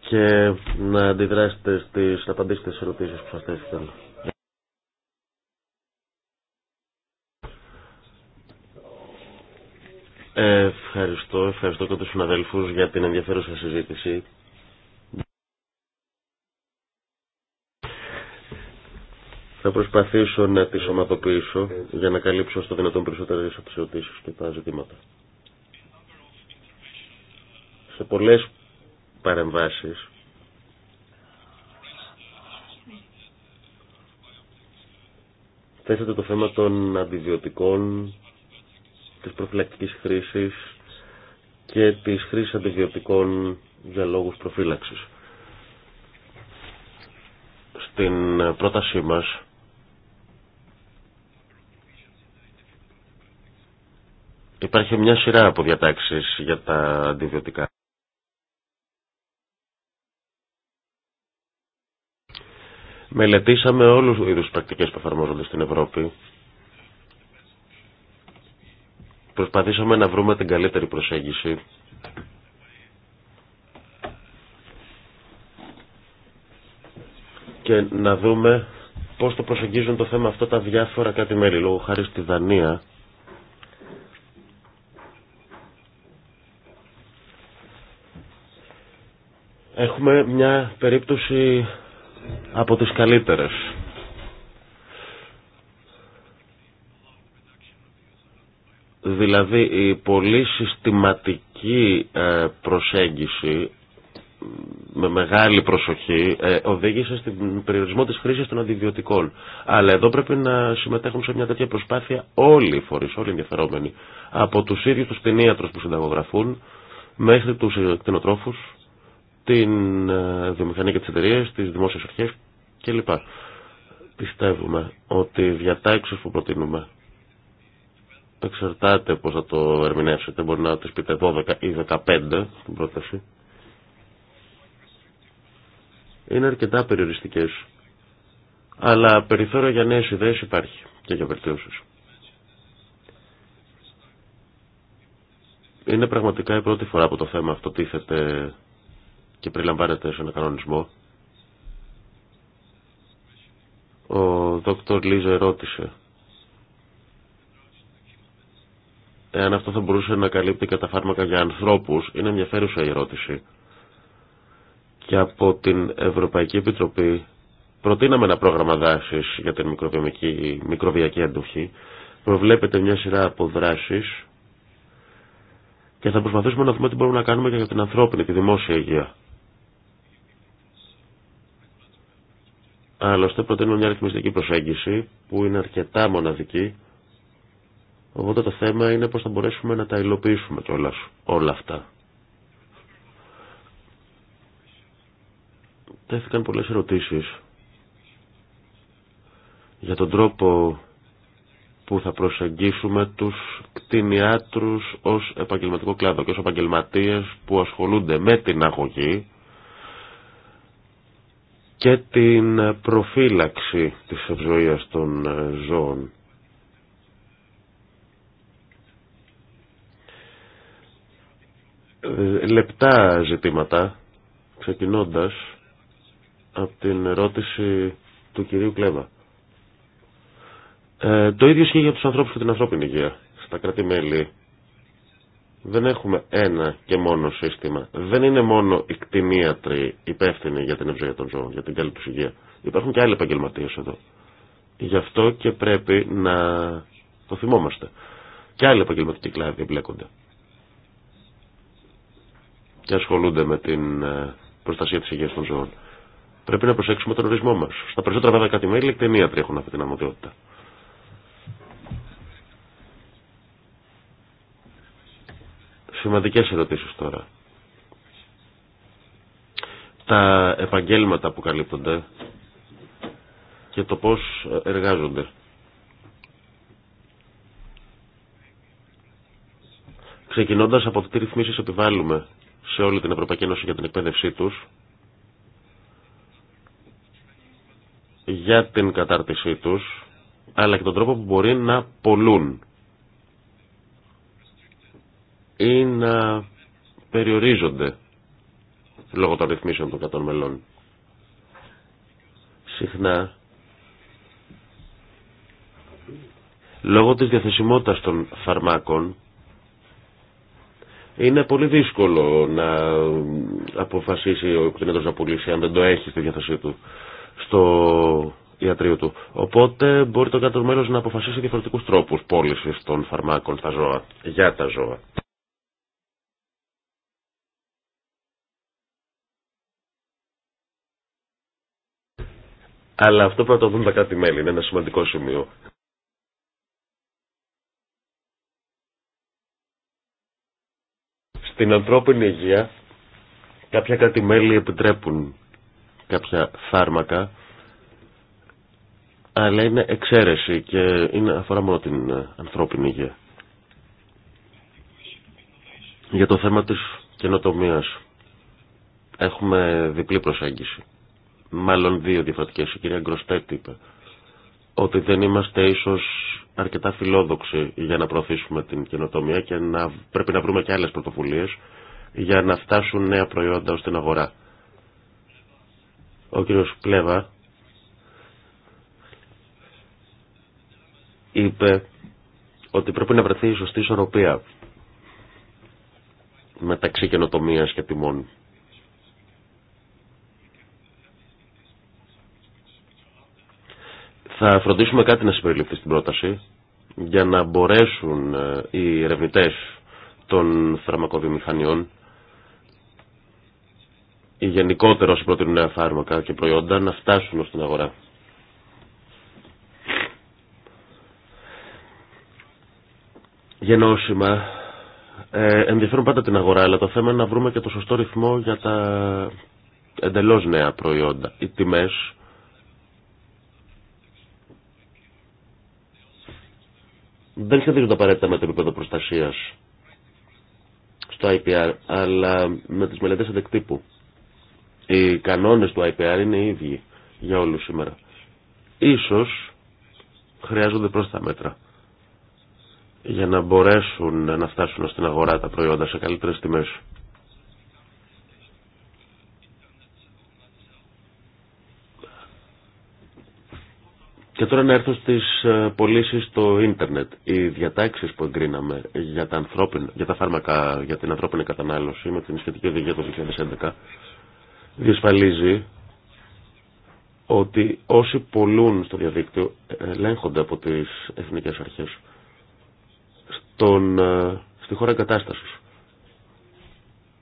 Και να αντιδράσετε στις, απαντήσεις της στις που σας θέθηκαν. Ευχαριστώ, ευχαριστώ και τους συναδέλφους για την ενδιαφέρουσα συζήτηση Θα προσπαθήσω να τη σωματοποιήσω για να καλύψω στο δυνατόν περισσότερο από τις ερωτήσεις και τα ζητήματα. Σε πολλές παρεμβάσεις θέσατε το θέμα των αντιβιωτικών, της προφυλακτικής χρήσης και της χρήσης αντιβιωτικών για λόγους προφύλαξης. Στην πρότασή μας Υπάρχει μια σειρά από διατάξεις για τα αντιβιωτικά. Μελετήσαμε όλους τους είδους πρακτικές που εφαρμόζονται στην Ευρώπη. Προσπαθήσαμε να βρούμε την καλύτερη προσέγγιση. Και να δούμε πώς το προσεγγίζουν το θέμα αυτό τα διάφορα κάτι μέλη. Λόγω χάρη στη Δανία Έχουμε μια περίπτωση από τις καλύτερες. Δηλαδή η πολύ συστηματική ε, προσέγγιση με μεγάλη προσοχή ε, οδήγησε στην περιορισμό της χρήσης των αντιβιωτικών. Αλλά εδώ πρέπει να συμμετέχουν σε μια τέτοια προσπάθεια όλοι οι φορείς, όλοι οι ενδιαφερόμενοι. Από τους ίδιους τους κτηνίατρους που συνταγογραφούν μέχρι τους κτηνοτρόφους την ε, βιομηχανία και τις εταιρείε, τις δημόσιες αρχές κλπ. Πιστεύουμε ότι οι διατάξεις που προτείνουμε εξαρτάται πώς θα το ερμηνεύσετε, μπορεί να τις πείτε 12 ή 15 στην πρόταση. Είναι αρκετά περιοριστικές. Αλλά περιθώριο για νέες ιδέες υπάρχει και για βελτιώσεις. Είναι πραγματικά η πρώτη φορά που το θέμα αυτό τίθεται και περιλαμβάνεται σε ένα κανονισμό. Ο δόκτωρ Λίζα ρώτησε εάν αυτό θα μπορούσε να καλύπτει κατά φάρμακα για ανθρώπους. Είναι ενδιαφέρουσα η ερώτηση. Και από την Ευρωπαϊκή Επιτροπή προτείναμε ένα πρόγραμμα δάσης για την μικροβιακή αντοχή. Προβλέπεται μια σειρά από δράσεις και θα προσπαθήσουμε να δούμε τι μπορούμε να κάνουμε και για την ανθρώπινη, τη δημόσια υγεία. Άλλωστε προτείνουμε μια ρυθμιστική προσέγγιση που είναι αρκετά μοναδική. Οπότε το θέμα είναι πώς θα μπορέσουμε να τα υλοποιήσουμε κιόλα όλα αυτά. Τέθηκαν πολλές ερωτήσεις για τον τρόπο που θα προσεγγίσουμε τους κτηνιάτρους ως επαγγελματικό κλάδο και ως επαγγελματίες που ασχολούνται με την αγωγή και την προφύλαξη της ευζοίας των ε, ζώων. Ε, λεπτά ζητήματα, ξεκινώντας από την ερώτηση του κυρίου Κλέβα. Ε, το ίδιο ισχύει για τους ανθρώπους και την ανθρώπινη υγεία. Στα κράτη-μέλη δεν έχουμε ένα και μόνο σύστημα. Δεν είναι μόνο οι κτηνίατροι υπεύθυνοι για την ευζοία των ζώων, για την καλή του υγεία. Υπάρχουν και άλλοι επαγγελματίε εδώ. Γι' αυτό και πρέπει να το θυμόμαστε. Και άλλοι επαγγελματικοί κλάδοι εμπλέκονται. Και ασχολούνται με την ε, προστασία τη υγεία των ζώων. Πρέπει να προσέξουμε τον ορισμό μα. Στα περισσότερα βέβαια κατημέρια οι κτηνίατροι έχουν αυτή την αμοδιότητα. Σημαντικές ερωτήσεις τώρα. Τα επαγγέλματα που καλύπτονται και το πώς εργάζονται. Ξεκινώντας από τι ρυθμίσεις επιβάλλουμε σε όλη την Ευρωπαϊκή Ένωση για την εκπαίδευσή τους, για την κατάρτισή τους, αλλά και τον τρόπο που μπορεί να πολλούν ή να περιορίζονται λόγω των ρυθμίσεων των κατών μελών. Συχνά, λόγω της διαθεσιμότητας των φαρμάκων, είναι πολύ δύσκολο να αποφασίσει ο κτηνέτρος να πουλήσει αν δεν το έχει στη διάθεσή του στο ιατρείο του. Οπότε μπορεί το κάτω να αποφασίσει διαφορετικούς τρόπους πώλησης των φαρμάκων στα ζώα, για τα ζώα. Αλλά αυτό πρέπει να το δουν τα κράτη-μέλη. Είναι ένα σημαντικό σημείο. Στην ανθρώπινη υγεία κάποια κράτη-μέλη επιτρέπουν κάποια φάρμακα αλλά είναι εξαίρεση και είναι, αφορά μόνο την ε, ανθρώπινη υγεία. Για το θέμα της καινοτομίας έχουμε διπλή προσέγγιση μάλλον δύο διαφορετικές, η κυρία Γκροστέτ είπε, ότι δεν είμαστε ίσως αρκετά φιλόδοξοι για να προωθήσουμε την καινοτομία και να, πρέπει να βρούμε και άλλες πρωτοβουλίες για να φτάσουν νέα προϊόντα ως την αγορά. Ο κύριος Πλέβα είπε ότι πρέπει να βρεθεί η σωστή ισορροπία μεταξύ καινοτομίας και τιμών. Θα φροντίσουμε κάτι να συμπεριληφθεί στην πρόταση για να μπορέσουν ε, οι ερευνητέ των φαρμακοβιομηχανιών ή γενικότερα όσοι προτείνουν νέα φάρμακα και προϊόντα να φτάσουν στην αγορά. Γενώσιμα. Ε, ενδιαφέρουν πάντα την αγορά, αλλά το θέμα είναι να βρούμε και το σωστό ρυθμό για τα εντελώς νέα προϊόντα. Οι τιμές δεν σχετίζονται απαραίτητα με το επίπεδο προστασία στο IPR, αλλά με τι μελέτε αντεκτύπου. Οι κανόνε του IPR είναι οι ίδιοι για όλου σήμερα. Ίσως χρειάζονται πρόσθετα μέτρα για να μπορέσουν να φτάσουν στην αγορά τα προϊόντα σε καλύτερε τιμέ. Και τώρα να έρθω στις ε, πωλήσει στο ίντερνετ. Οι διατάξεις που εγκρίναμε για τα, ανθρώπινα, για τα φάρμακα για την ανθρώπινη κατανάλωση με την σχετική οδηγία του 2011 διασφαλίζει ότι όσοι πολλούν στο διαδίκτυο ε, ελέγχονται από τις εθνικές αρχές ε, στη χώρα εγκατάστασης.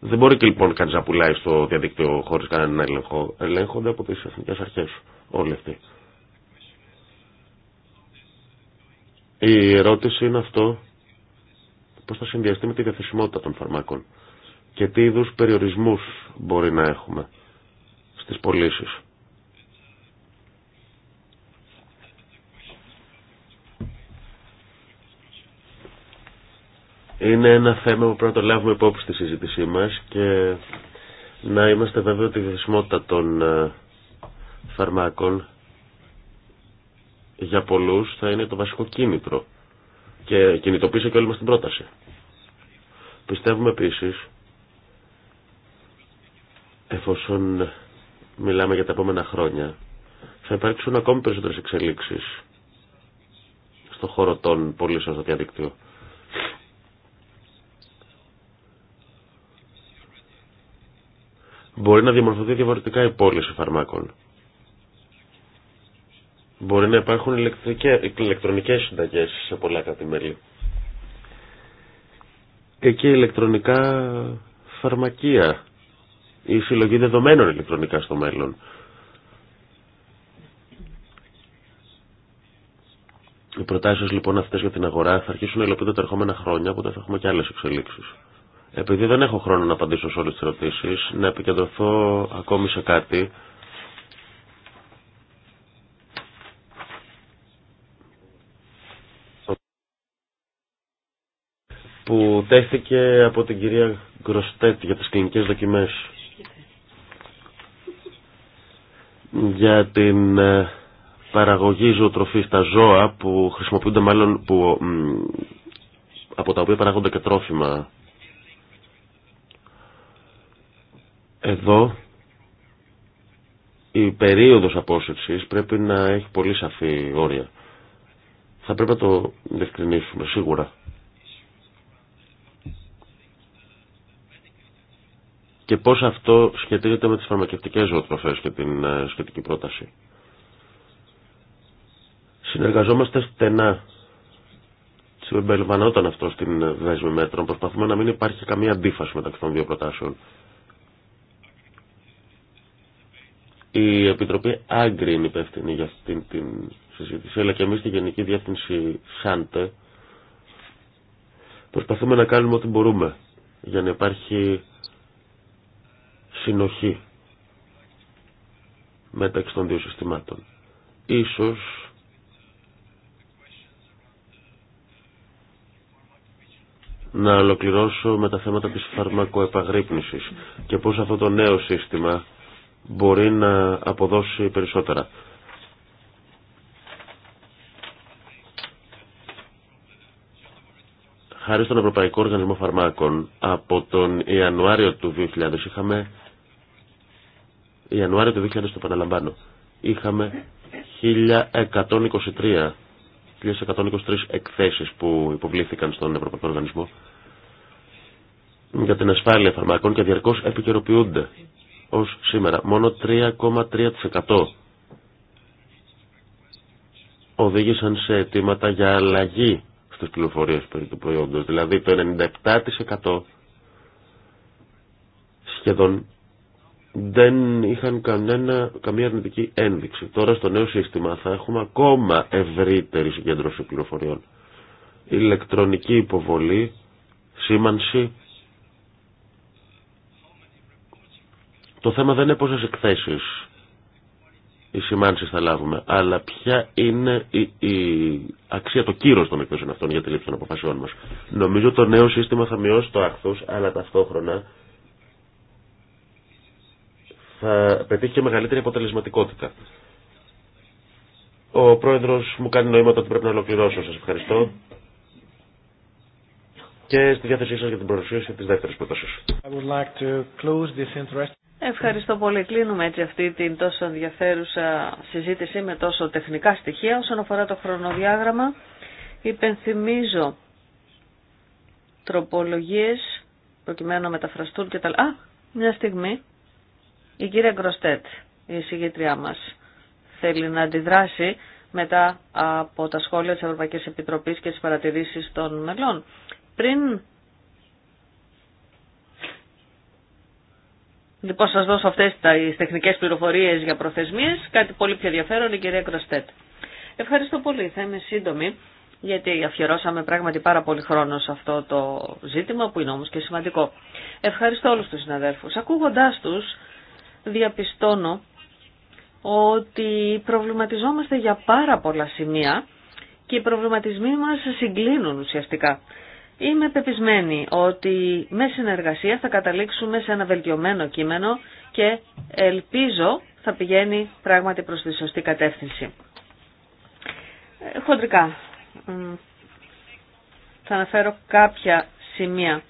Δεν μπορεί και λοιπόν κανείς να πουλάει στο διαδίκτυο χωρίς κανέναν έλεγχο. Ελέγχονται από τις εθνικές αρχές όλοι αυτοί. Η ερώτηση είναι αυτό πώς θα συνδυαστεί με τη διαθεσιμότητα των φαρμάκων και τι είδους περιορισμούς μπορεί να έχουμε στις πωλήσει. Είναι ένα θέμα που πρέπει να το λάβουμε υπόψη στη συζήτησή μας και να είμαστε βέβαιοι ότι η διαθεσιμότητα των ε, φαρμάκων για πολλούς θα είναι το βασικό κίνητρο και κινητοποίησε και όλοι μας την πρόταση. Πιστεύουμε επίσης, εφόσον μιλάμε για τα επόμενα χρόνια, θα υπάρξουν ακόμη περισσότερες εξελίξεις στον χώρο των πωλήσεων στο διαδίκτυο. Μπορεί να διαμορφωθεί διαφορετικά η πώληση φαρμάκων. Μπορεί να υπάρχουν ηλεκτρονικές συνταγές σε πολλα κάτι κράτη-μέλη. Και εκεί ηλεκτρονικά φαρμακεία. Η συλλογή δεδομένων ηλεκτρονικά στο μέλλον. Οι προτάσεις λοιπόν αυτές για την αγορά θα αρχίσουν να υλοποιούνται τα ερχόμενα χρόνια, οπότε θα έχουμε και άλλες εξελίξεις. Επειδή δεν έχω χρόνο να απαντήσω σε όλες τις ερωτήσεις, να επικεντρωθώ ακόμη σε κάτι που τέθηκε από την κυρία Γκροστέτ για τις κλινικές δοκιμές για την ε, παραγωγή ζωοτροφή στα ζώα που χρησιμοποιούνται μάλλον που, από τα οποία παράγονται και τρόφιμα. Εδώ η περίοδος απόσυρσης πρέπει να έχει πολύ σαφή όρια. Θα πρέπει να το διευκρινίσουμε σίγουρα. και πώς αυτό σχετίζεται με τις φαρμακευτικές ζωοτροφές και την ε, σχετική πρόταση. Συνεργαζόμαστε στενά. Συμπεριλαμβανόταν αυτό στην δέσμη μέτρων. Προσπαθούμε να μην υπάρχει καμία αντίφαση μεταξύ των δύο προτάσεων. Η Επιτροπή Άγκρη είναι υπεύθυνη για αυτήν την συζήτηση, αλλά και εμεί στη Γενική Διεύθυνση ΣΑΝΤΕ προσπαθούμε να κάνουμε ό,τι μπορούμε για να υπάρχει συνοχή μεταξύ των δύο συστημάτων. Ίσως να ολοκληρώσω με τα θέματα της φαρμακοεπαγρύπνησης και πώς αυτό το νέο σύστημα μπορεί να αποδώσει περισσότερα. Χάρη στον Ευρωπαϊκό Οργανισμό Φαρμάκων, από τον Ιανουάριο του 2000 είχαμε Ιανουάριο του 2000, το παραλαμβάνω, είχαμε 1123, 1123 εκθέσεις που υποβλήθηκαν στον Ευρωπαϊκό Οργανισμό για την ασφάλεια φαρμακών και διαρκώς επικαιροποιούνται ως σήμερα. Μόνο 3,3% οδήγησαν σε αιτήματα για αλλαγή στις πληροφορίες περί του προϊόντος. Δηλαδή το 97% σχεδόν δεν είχαν κανένα, καμία αρνητική ένδειξη. Τώρα στο νέο σύστημα θα έχουμε ακόμα ευρύτερη συγκέντρωση πληροφοριών. Ηλεκτρονική υποβολή, σήμανση. Το θέμα δεν είναι πόσες εκθέσεις οι σημάνσεις θα λάβουμε, αλλά ποια είναι η, αξία, το κύρος των εκθέσεων αυτών για τη λήψη των αποφασιών μας. Νομίζω το νέο σύστημα θα μειώσει το άχθος, αλλά ταυτόχρονα θα πετύχει και μεγαλύτερη αποτελεσματικότητα. Ο πρόεδρος μου κάνει νοήματα ότι πρέπει να ολοκληρώσω. Σας ευχαριστώ. Και στη διάθεσή σας για την παρουσίαση της δεύτερης πρότασης. Ευχαριστώ πολύ. Κλείνουμε έτσι αυτή την τόσο ενδιαφέρουσα συζήτηση με τόσο τεχνικά στοιχεία. Όσον αφορά το χρονοδιάγραμμα, υπενθυμίζω τροπολογίες προκειμένου να μεταφραστούν και τα... Α, μια στιγμή. Η κυρία Γκροστέτ, η συγγετριά μας, θέλει να αντιδράσει μετά από τα σχόλια της Ευρωπαϊκής Επιτροπής και τις παρατηρήσεις των μελών. Πριν Λοιπόν, σας δώσω αυτές τις τεχνικές πληροφορίες για προθεσμίες, κάτι πολύ πιο ενδιαφέρον η κυρία Γκροστέτ. Ευχαριστώ πολύ, θα είμαι σύντομη, γιατί αφιερώσαμε πράγματι πάρα πολύ χρόνο σε αυτό το ζήτημα, που είναι όμως και σημαντικό. Ευχαριστώ όλους τους συναδέλφους. Ακούγοντάς τους, διαπιστώνω ότι προβληματιζόμαστε για πάρα πολλά σημεία και οι προβληματισμοί μας συγκλίνουν ουσιαστικά. Είμαι πεπισμένη ότι με συνεργασία θα καταλήξουμε σε ένα βελτιωμένο κείμενο και ελπίζω θα πηγαίνει πράγματι προς τη σωστή κατεύθυνση. Ε, χοντρικά, θα αναφέρω κάποια σημεία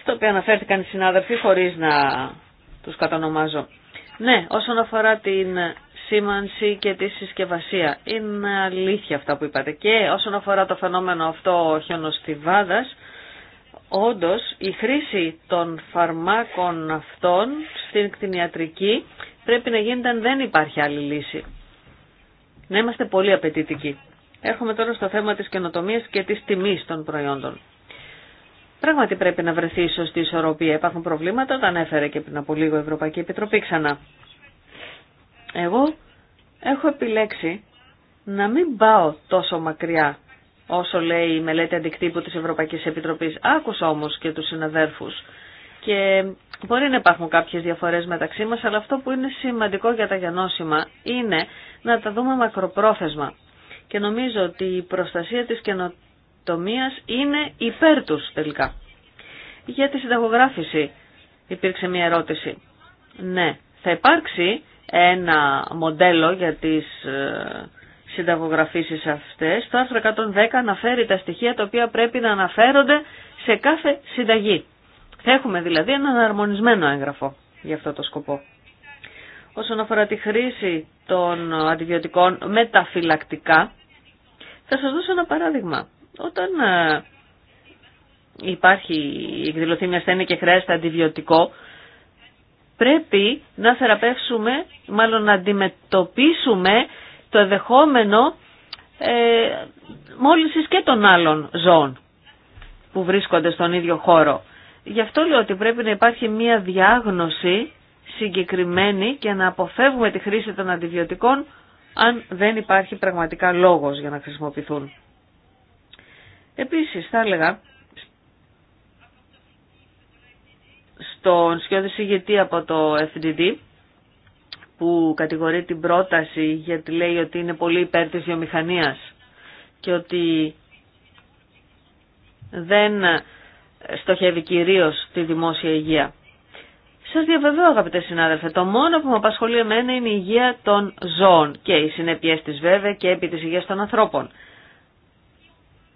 στο οποίο αναφέρθηκαν οι συνάδελφοι χωρίς να τους κατανομάζω. Ναι, όσον αφορά την σήμανση και τη συσκευασία. Είναι αλήθεια αυτά που είπατε. Και όσον αφορά το φαινόμενο αυτό χιονοστιβάδας, όντως η χρήση των φαρμάκων αυτών στην κτηνιατρική πρέπει να γίνεται αν δεν υπάρχει άλλη λύση. Να είμαστε πολύ απαιτητικοί. Έρχομαι τώρα στο θέμα της καινοτομίας και της τιμής των προϊόντων. Πράγματι πρέπει να βρεθεί η σωστή ισορροπία. Υπάρχουν προβλήματα, τα ανέφερε και πριν από λίγο η Ευρωπαϊκή Επιτροπή ξανά. Εγώ έχω επιλέξει να μην πάω τόσο μακριά όσο λέει η μελέτη αντικτύπου της Ευρωπαϊκής Επιτροπής. Άκουσα όμως και τους συναδέρφους και μπορεί να υπάρχουν κάποιες διαφορές μεταξύ μας, αλλά αυτό που είναι σημαντικό για τα γενώσιμα είναι να τα δούμε μακροπρόθεσμα. Και νομίζω ότι η προστασία της καινοτομίας είναι υπέρ τους τελικά. Για τη συνταγογράφηση υπήρξε μια ερώτηση. Ναι, θα υπάρξει ένα μοντέλο για τις ε, συνταγογραφήσεις αυτές. Το άρθρο 110 αναφέρει τα στοιχεία τα οποία πρέπει να αναφέρονται σε κάθε συνταγή. Θα έχουμε δηλαδή ένα αρμονισμένο έγγραφο για αυτό το σκοπό. Όσον αφορά τη χρήση των αντιβιωτικών μεταφυλακτικά, θα σας δώσω ένα παράδειγμα. Όταν ε, υπάρχει, εκδηλωθεί μια ασθένεια και χρειάζεται αντιβιωτικό, πρέπει να θεραπεύσουμε, μάλλον να αντιμετωπίσουμε το εδεχόμενο ε, μόλυνσης και των άλλων ζώων που βρίσκονται στον ίδιο χώρο. Γι' αυτό λέω ότι πρέπει να υπάρχει μια διάγνωση συγκεκριμένη και να αποφεύγουμε τη χρήση των αντιβιωτικών αν δεν υπάρχει πραγματικά λόγος για να χρησιμοποιηθούν. Επίσης θα έλεγα στον σκιώδη συγγετή από το FDD που κατηγορεί την πρόταση γιατί λέει ότι είναι πολύ υπέρ της βιομηχανίας και ότι δεν στοχεύει κυρίω τη δημόσια υγεία. Σας διαβεβαιώ αγαπητέ συνάδελφε, το μόνο που με απασχολεί εμένα είναι η υγεία των ζώων και οι συνέπειες της βέβαια και επί της υγείας των ανθρώπων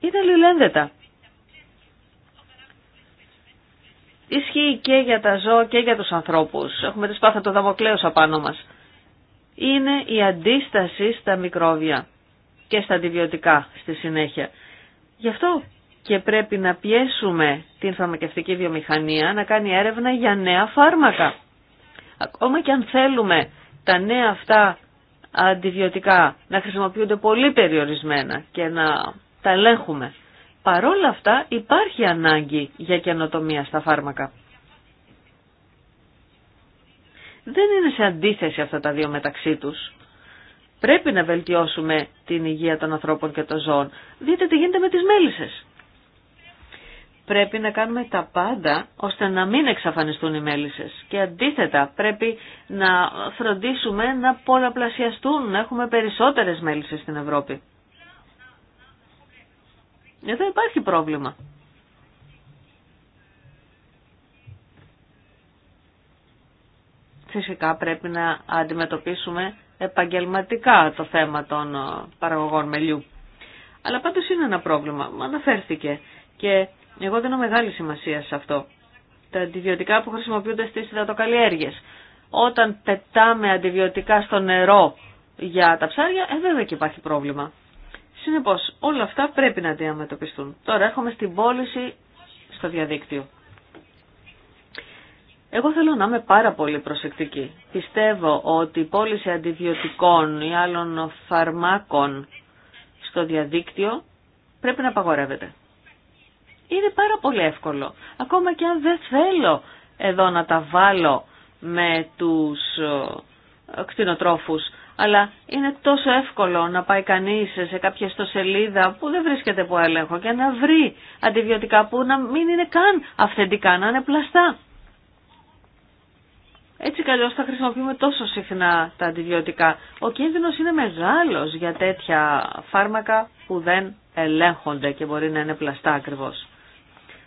είναι αλληλένδετα. Ισχύει και για τα ζώα και για τους ανθρώπους. Έχουμε τη σπάθα του απάνω μας. Είναι η αντίσταση στα μικρόβια και στα αντιβιωτικά στη συνέχεια. Γι' αυτό και πρέπει να πιέσουμε την φαρμακευτική βιομηχανία να κάνει έρευνα για νέα φάρμακα. Ακόμα και αν θέλουμε τα νέα αυτά αντιβιωτικά να χρησιμοποιούνται πολύ περιορισμένα και να τα ελέγχουμε. Παρόλα αυτά υπάρχει ανάγκη για καινοτομία στα φάρμακα. Δεν είναι σε αντίθεση αυτά τα δύο μεταξύ τους. Πρέπει να βελτιώσουμε την υγεία των ανθρώπων και των ζώων. Δείτε τι γίνεται με τις μέλισσες. Πρέπει να κάνουμε τα πάντα ώστε να μην εξαφανιστούν οι μέλισσες. Και αντίθετα πρέπει να φροντίσουμε να πολλαπλασιαστούν, να έχουμε περισσότερες μέλισσες στην Ευρώπη. Εδώ υπάρχει πρόβλημα. Φυσικά πρέπει να αντιμετωπίσουμε επαγγελματικά το θέμα των ε, παραγωγών μελιού. Αλλά πάντως είναι ένα πρόβλημα. Μα αναφέρθηκε και εγώ δίνω μεγάλη σημασία σε αυτό. Τα αντιβιωτικά που χρησιμοποιούνται στις υδατοκαλλιέργειες. Όταν πετάμε αντιβιωτικά στο νερό για τα ψάρια, ε, βέβαια και υπάρχει πρόβλημα. Συνεπώς, όλα αυτά πρέπει να διαμετωπιστούν. Τώρα έχουμε στην πώληση στο διαδίκτυο. Εγώ θέλω να είμαι πάρα πολύ προσεκτική. Πιστεύω ότι η πώληση αντιβιωτικών ή άλλων φαρμάκων στο διαδίκτυο πρέπει να απαγορεύεται. Είναι πάρα πολύ εύκολο. Ακόμα και αν δεν θέλω εδώ να τα βάλω με τους ε, κτηνοτρόφους, αλλά είναι τόσο εύκολο να πάει κανείς σε κάποια ιστοσελίδα που δεν βρίσκεται που έλεγχο και να βρει αντιβιωτικά που να μην είναι καν αυθεντικά, να είναι πλαστά. Έτσι καλώ θα χρησιμοποιούμε τόσο συχνά τα αντιβιωτικά. Ο κίνδυνος είναι μεγάλος για τέτοια φάρμακα που δεν ελέγχονται και μπορεί να είναι πλαστά ακριβώς.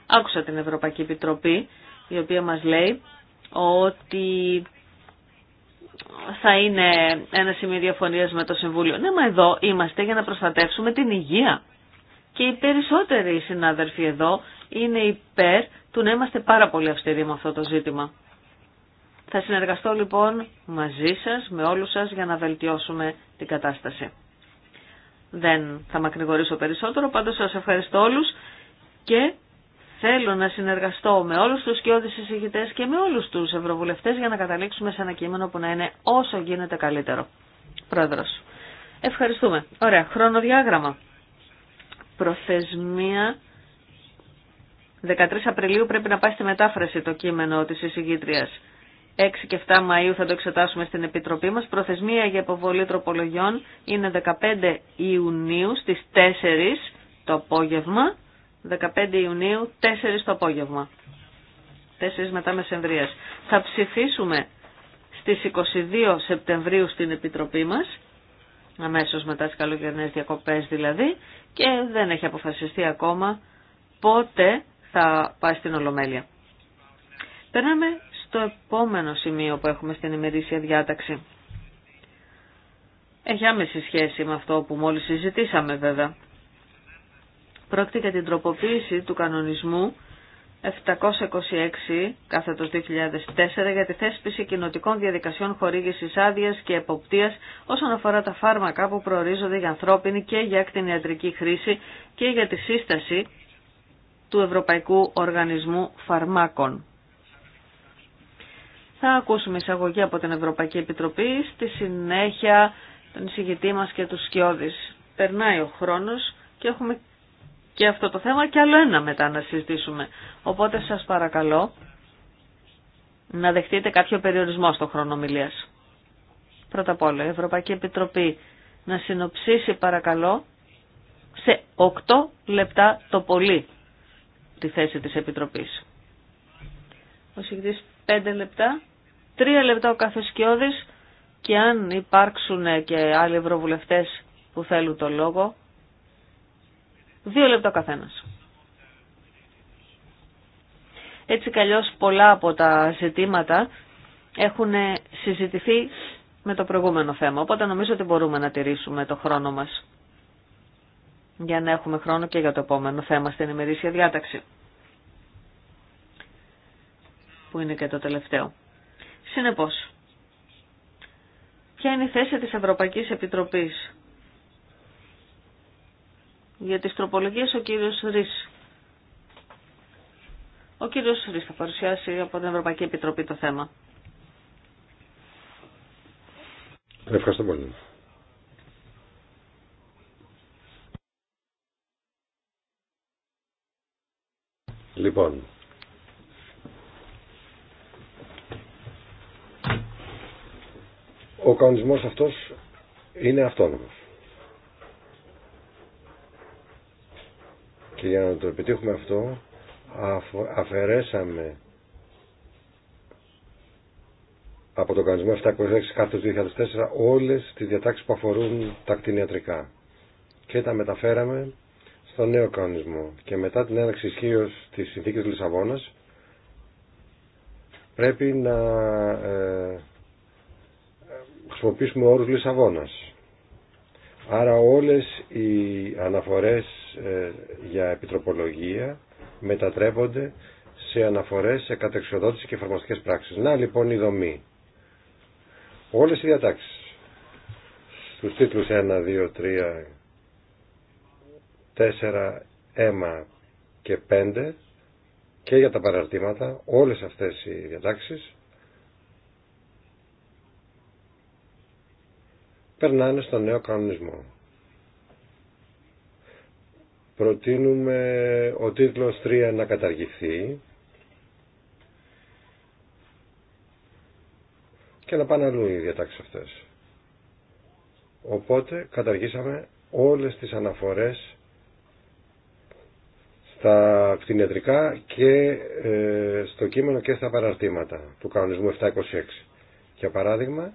Άκουσα την Ευρωπαϊκή Επιτροπή η οποία μας λέει ότι θα είναι ένα σημείο διαφωνίας με το Συμβούλιο. Ναι, μα εδώ είμαστε για να προστατεύσουμε την υγεία. Και οι περισσότεροι συνάδελφοι εδώ είναι υπέρ του να είμαστε πάρα πολύ αυστηροί με αυτό το ζήτημα. Θα συνεργαστώ λοιπόν μαζί σας, με όλους σας, για να βελτιώσουμε την κατάσταση. Δεν θα μακρηγορήσω περισσότερο, πάντως σας ευχαριστώ όλους και Θέλω να συνεργαστώ με όλους τους σκιώδεις εισηγητές και με όλους τους ευρωβουλευτές για να καταλήξουμε σε ένα κείμενο που να είναι όσο γίνεται καλύτερο. Πρόεδρος. Ευχαριστούμε. Ωραία. Χρονοδιάγραμμα. Προθεσμία. 13 Απριλίου πρέπει να πάει στη μετάφραση το κείμενο της εισηγήτριας. 6 και 7 Μαΐου θα το εξετάσουμε στην Επιτροπή μας. Προθεσμία για υποβολή τροπολογιών είναι 15 Ιουνίου στις 4 το απόγευμα 15 Ιουνίου, 4 το απόγευμα. 4 μετά Μεσενδρίας. Θα ψηφίσουμε στις 22 Σεπτεμβρίου στην Επιτροπή μας, αμέσως μετά τις καλοκαιρινές διακοπές δηλαδή, και δεν έχει αποφασιστεί ακόμα πότε θα πάει στην Ολομέλεια. Περνάμε στο επόμενο σημείο που έχουμε στην ημερήσια διάταξη. Έχει άμεση σχέση με αυτό που μόλις συζητήσαμε βέβαια. Πρόκειται για την τροποποίηση του κανονισμού 726 κάθετος 2004 για τη θέσπιση κοινοτικών διαδικασιών χορήγησης άδεια και εποπτείας όσον αφορά τα φάρμακα που προορίζονται για ανθρώπινη και για ακτινιατρική χρήση και για τη σύσταση του Ευρωπαϊκού Οργανισμού Φαρμάκων. Θα ακούσουμε εισαγωγή από την Ευρωπαϊκή Επιτροπή, στη συνέχεια τον εισηγητή μας και τους σκιώδης. Περνάει ο χρόνος και έχουμε και αυτό το θέμα και άλλο ένα μετά να συζητήσουμε. Οπότε σας παρακαλώ να δεχτείτε κάποιο περιορισμό στο χρόνο ομιλίας. Πρώτα απ' όλα, η Ευρωπαϊκή Επιτροπή να συνοψίσει παρακαλώ σε 8 λεπτά το πολύ τη θέση της Επιτροπής. Ο συγκριτής 5 λεπτά, 3 λεπτά ο καθεσκιώδης και αν υπάρξουν και άλλοι ευρωβουλευτές που θέλουν το λόγο, Δύο λεπτά καθένα. Έτσι καλώς πολλά από τα ζητήματα έχουν συζητηθεί με το προηγούμενο θέμα, οπότε νομίζω ότι μπορούμε να τηρήσουμε το χρόνο μας για να έχουμε χρόνο και για το επόμενο θέμα στην ημερήσια διάταξη, που είναι και το τελευταίο. Συνεπώς, ποια είναι η θέση της Ευρωπαϊκής Επιτροπής για τις τροπολογίες ο κύριος Ρης. Ο κύριος Ρης θα παρουσιάσει από την Ευρωπαϊκή Επιτροπή το θέμα. Ευχαριστώ πολύ. Λοιπόν, ο κανονισμός αυτός είναι αυτόνομος. Και για να το επιτύχουμε αυτό αφαιρέσαμε από το κανονισμό 726 2004 όλες τις διατάξεις που αφορούν τα κτηνιατρικά και τα μεταφέραμε στο νέο κανονισμό και μετά την έναξη ισχύω της συνθήκης Λισαβόνας πρέπει να ε, ε χρησιμοποιήσουμε όρους Λισαβόνας Άρα όλες οι αναφορές ε, για επιτροπολογία μετατρέπονται σε αναφορές σε κατεξοδότηση και εφαρμοστικές πράξεις. Να λοιπόν η δομή. Όλες οι διατάξεις. Στους τίτλους 1, 2, 3, 4, 1 και 5 και για τα παραρτήματα όλες αυτές οι διατάξεις περνάνε στο νέο κανονισμό. Προτείνουμε ο τίτλος 3 να καταργηθεί και να πάνε αλλού οι διατάξεις αυτές. Οπότε καταργήσαμε όλες τις αναφορές στα κτηνιατρικά και ε, στο κείμενο και στα παραρτήματα του κανονισμού 726. Για παράδειγμα,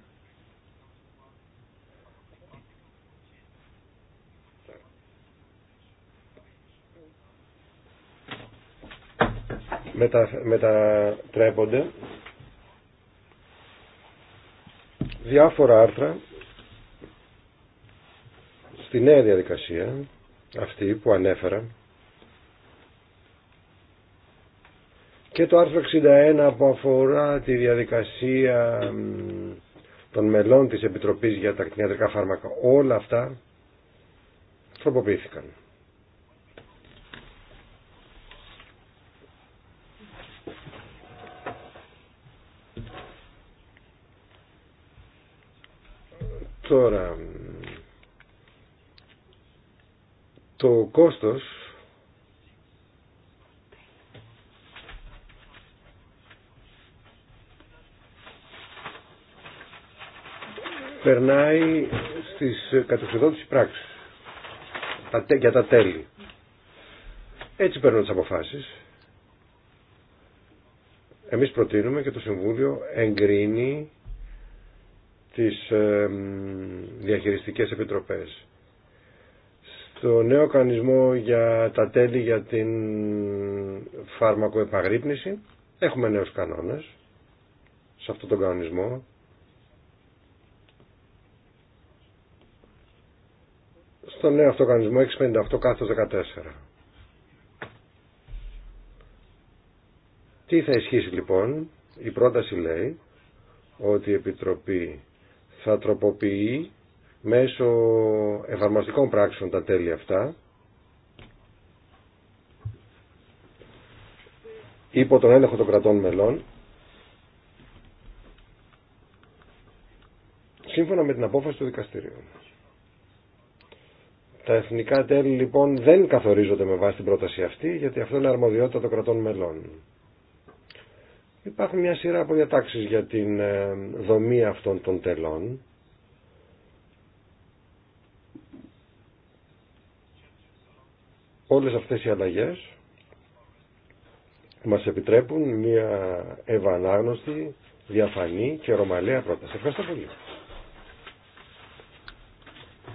μετα, μετατρέπονται διάφορα άρθρα στη νέα διαδικασία αυτή που ανέφερα και το άρθρο 61 που αφορά τη διαδικασία των μελών της Επιτροπής για τα κτηνιατρικά φάρμακα όλα αυτά τροποποιήθηκαν. Τώρα, το κόστος περνάει στις κατευθυνότητες πράξεις για τα τέλη. Έτσι παίρνουν τις αποφάσεις. Εμείς προτείνουμε και το Συμβούλιο εγκρίνει στις διαχειριστικές επιτροπές. Στο νέο κανονισμό για τα τέλη για την φάρμακοεπαγρύπνηση έχουμε νέους κανόνες σε αυτό τον κανονισμό. Στο νέο αυτό κανονισμό 658 14. Τι θα ισχύσει λοιπόν, η πρόταση λέει ότι η Επιτροπή θα τροποποιεί μέσω εφαρμοστικών πράξεων τα τέλη αυτά υπό τον έλεγχο των κρατών μελών σύμφωνα με την απόφαση του δικαστηρίου. Τα εθνικά τέλη λοιπόν δεν καθορίζονται με βάση την πρόταση αυτή γιατί αυτό είναι αρμοδιότητα των κρατών μελών. Υπάρχουν μια σειρά από διατάξεις για την ε, δομή αυτών των τελών. Όλες αυτές οι αλλαγές μας επιτρέπουν μια ευανάγνωστη, διαφανή και ρωμαλαία πρόταση. Ευχαριστώ πολύ.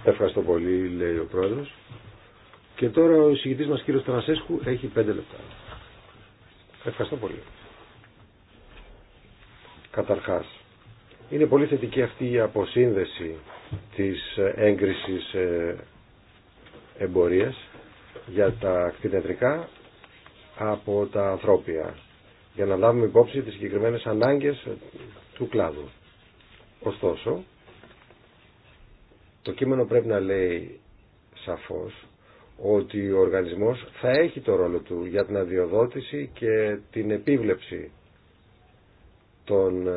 Ευχαριστώ πολύ, λέει ο Πρόεδρος. Και τώρα ο εισηγητής μας κύριος Τρανσέσκου έχει πέντε λεπτά. Ευχαριστώ πολύ. Καταρχάς, είναι πολύ θετική αυτή η αποσύνδεση της έγκρισης ε, εμπορίας για τα κτηνιατρικά από τα ανθρώπια για να λάβουμε υπόψη τις συγκεκριμένες ανάγκες του κλάδου. Ωστόσο, το κείμενο πρέπει να λέει σαφώς ότι ο οργανισμός θα έχει το ρόλο του για την αδειοδότηση και την επίβλεψη ε, των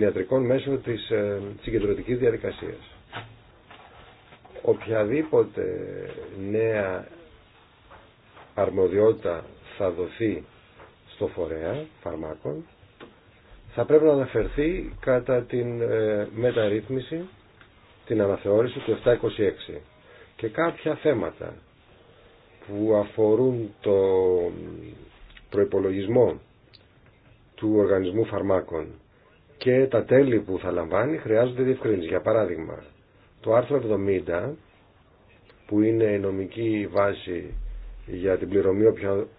ιατρικών μέσω της ε, συγκεντρωτικής διαδικασίας. Οποιαδήποτε νέα αρμοδιότητα θα δοθεί στο φορέα φαρμάκων θα πρέπει να αναφερθεί κατά την ε, μεταρρύθμιση, την αναθεώρηση του 726 και κάποια θέματα που αφορούν το προϋπολογισμό του οργανισμού φαρμάκων και τα τέλη που θα λαμβάνει χρειάζονται διευκρίνηση. Για παράδειγμα, το άρθρο 70 που είναι η νομική βάση για την πληρωμή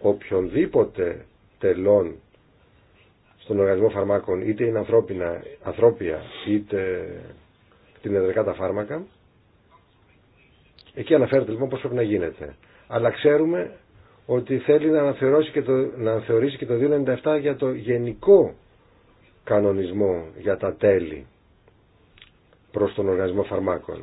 οποιονδήποτε τελών στον οργανισμό φαρμάκων, είτε είναι ανθρώπινα, ανθρώπια, είτε εδρικά τα φάρμακα. Εκεί αναφέρεται λοιπόν πώς πρέπει να γίνεται. Αλλά ξέρουμε ότι θέλει να, αναθεωρήσει και το, να θεωρήσει και το 297 για το γενικό κανονισμό για τα τέλη προς τον οργανισμό φαρμάκων.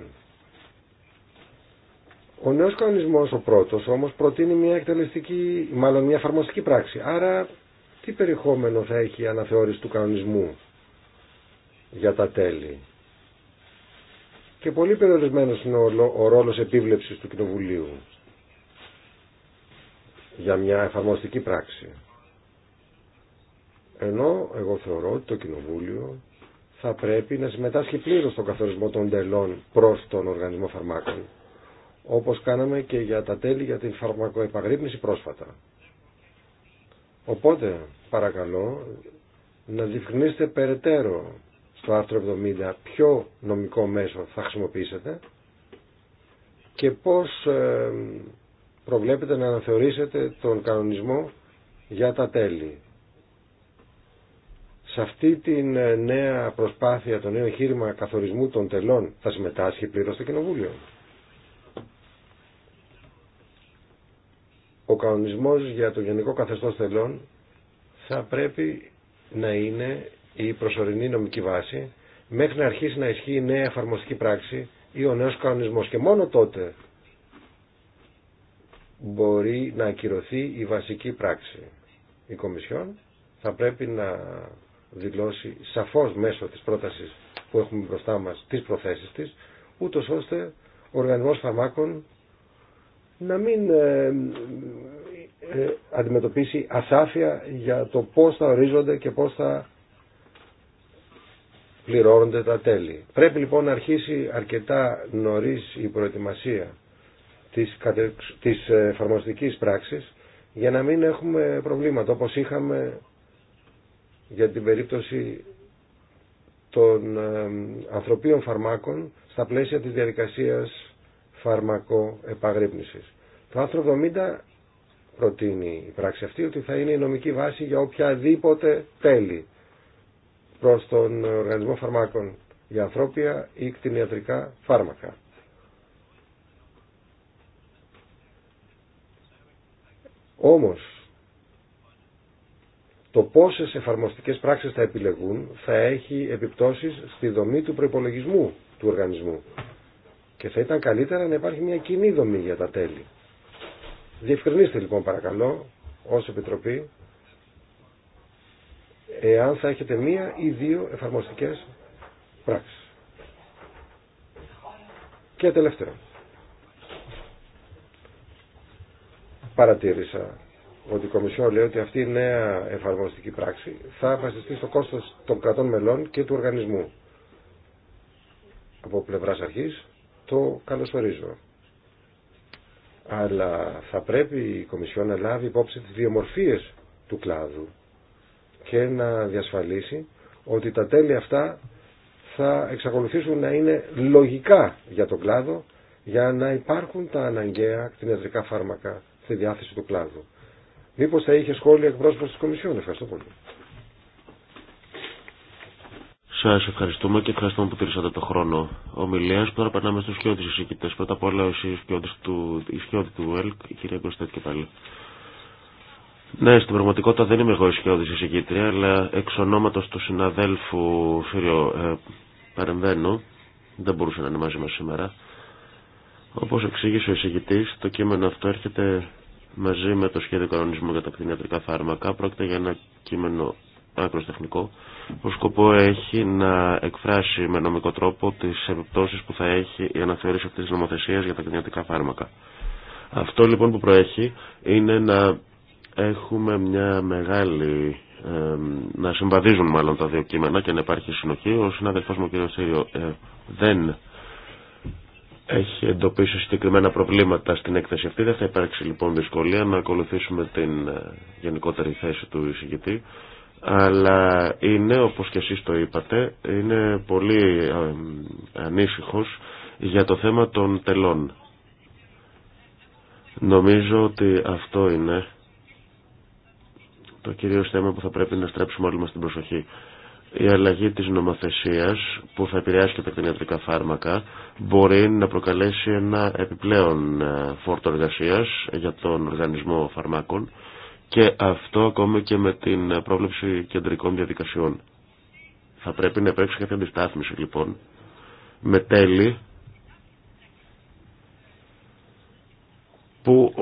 Ο νέος κανονισμός, ο πρώτος, όμως προτείνει μια εκτελεστική, μάλλον μια εφαρμοστική πράξη. Άρα τι περιεχόμενο θα έχει η αναθεώρηση του κανονισμού για τα τέλη. Και πολύ περιορισμένος είναι ο ρόλος επίβλεψης του Κοινοβουλίου για μια εφαρμοστική πράξη. Ενώ εγώ θεωρώ ότι το Κοινοβούλιο θα πρέπει να συμμετάσχει πλήρως στον καθορισμό των τελών προς τον οργανισμό φαρμάκων, όπως κάναμε και για τα τέλη για την φαρμακοεπαγρύπνηση πρόσφατα. Οπότε, παρακαλώ, να διευκρινίσετε περαιτέρω στο άρθρο 70 ποιο νομικό μέσο θα χρησιμοποιήσετε και πώς ε, προβλέπετε να αναθεωρήσετε τον κανονισμό για τα τέλη. Σε αυτή τη ε, νέα προσπάθεια, το νέο εγχείρημα καθορισμού των τελών θα συμμετάσχει πλήρως το Κοινοβούλιο. Ο κανονισμός για το γενικό καθεστώς τελών θα πρέπει να είναι η προσωρινή νομική βάση μέχρι να αρχίσει να ισχύει η νέα εφαρμοστική πράξη ή ο νέος κανονισμός και μόνο τότε μπορεί να ακυρωθεί η βασική πράξη. Η Κομισιόν θα πρέπει να δηλώσει σαφώς μέσω της πρότασης που έχουμε μπροστά μας τις προθέσεις της, ούτω ώστε ο οργανισμός φαρμάκων να μην ε, ε, ε, αντιμετωπίσει ασάφεια για το πώς θα ορίζονται και πώς θα πληρώνονται τα τέλη. Πρέπει λοιπόν να αρχίσει αρκετά νωρίς η προετοιμασία της, της πράξη ε, πράξης για να μην έχουμε προβλήματα όπως είχαμε για την περίπτωση των ε, ανθρωπίων φαρμάκων στα πλαίσια της διαδικασίας φαρμακοεπαγρύπνησης. Το άρθρο 70 προτείνει η πράξη αυτή ότι θα είναι η νομική βάση για οποιαδήποτε τέλη προς τον Οργανισμό Φαρμάκων για ανθρώπια ή κτηνιατρικά φάρμακα. Όμως, το πόσες εφαρμοστικές πράξεις θα επιλεγούν θα έχει επιπτώσεις στη δομή του προϋπολογισμού του οργανισμού. Και θα ήταν καλύτερα να υπάρχει μια κοινή δομή για τα τέλη. Διευκρινίστε λοιπόν παρακαλώ ως Επιτροπή εάν θα έχετε μία ή δύο εφαρμοστικές πράξεις. Και τελευταίο. παρατήρησα ότι η Κομισιό λέει ότι αυτή η νέα εφαρμοστική πράξη θα βασιστεί στο κόστος των κρατών μελών και του οργανισμού. Από πλευράς αρχής το καλωσορίζω. Αλλά θα πρέπει η Κομισιό να λάβει υπόψη τις διομορφίες του κλάδου και να διασφαλίσει ότι τα τέλη αυτά θα εξακολουθήσουν να είναι λογικά για τον κλάδο για να υπάρχουν τα αναγκαία κτηνιατρικά φάρμακα στη διάθεση του κλάδου. Μήπως θα είχε σχόλια εκπρόσωπος της Κομισιόν. Ευχαριστώ πολύ. Σας ευχαριστούμε και ευχαριστούμε που τηρήσατε το χρόνο ομιλίας. Τώρα περνάμε στους σκιώδεις εισηγητές. Πρώτα απ' όλα οι σκιώδεις του, του ΕΛΚ, η κυρία Κωνστέτ και πάλι. Ναι, στην πραγματικότητα δεν είμαι εγώ ισχυώδης εισηγήτρια, αλλά εξ ονόματος του συναδέλφου Σύριο ε, παρεμβαίνω. Δεν μπορούσε να είναι μαζί μας σήμερα. Όπως εξήγησε ο εισηγητής, το κείμενο αυτό έρχεται μαζί με το σχέδιο κανονισμού για τα κτηνιατρικά φάρμακα. Πρόκειται για ένα κείμενο άκρο τεχνικό. που σκοπό έχει να εκφράσει με νομικό τρόπο τις επιπτώσεις που θα έχει η αναθεώρηση αυτής της νομοθεσίας για τα κτηνιατρικά φάρμακα. Αυτό λοιπόν που προέχει είναι να έχουμε μια μεγάλη να συμβαδίζουν μάλλον τα δύο κείμενα και να υπάρχει συνοχή. Ο συνάδελφός μου ο κ. Σύριο ε, δεν έχει εντοπίσει συγκεκριμένα προβλήματα στην έκθεση αυτή. Δεν θα υπάρξει λοιπόν δυσκολία να ακολουθήσουμε την ε, γενικότερη θέση του εισηγητή. Αλλά είναι, όπως και εσείς το είπατε, είναι πολύ ε, ανήσυχος για το θέμα των τελών. Νομίζω ότι αυτό είναι το κυρίως θέμα που θα πρέπει να στρέψουμε όλοι μας την προσοχή η αλλαγή της νομοθεσίας που θα επηρεάσει και τα κτηνιατρικά φάρμακα μπορεί να προκαλέσει ένα επιπλέον ε, φόρτο εργασίας για τον οργανισμό φαρμάκων και αυτό ακόμα και με την πρόβλεψη κεντρικών διαδικασιών. Θα πρέπει να υπάρξει κάποια αντιστάθμιση λοιπόν με τέλη που,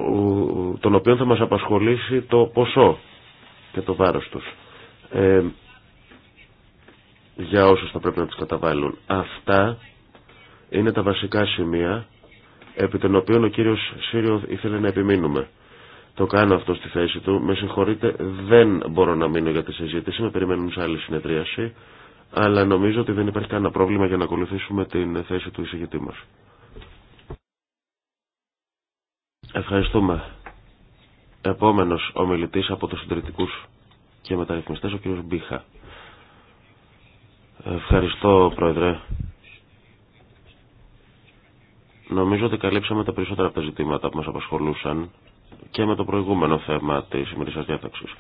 ε, τον οποίο θα μας απασχολήσει το ποσό και το βάρος τους. Ε, για όσους θα πρέπει να τις καταβάλουν. Αυτά είναι τα βασικά σημεία επί των οποίων ο κύριος Σύριο ήθελε να επιμείνουμε. Το κάνω αυτό στη θέση του. Με συγχωρείτε, δεν μπορώ να μείνω για τη συζήτηση. Με περιμένουν σε άλλη συνεδρίαση. Αλλά νομίζω ότι δεν υπάρχει κανένα πρόβλημα για να ακολουθήσουμε την θέση του εισηγητή μας. Ευχαριστούμε. Επόμενος ομιλητής από τους συντηρητικούς και μεταρρυθμιστές, ο κύριος Μπίχα. Ευχαριστώ, Πρόεδρε. Νομίζω ότι καλύψαμε τα περισσότερα από τα ζητήματα που μας απασχολούσαν και με το προηγούμενο θέμα της σημερινής διάταξης.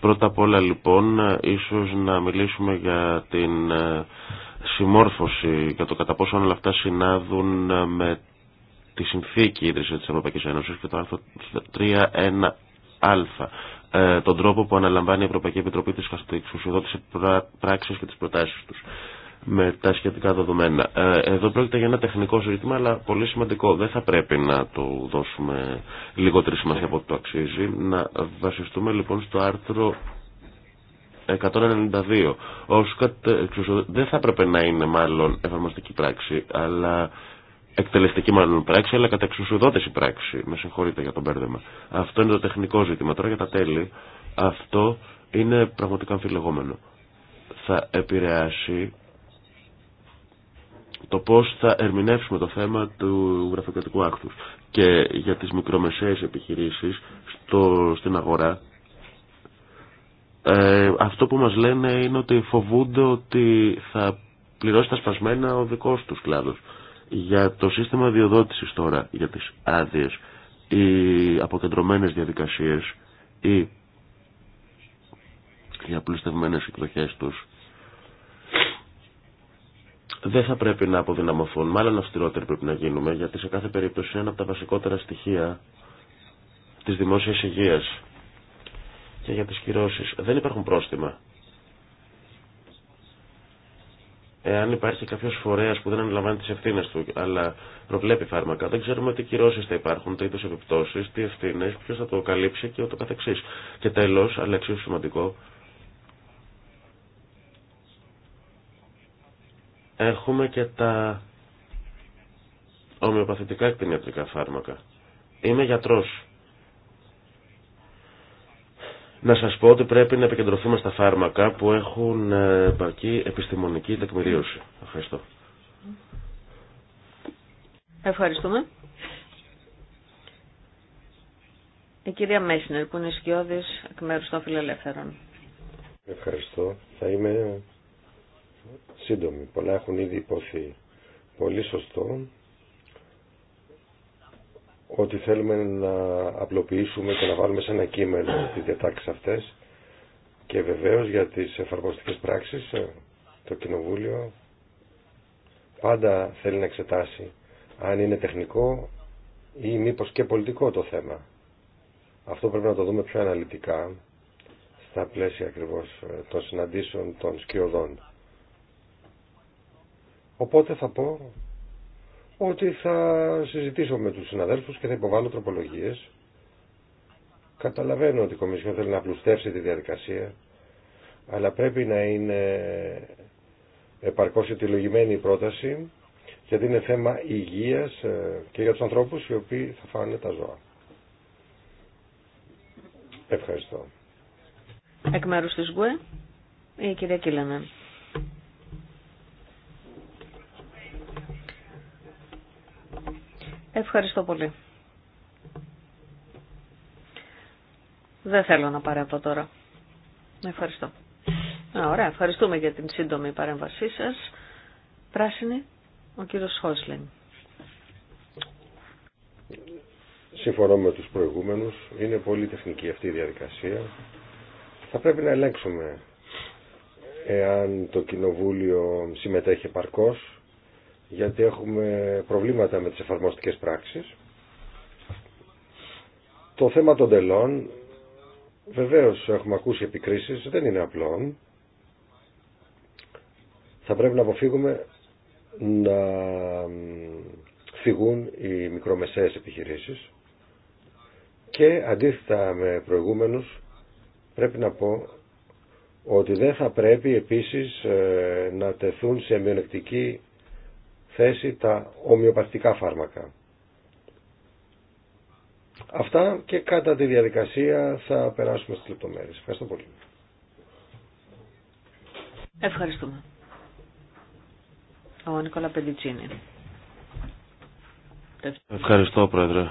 Πρώτα απ' όλα λοιπόν ίσως να μιλήσουμε για την ε, συμμόρφωση, και το κατά πόσο όλα αυτά συνάδουν ε, με τη συνθήκη ίδρυση της Ευρωπαϊκής Ένωσης και το άρθρο 3.1α ε, τον τρόπο που αναλαμβάνει η Ευρωπαϊκή Επιτροπή της Χαστοξουσιοδότησης πράξεις και τις προτάσεις τους με τα σχετικά δεδομένα. Ε, εδώ πρόκειται για ένα τεχνικό ζήτημα, αλλά πολύ σημαντικό. Δεν θα πρέπει να του δώσουμε λιγότερη σημασία από ό,τι το αξίζει. Να βασιστούμε λοιπόν στο άρθρο 192. Δεν θα πρέπει να είναι μάλλον εφαρμοστική πράξη, αλλά εκτελεστική μάλλον πράξη, αλλά κατά εξουσιοδότηση πράξη. Με συγχωρείτε για τον μπέρδεμα. Αυτό είναι το τεχνικό ζήτημα. Τώρα για τα τέλη, αυτό είναι πραγματικά αμφιλεγόμενο. Θα επηρεάσει το πώς θα ερμηνεύσουμε το θέμα του γραφειοκρατικού άκτου. Και για τις μικρομεσαίες επιχειρήσεις στην αγορά, ε, αυτό που μας λένε είναι ότι φοβούνται ότι θα πληρώσει τα σπασμένα ο δικός τους κλάδος. Για το σύστημα διοδότησης τώρα, για τις άδειε, οι αποκεντρωμένες διαδικασίες ή οι απλουστευμένες εκδοχές τους δεν θα πρέπει να αποδυναμωθούν, μάλλον αυστηρότεροι πρέπει να γίνουμε, γιατί σε κάθε περίπτωση είναι ένα από τα βασικότερα στοιχεία της δημόσιας υγείας και για τις κυρώσεις. Δεν υπάρχουν πρόστιμα Εάν υπάρχει κάποιο φορέα που δεν αναλαμβάνει τι ευθύνε του, αλλά προβλέπει φάρμακα, δεν ξέρουμε τι κυρώσει θα υπάρχουν, τι είδου επιπτώσει, τι ευθύνε, ποιο θα το καλύψει και ούτω καθεξή. Και τέλο, αλλά εξίσου σημαντικό, έχουμε και τα ομοιοπαθητικά κτηνιατρικά φάρμακα. Είμαι γιατρός να σας πω ότι πρέπει να επικεντρωθούμε στα φάρμακα που έχουν ε, επαρκή επιστημονική τεκμηρίωση. Ευχαριστώ. Ευχαριστούμε. Η κυρία Μέσνερ που είναι σκιώδης εκ μέρους των φιλελεύθερων. Ευχαριστώ. Θα είμαι σύντομη. Πολλά έχουν ήδη υποθεί. Πολύ σωστό ότι θέλουμε να απλοποιήσουμε και να βάλουμε σε ένα κείμενο τις διατάξεις αυτές και βεβαίως για τις εφαρμοστικές πράξεις ε, το Κοινοβούλιο πάντα θέλει να εξετάσει αν είναι τεχνικό ή μήπως και πολιτικό το θέμα. Αυτό πρέπει να το δούμε πιο αναλυτικά στα πλαίσια ακριβώς ε, των συναντήσεων των σκιωδών. Οπότε θα πω ότι θα συζητήσω με τους συναδέλφους και θα υποβάλω τροπολογίες. Καταλαβαίνω ότι η Κομισιόν θέλει να απλουστεύσει τη διαδικασία, αλλά πρέπει να είναι επαρκώς ετυλογημένη η πρόταση, γιατί είναι θέμα υγείας ε, και για τους ανθρώπους οι οποίοι θα φάνε τα ζώα. Ευχαριστώ. Εκ μέρους της ΓΟΕ, η κυρία Ευχαριστώ πολύ. Δεν θέλω να παρέμβω τώρα. Ευχαριστώ. Ωραία, ευχαριστούμε για την σύντομη παρέμβασή σας. Πράσινη, ο κύριος Χόσλιν. Συμφωνώ με τους προηγούμενους. Είναι πολύ τεχνική αυτή η διαδικασία. Θα πρέπει να ελέγξουμε εάν το Κοινοβούλιο συμμετέχει παρκώς γιατί έχουμε προβλήματα με τις εφαρμοστικές πράξεις. Το θέμα των τελών, βεβαίως έχουμε ακούσει επικρίσεις, δεν είναι απλό. Θα πρέπει να αποφύγουμε να φυγούν οι μικρομεσαίες επιχειρήσεις και αντίθετα με προηγούμενους πρέπει να πω ότι δεν θα πρέπει επίσης ε, να τεθούν σε μειονεκτική θέση τα ομοιοπαστικά φάρμακα. Αυτά και κατά τη διαδικασία θα περάσουμε στις λεπτομέρειες. Ευχαριστώ πολύ. Ευχαριστούμε. Ο Νικόλα Πεντιτσίνη. Ευχαριστώ Πρόεδρε.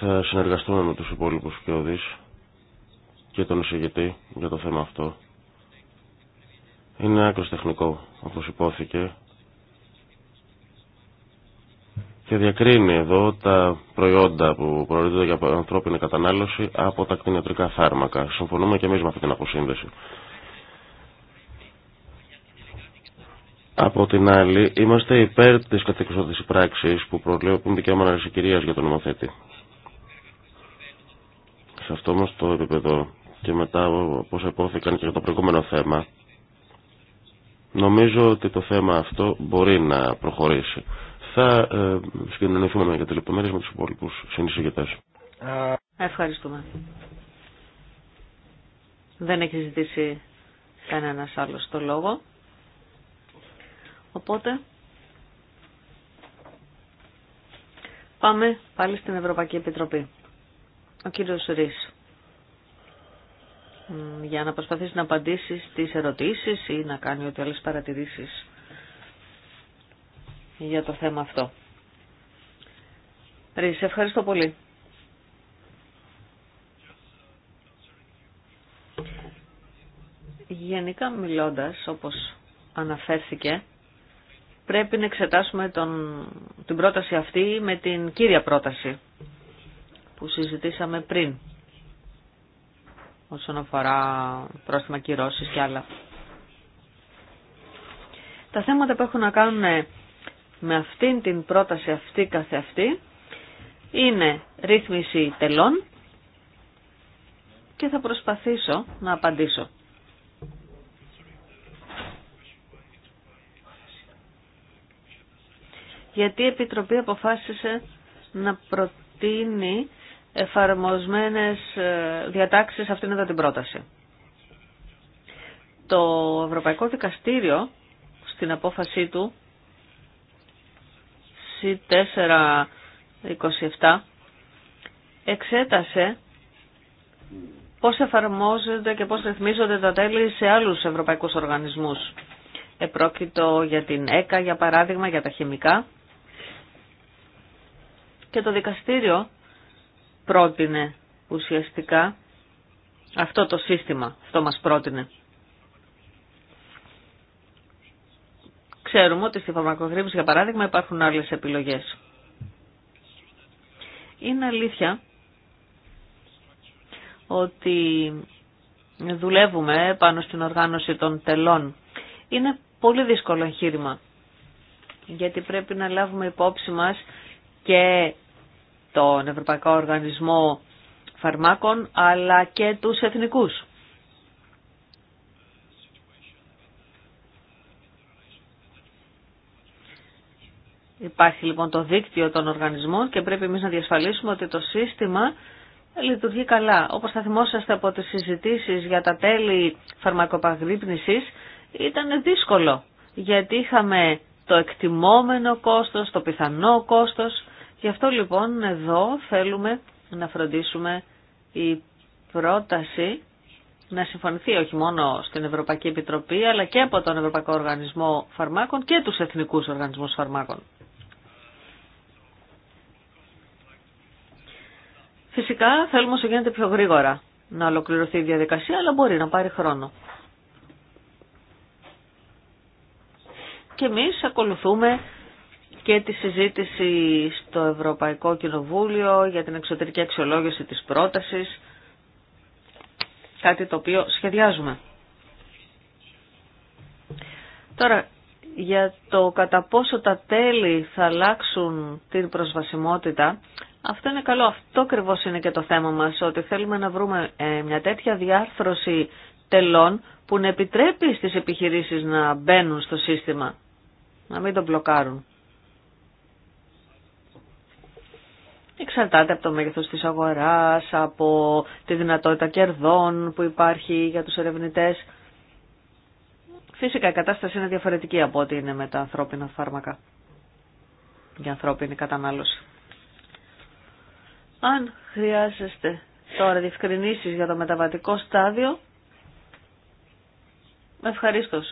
Θα συνεργαστούμε με τους υπόλοιπους και και τον εισηγητή για το θέμα αυτό. Είναι άκρος τεχνικό, όπως υπόθηκε. Και διακρίνει εδώ τα προϊόντα που προορίζονται για ανθρώπινη κατανάλωση από τα κτηνιατρικά φάρμακα. Συμφωνούμε και εμείς με αυτή την αποσύνδεση. Από την άλλη, είμαστε υπέρ της κατεξοδότησης πράξης που προβλέπουν δικαίωμα αναρρησικηρίας για τον νομοθέτη. Σε αυτό όμως το επίπεδο και μετά όπως υπόθηκαν και για το προηγούμενο θέμα, Νομίζω ότι το θέμα αυτό μπορεί να προχωρήσει. Θα ε, για τι λεπτομέρειε με του υπόλοιπου συνεισηγητές. Ευχαριστούμε. Δεν έχει ζητήσει κανένας άλλο το λόγο. Οπότε πάμε πάλι στην Ευρωπαϊκή Επιτροπή. Ο κύριος Ρίσου για να προσπαθήσει να απαντήσει στις ερωτήσεις ή να κάνει ό,τι άλλες παρατηρήσεις για το θέμα αυτό. σε ευχαριστώ πολύ. Γενικά μιλώντας, όπως αναφέρθηκε, πρέπει να εξετάσουμε τον, την πρόταση αυτή με την κύρια πρόταση που συζητήσαμε πριν όσον αφορά πρόστιμα κυρώσεις και άλλα. Τα θέματα που έχουν να κάνουν με αυτήν την πρόταση αυτή καθεαυτή είναι ρύθμιση τελών και θα προσπαθήσω να απαντήσω. Γιατί η Επιτροπή αποφάσισε να προτείνει εφαρμοσμένες ε, διατάξεις αυτήν εδώ την πρόταση. Το Ευρωπαϊκό Δικαστήριο στην απόφασή του C427 εξέτασε πώς εφαρμόζονται και πώς ρυθμίζονται τα τέλη σε άλλους ευρωπαϊκούς οργανισμούς. Επρόκειτο για την ΕΚΑ, για παράδειγμα, για τα χημικά. Και το δικαστήριο πρότεινε ουσιαστικά αυτό το σύστημα, αυτό μας πρότεινε. Ξέρουμε ότι στη φαρμακοθρήμηση, για παράδειγμα, υπάρχουν άλλες επιλογές. Είναι αλήθεια ότι δουλεύουμε πάνω στην οργάνωση των τελών. Είναι πολύ δύσκολο εγχείρημα, γιατί πρέπει να λάβουμε υπόψη μας και τον Ευρωπαϊκό Οργανισμό Φαρμάκων αλλά και τους εθνικούς. Υπάρχει λοιπόν το δίκτυο των οργανισμών και πρέπει εμείς να διασφαλίσουμε ότι το σύστημα λειτουργεί καλά. Όπως θα θυμόσαστε από τις συζητήσεις για τα τέλη φαρμακοπαγρύπνησης ήταν δύσκολο γιατί είχαμε το εκτιμόμενο κόστος, το πιθανό κόστος Γι' αυτό λοιπόν εδώ θέλουμε να φροντίσουμε η πρόταση να συμφωνηθεί όχι μόνο στην Ευρωπαϊκή Επιτροπή αλλά και από τον Ευρωπαϊκό Οργανισμό Φαρμάκων και τους Εθνικούς Οργανισμούς Φαρμάκων. Φυσικά θέλουμε όσο γίνεται πιο γρήγορα να ολοκληρωθεί η διαδικασία αλλά μπορεί να πάρει χρόνο. Και εμείς ακολουθούμε και τη συζήτηση στο Ευρωπαϊκό Κοινοβούλιο για την εξωτερική αξιολόγηση της πρότασης, κάτι το οποίο σχεδιάζουμε. Τώρα, για το κατά πόσο τα τέλη θα αλλάξουν την προσβασιμότητα, αυτό είναι καλό. Αυτό ακριβώ είναι και το θέμα μας, ότι θέλουμε να βρούμε ε, μια τέτοια διάρθρωση τελών που να επιτρέπει στις επιχειρήσεις να μπαίνουν στο σύστημα, να μην το μπλοκάρουν. Εξαρτάται από το μέγεθος της αγοράς, από τη δυνατότητα κερδών που υπάρχει για τους ερευνητές. Φυσικά η κατάσταση είναι διαφορετική από ό,τι είναι με τα ανθρώπινα φάρμακα για ανθρώπινη κατανάλωση. Αν χρειάζεστε τώρα διευκρινήσεις για το μεταβατικό στάδιο, ευχαρίστω.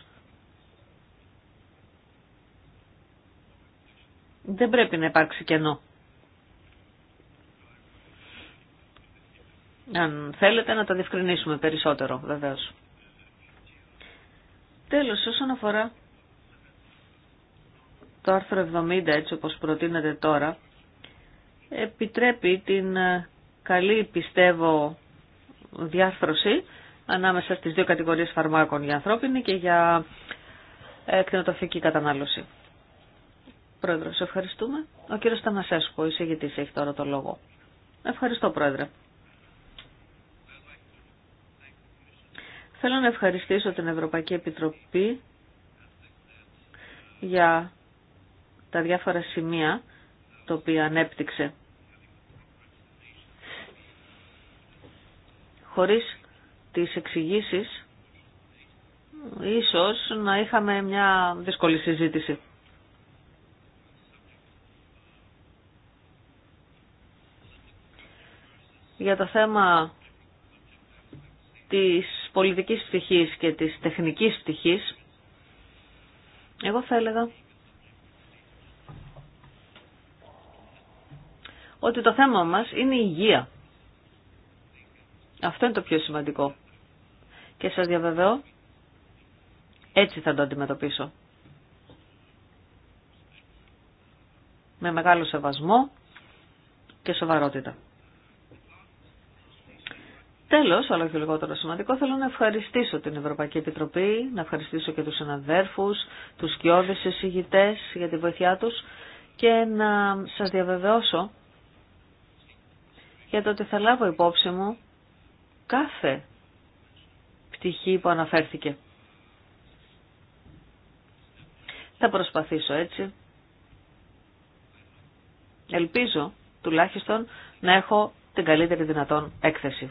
Δεν πρέπει να υπάρξει κενό. αν θέλετε να τα διευκρινίσουμε περισσότερο βεβαίως. Τέλος, όσον αφορά το άρθρο 70, έτσι όπως προτείνεται τώρα, επιτρέπει την ε, καλή, πιστεύω, διάρθρωση ανάμεσα στις δύο κατηγορίες φαρμάκων για ανθρώπινη και για ε, εκτενοτοφική κατανάλωση. Πρόεδρε, σε ευχαριστούμε. Ο κύριος Τανασέσκο, εισηγητής, έχει τώρα το λόγο. Ευχαριστώ, Πρόεδρε. Θέλω να ευχαριστήσω την Ευρωπαϊκή Επιτροπή για τα διάφορα σημεία τα οποία ανέπτυξε. Χωρίς τις εξηγήσει ίσως να είχαμε μια δύσκολη συζήτηση. Για το θέμα της πολιτικής πτυχής και της τεχνικής πτυχής, εγώ θα έλεγα ότι το θέμα μας είναι η υγεία. Αυτό είναι το πιο σημαντικό. Και σας διαβεβαιώ, έτσι θα το αντιμετωπίσω. Με μεγάλο σεβασμό και σοβαρότητα. Τέλος, αλλά και λιγότερο σημαντικό, θέλω να ευχαριστήσω την Ευρωπαϊκή Επιτροπή, να ευχαριστήσω και τους συναδέρφους, τους κοιόδες εισηγητές για τη βοήθειά τους και να σας διαβεβαιώσω για το ότι θα λάβω υπόψη μου κάθε πτυχή που αναφέρθηκε. Θα προσπαθήσω έτσι. Ελπίζω τουλάχιστον να έχω την καλύτερη δυνατόν έκθεση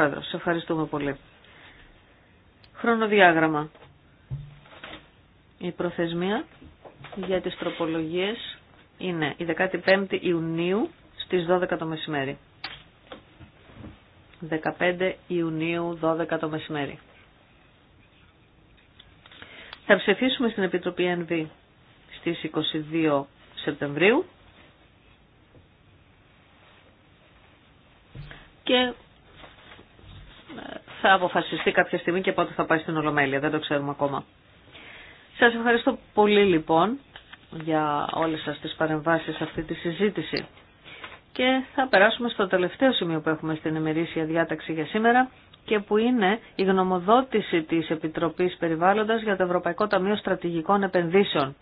σε ευχαριστούμε πολύ. Χρονοδιάγραμμα. Η προθεσμία για τις τροπολογίες είναι η 15 Ιουνίου στις 12 το μεσημέρι. 15 Ιουνίου 12 το μεσημέρι. Θα ψηφίσουμε στην Επιτροπή ΕΝΒ στις 22 Σεπτεμβρίου και θα αποφασιστεί κάποια στιγμή και πότε θα πάει στην Ολομέλεια. Δεν το ξέρουμε ακόμα. Σας ευχαριστώ πολύ λοιπόν για όλες σας τις παρεμβάσεις σε αυτή τη συζήτηση. Και θα περάσουμε στο τελευταίο σημείο που έχουμε στην ημερήσια διάταξη για σήμερα και που είναι η γνωμοδότηση της Επιτροπής Περιβάλλοντας για το Ευρωπαϊκό Ταμείο Στρατηγικών Επενδύσεων.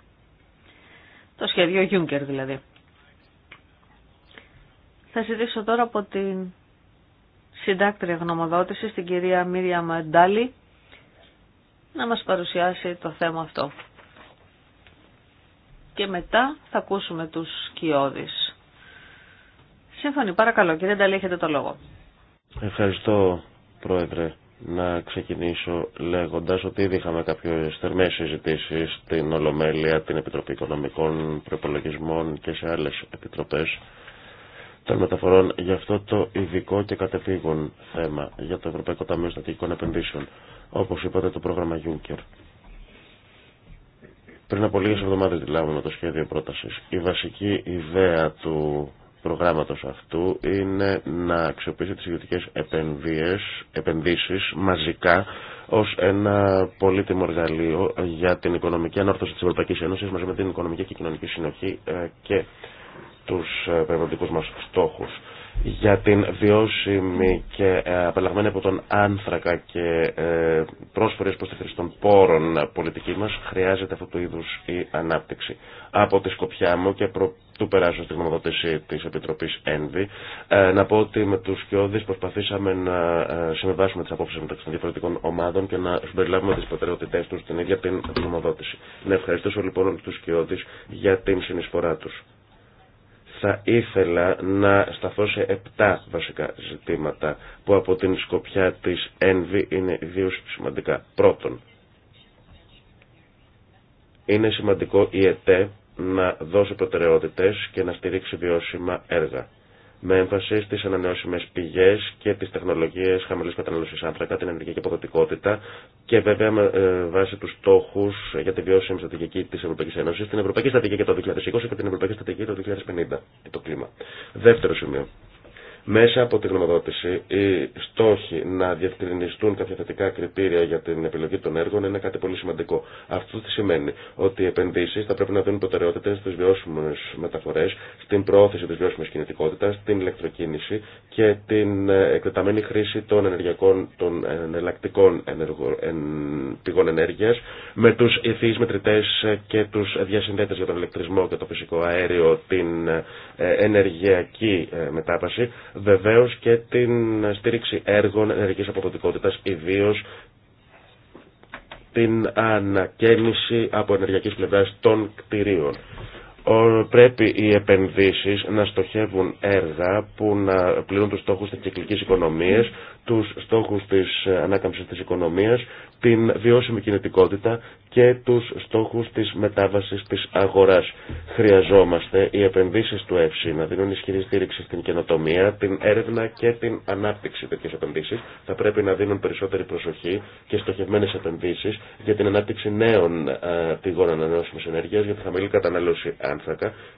Το σχέδιο Juncker δηλαδή. Θα ζητήσω τώρα από την συντάκτρια γνωμοδότησης, την κυρία Μίρια Μαντάλη, να μας παρουσιάσει το θέμα αυτό. Και μετά θα ακούσουμε τους κοιόδης. Σύμφωνοι, παρακαλώ, κύριε Νταλή, έχετε το λόγο. Ευχαριστώ, Πρόεδρε να ξεκινήσω λέγοντας ότι ήδη είχαμε κάποιες θερμές συζητήσει στην Ολομέλεια, την Επιτροπή Οικονομικών Προπολογισμών και σε άλλες επιτροπές των μεταφορών για αυτό το ειδικό και κατεπήγον θέμα για το Ευρωπαϊκό Ταμείο Στατικών Επενδύσεων, όπω είπατε το πρόγραμμα Juncker. Πριν από λίγε εβδομάδε δηλάβαμε το σχέδιο πρόταση. Η βασική ιδέα του προγράμματο αυτού είναι να αξιοποιήσει τις ιδιωτικέ επενδύσει μαζικά ω ένα πολύτιμο εργαλείο για την οικονομική ανόρθωση τη Ευρωπαϊκή Ένωση, μαζί με την οικονομική και κοινωνική συνοχή ε, και τους ε, περιβαλλοντικούς μας στόχους. Για την βιώσιμη και ε, απελαγμένη από τον άνθρακα και ε, πρόσφορες προς τη χρήση των πόρων πολιτική μας χρειάζεται αυτού του είδους η ανάπτυξη. Από τη σκοπιά μου και προ... του περάσω στη γνωμοδότηση της Επιτροπής ΕΝΒΗ να πω ότι με τους σκιώδεις προσπαθήσαμε να συμμεβάσουμε τις απόψεις μεταξύ των διαφορετικών ομάδων και να συμπεριλάβουμε τις προτεραιότητές τους στην ίδια την γνωμοδότηση. Να ευχαριστήσω λοιπόν τους σκιώδεις για την συνεισφορά τους θα ήθελα να σταθώ σε επτά βασικά ζητήματα που από την σκοπιά της ΕΝΒΗ είναι ιδίω σημαντικά. Πρώτον, είναι σημαντικό η ΕΤΕ να δώσει προτεραιότητες και να στηρίξει βιώσιμα έργα με έμφαση στι ανανεώσιμε πηγέ και τι τεχνολογίε χαμηλή κατανάλωση άνθρακα, την ενεργειακή αποδοτικότητα και βέβαια με ε, βάση του στόχου για τη βιώσιμη στρατηγική τη Ευρωπαϊκή Ένωση, την Ευρωπαϊκή Στρατηγική για το 2020 και την Ευρωπαϊκή Στρατηγική για το 2050 και το κλίμα. Δεύτερο σημείο. Μέσα από τη γνωμοδότηση, οι στόχοι να διευκρινιστούν κάποια θετικά κριτήρια για την επιλογή των έργων είναι κάτι πολύ σημαντικό. Αυτό τι σημαίνει, ότι οι επενδύσει θα πρέπει να δίνουν προτεραιότητε στι βιώσιμε μεταφορέ, στην προώθηση τη βιώσιμη κινητικότητα, στην ηλεκτροκίνηση και την ε, εκτεταμένη χρήση των ενεργειακών, των εναλλακτικών ενεργο, εν, πηγών ενέργεια, με του ηθεί μετρητέ ε, και του διασυνδέτε για τον ηλεκτρισμό και το φυσικό αέριο, την ε, ε, ενεργειακή ε, μετάβαση, βεβαίως και την στήριξη έργων ενεργικής αποδοτικότητας, ιδίως την ανακαίνιση από ενεργειακής πλευράς των κτηρίων. Πρέπει οι επενδύσεις να στοχεύουν έργα που να πληρούν τους στόχους της κυκλικής οικονομίας, τους στόχους της ανάκαμψης της οικονομίας, την βιώσιμη κινητικότητα και τους στόχους της μετάβασης της αγοράς. Χρειαζόμαστε οι επενδύσεις του ΕΦΣΥ να δίνουν ισχυρή στήριξη στην καινοτομία, την έρευνα και την ανάπτυξη τέτοιες επενδύσεις. Θα πρέπει να δίνουν περισσότερη προσοχή και στοχευμένες επενδύσεις για την ανάπτυξη νέων ε, πηγών ανανεώσιμης ενέργειας, για τη χαμηλή κατανάλωση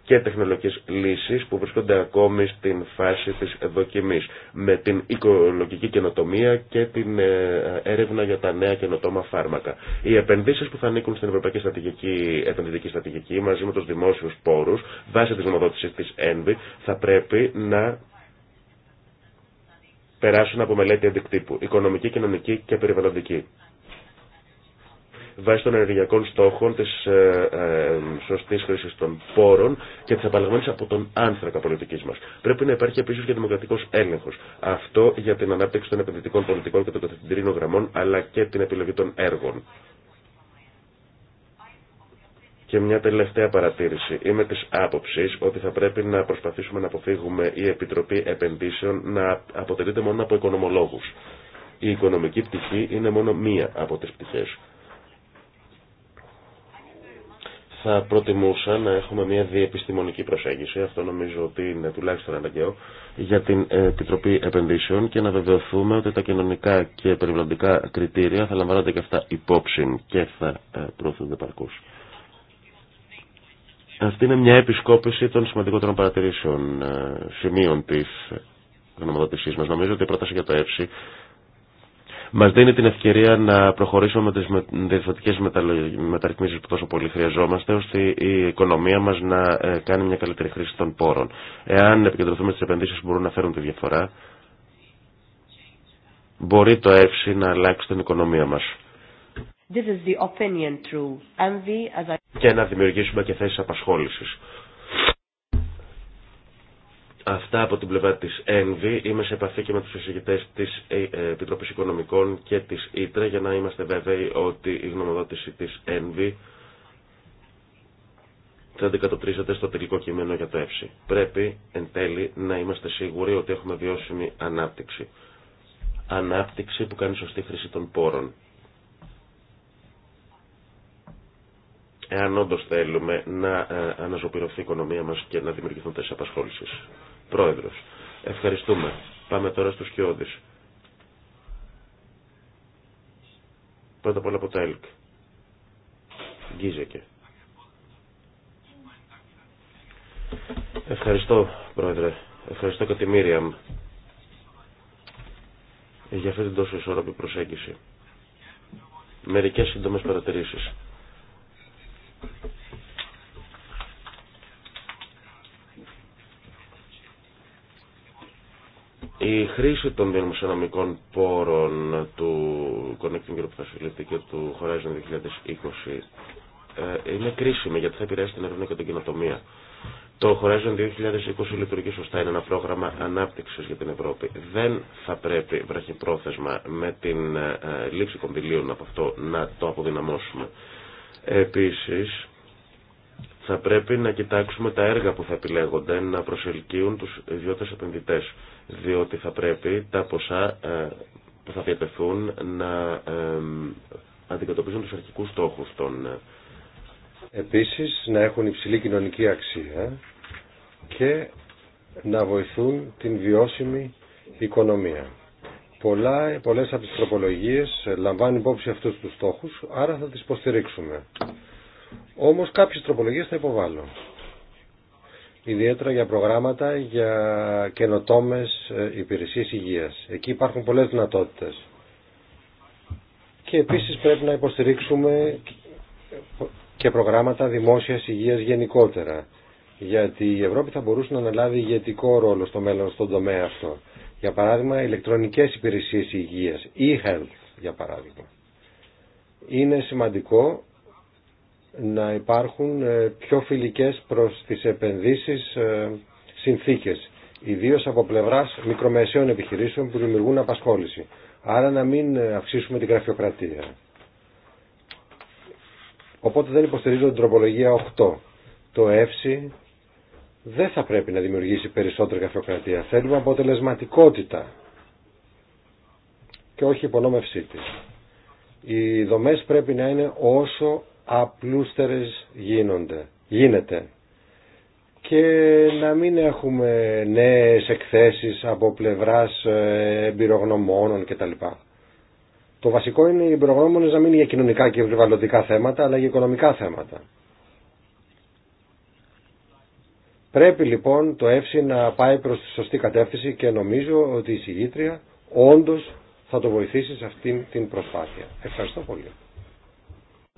και τεχνολογικές λύσεις που βρίσκονται ακόμη στην φάση της δοκιμής με την οικολογική καινοτομία και την ε, έρευνα για τα νέα καινοτόμα φάρμακα. Οι επενδύσεις που θα ανήκουν στην Ευρωπαϊκή Στρατηγική, Επενδυτική Στρατηγική μαζί με τους δημόσιους πόρους βάσει της γνωμοδότηση της ΕΝΒΗ θα πρέπει να περάσουν από μελέτη αντικτύπου, οικονομική, κοινωνική και περιβαλλοντική βάσει των ενεργειακών στόχων, τη ε, ε, σωστής των πόρων και τη απαλλαγμένη από τον άνθρακα πολιτική μα. Πρέπει να υπάρχει επίση και δημοκρατικό έλεγχο. Αυτό για την ανάπτυξη των επενδυτικών πολιτικών και των κατευθυντηρίων γραμμών, αλλά και την επιλογή των έργων. Και μια τελευταία παρατήρηση. Είμαι τη άποψη ότι θα πρέπει να προσπαθήσουμε να αποφύγουμε η Επιτροπή Επενδύσεων να αποτελείται μόνο από οικονομολόγου. Η οικονομική πτυχή είναι μόνο μία από τι πτυχέ. θα προτιμούσα να έχουμε μια διεπιστημονική προσέγγιση, αυτό νομίζω ότι είναι τουλάχιστον αναγκαίο, για την Επιτροπή Επενδύσεων και να βεβαιωθούμε ότι τα κοινωνικά και περιβαλλοντικά κριτήρια θα λαμβάνονται και αυτά υπόψη και θα ε, προωθούνται παρκού. Αυτή είναι μια επισκόπηση των σημαντικότερων παρατηρήσεων ε, σημείων τη γνωμοδότησή μα. Νομίζω ότι η πρόταση για το ΕΦΣΙ... Μας δίνει την ευκαιρία να προχωρήσουμε με τις διευθυντικές μεταρρυθμίσεις που τόσο πολύ χρειαζόμαστε, ώστε η οικονομία μας να ε, κάνει μια καλύτερη χρήση των πόρων. Εάν επικεντρωθούμε στις επενδύσεις που μπορούν να φέρουν τη διαφορά, μπορεί το ΕΦΣΥ να αλλάξει την οικονομία μας. Και να δημιουργήσουμε και θέσεις απασχόλησης. Αυτά από την πλευρά της ΕΝΒΗ. Είμαι σε επαφή και με τους εισηγητές της ε, ε, Επιτροπής Οικονομικών και της ΙΤΡΕ για να είμαστε βέβαιοι ότι η γνωμοδότηση της ΕΝΒΗ θα αντικατοπτρίζεται στο τελικό κείμενο για το ΕΦΣΥ. Πρέπει εν τέλει να είμαστε σίγουροι ότι έχουμε βιώσιμη ανάπτυξη. Ανάπτυξη που κάνει σωστή χρήση των πόρων. Εάν όντω θέλουμε να ε, αναζωπηρωθεί η οικονομία μας και να δημιουργηθούν τέσσερις απασχόλησεις. Πρόεδρος. Ευχαριστούμε. Πάμε τώρα στους Κιώδης. Πρώτα απ' όλα από τα ΕΛΚ. Γκίζεκε. Ευχαριστώ, Πρόεδρε. Ευχαριστώ και τη Μίριαμ για αυτή την τόσο ισόρροπη προσέγγιση. Μερικές σύντομες παρατηρήσεις. Η χρήση των δημοσιονομικών πόρων του Connecting Europe Facility και του Horizon 2020 ε, είναι κρίσιμη γιατί θα επηρεάσει την έρευνα και την κοινοτομία. Το Horizon 2020 λειτουργεί σωστά, είναι ένα πρόγραμμα ανάπτυξη για την Ευρώπη. Δεν θα πρέπει βραχυπρόθεσμα με την ε, ε, λήψη κονδυλίων από αυτό να το αποδυναμώσουμε. Επίσης, θα πρέπει να κοιτάξουμε τα έργα που θα επιλέγονται να προσελκύουν τους ιδιώτες επενδυτές, διότι θα πρέπει τα ποσά ε, που θα διατεθούν να ε, αντικατοπίζουν τους αρχικούς στόχους των... Ε, Επίσης να έχουν υψηλή κοινωνική αξία και να βοηθούν την βιώσιμη οικονομία. Πολλά, πολλές από τις τροπολογίες λαμβάνουν υπόψη αυτούς τους στόχους, άρα θα τις υποστηρίξουμε. Όμως κάποιες τροπολογίες θα υποβάλω. Ιδιαίτερα για προγράμματα για καινοτόμες ε, υπηρεσίες υγείας. Εκεί υπάρχουν πολλές δυνατότητες. Και επίσης πρέπει να υποστηρίξουμε και προγράμματα δημόσιας υγείας γενικότερα. Γιατί η Ευρώπη θα μπορούσε να αναλάβει ηγετικό ρόλο στο μέλλον στον τομέα αυτό. Για παράδειγμα, ηλεκτρονικές υπηρεσίες υγείας, e-health για παράδειγμα. Είναι σημαντικό να υπάρχουν ε, πιο φιλικές προς τις επενδύσεις ε, συνθήκες, ιδίως από πλευράς μικρομεσαίων επιχειρήσεων που δημιουργούν απασχόληση. Άρα να μην ε, αυξήσουμε την γραφειοκρατία. Οπότε δεν υποστηρίζω την τροπολογία 8. Το ΕΦΣΙ δεν θα πρέπει να δημιουργήσει περισσότερη γραφειοκρατία. Θέλουμε αποτελεσματικότητα και όχι υπονόμευσή της. Οι δομές πρέπει να είναι όσο απλούστερες γίνονται, γίνεται. Και να μην έχουμε νέες εκθέσεις από πλευράς ε, εμπειρογνωμόνων κτλ. Το βασικό είναι οι εμπειρογνώμονες να μην είναι για κοινωνικά και περιβαλλοντικά θέματα, αλλά για οικονομικά θέματα. Πρέπει λοιπόν το ΕΦΣΙ να πάει προς τη σωστή κατεύθυνση και νομίζω ότι η συγγήτρια όντως θα το βοηθήσει σε αυτή την προσπάθεια. Ευχαριστώ πολύ.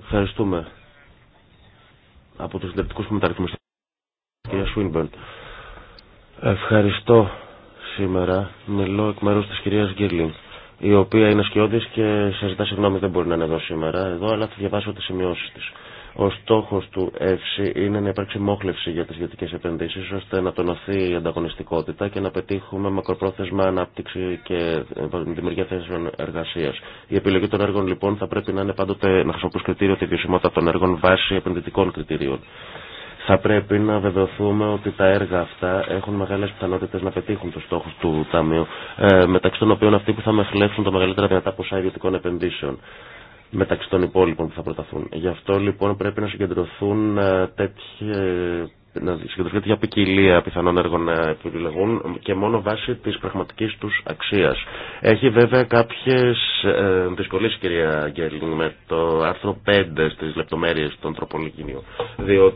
Ευχαριστούμε. Από τους συντεπτικούς που μεταρρυθμιστές, κυρία Σουίνμπερν. Ευχαριστώ σήμερα. Μιλώ εκ μέρους της κυρίας Γκίρλινγκ, η οποία είναι σκιώδης και σας ζητά συγγνώμη δεν μπορεί να είναι εδώ σήμερα, εδώ, αλλά θα διαβάσω τις σημειώσεις της. Ο στόχο του ΕΦΣΙ είναι να υπάρξει μόχλευση για τι ιδιωτικέ επενδύσει, ώστε να τονωθεί η ανταγωνιστικότητα και να πετύχουμε μακροπρόθεσμα ανάπτυξη και ε, δημιουργία θέσεων εργασία. Η επιλογή των έργων λοιπόν θα πρέπει να είναι πάντοτε να χρησιμοποιήσει κριτήριο τη βιωσιμότητα των έργων βάσει επενδυτικών κριτηρίων. Θα πρέπει να βεβαιωθούμε ότι τα έργα αυτά έχουν μεγάλε πιθανότητε να πετύχουν του στόχου του Ταμείου, ε, μεταξύ των οποίων αυτοί που θα μεχλεύσουν τα μεγαλύτερα δυνατά ποσά ιδιωτικών επενδύσεων μεταξύ των υπόλοιπων που θα προταθούν. Γι' αυτό λοιπόν πρέπει να συγκεντρωθούν ε, τέτοιοι να συγκεντρωθεί για ποικιλία πιθανών έργων να επιλεγούν και μόνο βάσει τη πραγματική του αξία. Έχει βέβαια κάποιε δυσκολίε, κυρία Γκέλινγκ με το άρθρο 5 στι λεπτομέρειε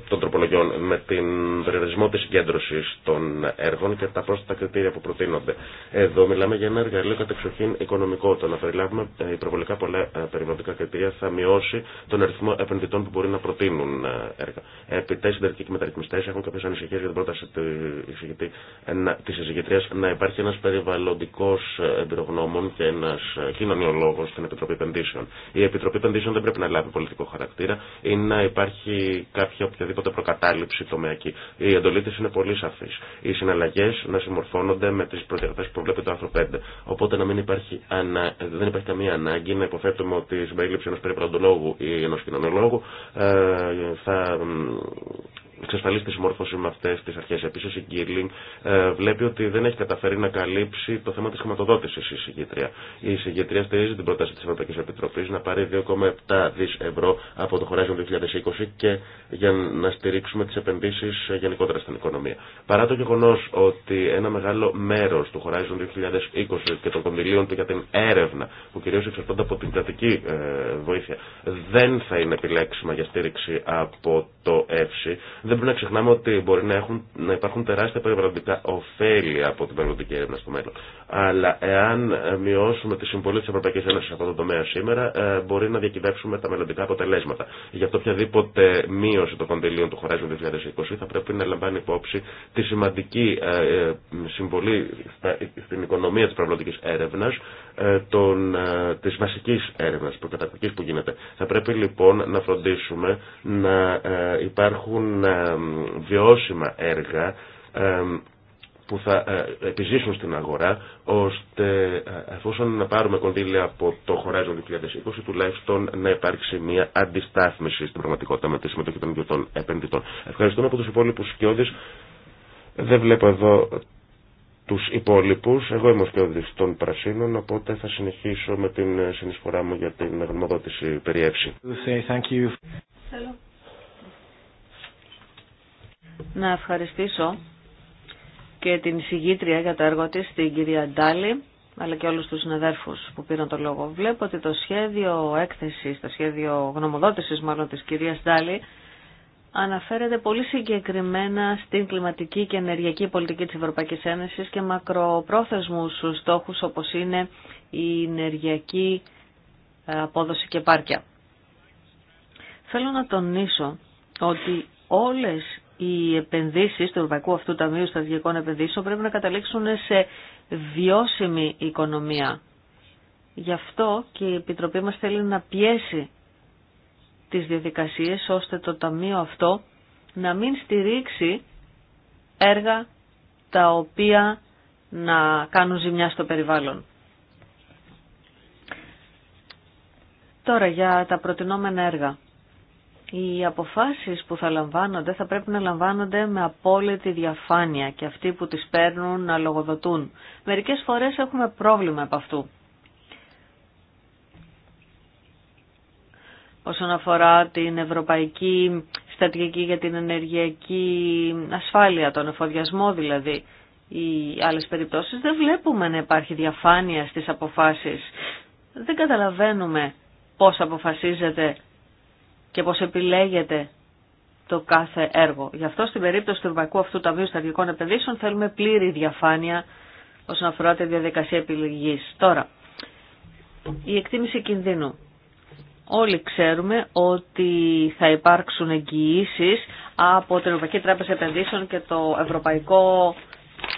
των τροπολογιών, με την περιορισμό τη συγκέντρωση των έργων και τα πρόσθετα κριτήρια που προτείνονται. Εδώ μιλάμε για ένα εργαλείο κατεξοχήν οικονομικό. Το να περιλάβουμε ε, υπερβολικά πολλά ε, περιβαλλοντικά κριτήρια θα μειώσει τον αριθμό επενδυτών που μπορεί να προτείνουν ε, έργα. Επιτέ, και μεταρρυθμιστέ έχουν κάποιε ανησυχίε για την πρόταση τη εισηγητρία να υπάρχει ένα περιβαλλοντικό εμπειρογνώμων και ένα κοινωνιολόγο στην Επιτροπή Επενδύσεων. Η Επιτροπή Επενδύσεων δεν πρέπει να λάβει πολιτικό χαρακτήρα ή να υπάρχει κάποια οποιαδήποτε προκατάληψη τομεακή. Η εντολή τη είναι πολύ σαφή. Οι συναλλαγέ να συμμορφώνονται με τι προδιαγραφέ που προβλέπει το άρθρο 5. Οπότε να μην υπάρχει ανα... δεν υπάρχει καμία ανάγκη να υποφέρουμε ότι η συμπερίληψη ενό περιβαλλοντολόγου ή ενό κοινωνιολόγου ε, θα εξασφαλίσει τη συμμόρφωση με αυτέ τι αρχέ. Επίση, η Γκίρλινγκ ε, βλέπει ότι δεν έχει καταφέρει να καλύψει το θέμα τη χρηματοδότηση η συγκεντρία. Η συγκεντρία στηρίζει την πρόταση τη Ευρωπαϊκή Επιτροπή να πάρει 2,7 δι ευρώ από το Horizon 2020 και για να στηρίξουμε τι επενδύσει ε, γενικότερα στην οικονομία. Παρά το γεγονό ότι ένα μεγάλο μέρο του Horizon 2020 και των κονδυλίων του για την έρευνα, που κυρίω εξαρτώνται από την κρατική ε, βοήθεια, δεν θα είναι επιλέξιμα για στήριξη από το ΕΦΣΥ, δεν πρέπει να ξεχνάμε ότι μπορεί να, έχουν, να υπάρχουν τεράστια περιβαλλοντικά ωφέλη από την περιβαλλοντική έρευνα στο μέλλον. Αλλά εάν ε, μειώσουμε τη συμβολή τη Ευρωπαϊκή Ένωση σε αυτό το τομέα σήμερα, ε, μπορεί να διακυβεύσουμε τα μελλοντικά αποτελέσματα. Γι' αυτό οποιαδήποτε μείωση των κονδυλίων του Horizon 2020 θα πρέπει να λαμβάνει υπόψη τη σημαντική ε, συμβολή στην οικονομία τη πραγματική έρευνα, τη βασική έρευνα, προκαταρκτική που γίνεται. Θα πρέπει λοιπόν να φροντίσουμε να υπάρχουν βιώσιμα έργα που θα ε, επιζήσουν στην αγορά, ώστε ε, εφόσον να πάρουμε κονδύλια από το Horizon 2020, τουλάχιστον να υπάρξει μια αντιστάθμιση στην πραγματικότητα με τη συμμετοχή των ιδιωτών επενδυτών. Ευχαριστούμε από του υπόλοιπου Σκιώδη. Δεν βλέπω εδώ τους υπόλοιπους. Εγώ είμαι ο σκιώδης των Πρασίνων, οπότε θα συνεχίσω με την ε, συνεισφορά μου για την γνωμοδότηση περιέψη. να ευχαριστήσω και την συγγήτρια για το έργο της, την κυρία Ντάλη, αλλά και όλους τους συναδέρφους που πήραν το λόγο. Βλέπω ότι το σχέδιο έκθεσης, το σχέδιο γνωμοδότησης μάλλον της κυρίας Ντάλη, αναφέρεται πολύ συγκεκριμένα στην κλιματική και ενεργειακή πολιτική της Ευρωπαϊκής Ένωσης και μακροπρόθεσμους στόχους όπως είναι η ενεργειακή ε, απόδοση και πάρκια. Θέλω να τονίσω ότι όλες οι επενδύσει του Ευρωπαϊκού Αυτού Ταμείου Στρατηγικών Επενδύσεων πρέπει να καταλήξουν σε βιώσιμη οικονομία. Γι' αυτό και η Επιτροπή μας θέλει να πιέσει τις διαδικασίες ώστε το Ταμείο αυτό να μην στηρίξει έργα τα οποία να κάνουν ζημιά στο περιβάλλον. Τώρα για τα προτινόμενα έργα. Οι αποφάσεις που θα λαμβάνονται θα πρέπει να λαμβάνονται με απόλυτη διαφάνεια και αυτοί που τις παίρνουν να λογοδοτούν. Μερικές φορές έχουμε πρόβλημα από αυτού. Όσον αφορά την ευρωπαϊκή στρατηγική για την ενεργειακή ασφάλεια, τον εφοδιασμό δηλαδή, οι άλλες περιπτώσεις δεν βλέπουμε να υπάρχει διαφάνεια στις αποφάσεις. Δεν καταλαβαίνουμε πώς αποφασίζεται και πώς επιλέγεται το κάθε έργο. Γι' αυτό στην περίπτωση του Ευρωπαϊκού Αυτού Ταμείου Στατικών Επενδύσεων θέλουμε πλήρη διαφάνεια όσον αφορά τη διαδικασία επιλογής. Τώρα, η εκτίμηση κινδύνου. Όλοι ξέρουμε ότι θα υπάρξουν εγγυήσει από την Ευρωπαϊκή Τράπεζα Επενδύσεων και το Ευρωπαϊκό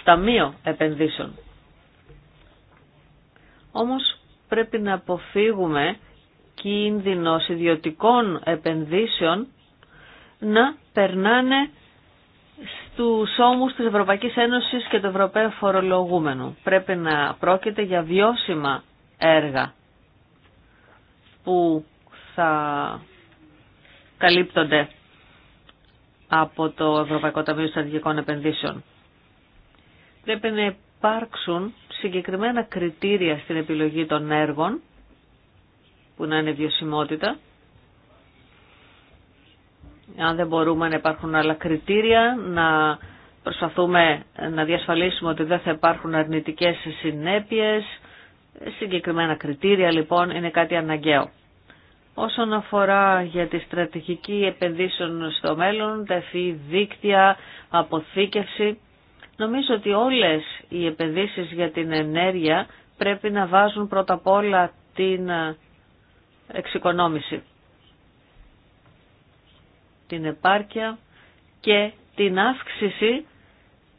Ταμείο Επενδύσεων. Όμως πρέπει να αποφύγουμε κίνδυνος ιδιωτικών επενδύσεων να περνάνε στους ώμους της Ευρωπαϊκής Ένωσης και του Ευρωπαίου Φορολογούμενου. Πρέπει να πρόκειται για βιώσιμα έργα που θα καλύπτονται από το Ευρωπαϊκό Ταμείο Στρατηγικών Επενδύσεων. Πρέπει να υπάρξουν συγκεκριμένα κριτήρια στην επιλογή των έργων που να είναι βιωσιμότητα. Αν δεν μπορούμε να υπάρχουν άλλα κριτήρια, να προσπαθούμε να διασφαλίσουμε ότι δεν θα υπάρχουν αρνητικές συνέπειες. Συγκεκριμένα κριτήρια λοιπόν είναι κάτι αναγκαίο. Όσον αφορά για τη στρατηγική επενδύσεων στο μέλλον, τα εφή δίκτυα, αποθήκευση, νομίζω ότι όλες οι επενδύσεις για την ενέργεια πρέπει να βάζουν πρώτα απ' όλα την εξοικονόμηση. Την επάρκεια και την αύξηση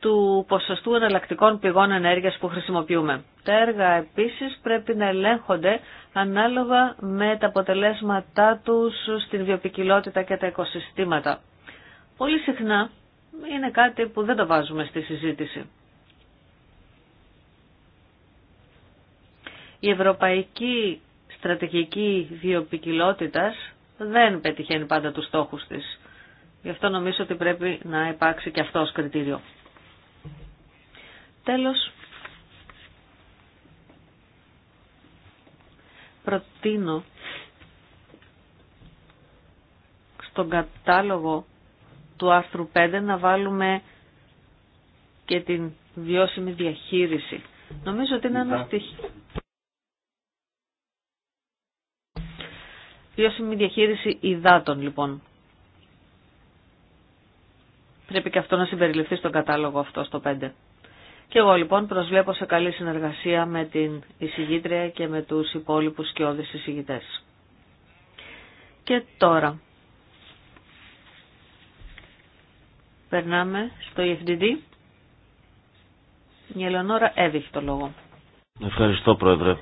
του ποσοστού εναλλακτικών πηγών ενέργειας που χρησιμοποιούμε. Τα έργα επίσης πρέπει να ελέγχονται ανάλογα με τα αποτελέσματά τους στην βιοπικιλότητα και τα οικοσυστήματα. Πολύ συχνά είναι κάτι που δεν το βάζουμε στη συζήτηση. Η Ευρωπαϊκή στρατηγική διοπικιλότητας δεν πετυχαίνει πάντα τους στόχους της. Γι' αυτό νομίζω ότι πρέπει να υπάρξει και αυτό ως κριτήριο. Τέλος, προτείνω στον κατάλογο του άρθρου 5 να βάλουμε και την βιώσιμη διαχείριση. Νομίζω ότι είναι ένα στοιχείο Βιώσιμη διαχείριση υδάτων λοιπόν. Πρέπει και αυτό να συμπεριληφθεί στον κατάλογο αυτό στο 5. Και εγώ λοιπόν προσβλέπω σε καλή συνεργασία με την εισηγήτρια και με τους υπόλοιπους όδες εισηγητές. Και τώρα περνάμε στο EFDD. Η Ελεονόρα έδειχε το λόγο. Ευχαριστώ Πρόεδρε.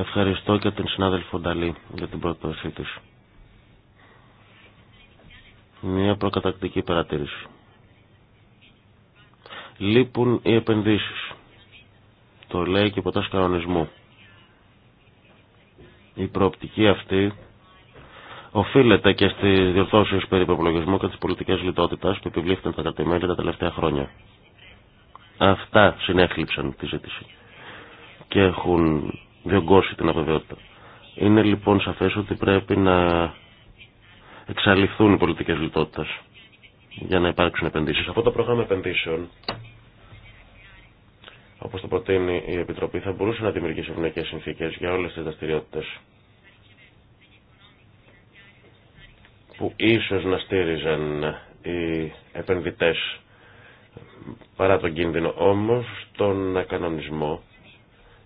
Ευχαριστώ και την συνάδελφο Νταλή για την πρότασή της. Μια προκατακτική παρατήρηση. Λείπουν οι επενδύσεις. Το λέει και ποτάς κανονισμού. Η προοπτική αυτή οφείλεται και στι διορθώσεις περί προπολογισμού και τις πολιτικές λιτότητας που επιβλήθηκαν τα κρατημέλη τα τελευταία χρόνια. Αυτά συνέχληψαν τη ζήτηση και έχουν διωγγώσει την αβεβαιότητα. Είναι λοιπόν σαφές ότι πρέπει να εξαλειφθούν οι πολιτικές λιτότητες για να υπάρξουν επενδύσεις. Από το πρόγραμμα επενδύσεων, όπως το προτείνει η Επιτροπή, θα μπορούσε να δημιουργήσει ευνοϊκές συνθήκες για όλες τις δραστηριότητε. που ίσως να στήριζαν οι επενδυτές παρά τον κίνδυνο. Όμως, τον κανονισμό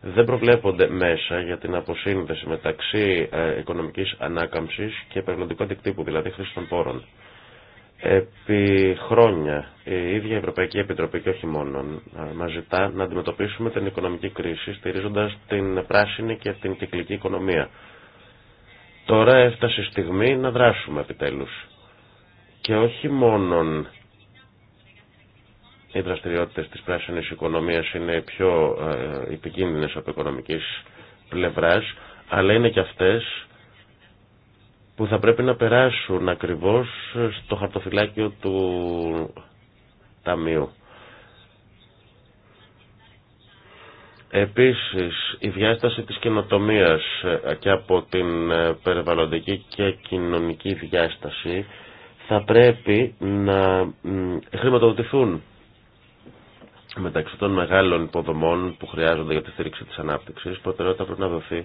δεν προβλέπονται μέσα για την αποσύνδεση μεταξύ ε, οικονομικής ανάκαμψης και περιβαλλοντικού αντικτύπου, δηλαδή χρήση των πόρων. Επί χρόνια η ίδια η Ευρωπαϊκή Επιτροπή και όχι μόνο ε, μας ζητά να αντιμετωπίσουμε την οικονομική κρίση στηρίζοντας την πράσινη και την κυκλική οικονομία. Τώρα έφτασε η στιγμή να δράσουμε επιτέλους. Και όχι μόνον οι δραστηριότητες της πράσινης οικονομίας είναι πιο ε, επικίνδυνες από οικονομικής πλευράς, αλλά είναι και αυτές που θα πρέπει να περάσουν ακριβώς στο χαρτοφυλάκιο του Ταμείου. Επίσης, η διάσταση της καινοτομίας και από την ε, περιβαλλοντική και κοινωνική διάσταση θα πρέπει να χρηματοδοτηθούν μεταξύ των μεγάλων υποδομών που χρειάζονται για τη στήριξη της ανάπτυξης, προτεραιότητα πρέπει να δοθεί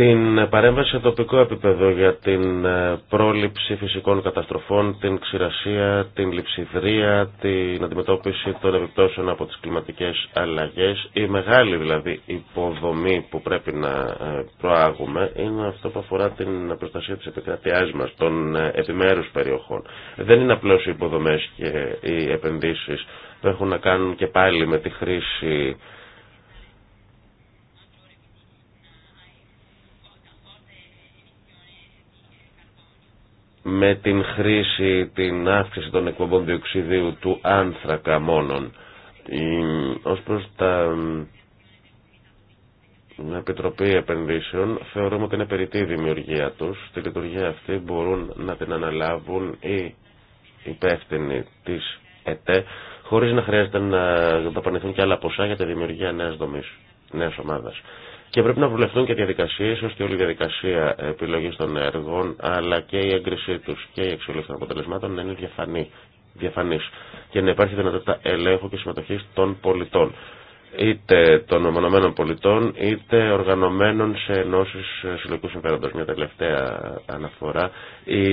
την παρέμβαση σε τοπικό επίπεδο για την ε, πρόληψη φυσικών καταστροφών, την ξηρασία, την λειψιδρία, την αντιμετώπιση των επιπτώσεων από τις κλιματικές αλλαγές. Η μεγάλη δηλαδή υποδομή που πρέπει να ε, προάγουμε είναι αυτό που αφορά την προστασία της επικρατειάς μας, των ε, επιμέρους περιοχών. Δεν είναι απλώς οι υποδομές και οι επενδύσεις που έχουν να κάνουν και πάλι με τη χρήση με την χρήση, την αύξηση των εκπομπών διοξιδίου του άνθρακα μόνον. Ως προς τα την Επιτροπή Επενδύσεων θεωρούμε ότι είναι περιττή η δημιουργία τους. Τη λειτουργία αυτή μπορούν να την αναλάβουν οι υπεύθυνοι της ΕΤΕ χωρίς να χρειάζεται να δαπανηθούν και άλλα ποσά για τη δημιουργία νέας δομής, νέας ομάδας. Και πρέπει να βουλευτούν και διαδικασίε, ώστε όλη η διαδικασία επιλογή των έργων, αλλά και η έγκρισή του και η εξολογή των αποτελεσμάτων να είναι διαφανή, διαφανής και να υπάρχει δυνατότητα ελέγχου και συμμετοχή των πολιτών είτε των ομονωμένων πολιτών είτε οργανωμένων σε ενώσει συλλογικού συμφέροντο. Μια τελευταία αναφορά. Οι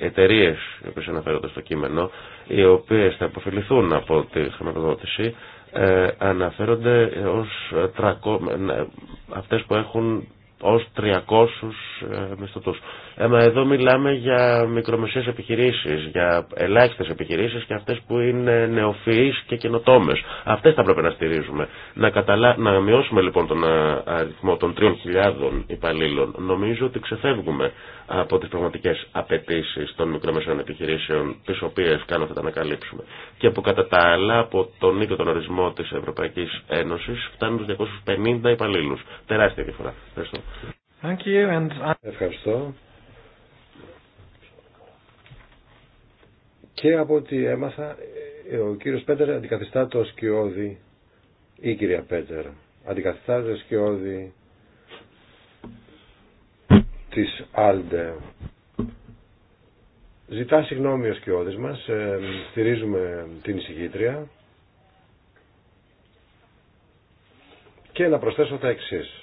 εταιρείε, οι οποίε αναφέρονται στο κείμενο, οι οποίε θα αποφυληθούν από τη χρηματοδότηση, ε, αναφέρονται ως 300, ε, αυτές που έχουν ως 300 ε, μισθωτούς. Ε, μα εδώ μιλάμε για μικρομεσαίες επιχειρήσεις, για ελάχιστες επιχειρήσεις και αυτές που είναι νεοφυείς και καινοτόμες. Αυτές θα πρέπει να στηρίζουμε. Να, καταλα... να μειώσουμε λοιπόν τον ε, αριθμό των 3.000 υπαλλήλων. Νομίζω ότι ξεφεύγουμε από τις πραγματικές απαιτήσει των μικρομεσαίων επιχειρήσεων, τις οποίες κάνονται να καλύψουμε. Και που κατά τα άλλα από τον ίδιο τον ορισμό της Ευρωπαϊκής Ένωσης φτάνουν τους 250 υπαλλήλους. Τεράστια διαφορά. Ευχαριστώ. Thank you and... Ευχαριστώ. Και από ό,τι έμαθα, ε, ο κύριος Πέτερ αντικαθιστά το σκιώδη, ή η κυρία Πέτερ, αντικαθιστά το σκιώδη της Άλντε. Ζητά συγγνώμη ο σκιώδης μας, ε, στηρίζουμε την εισηγήτρια και να προσθέσω τα εξής.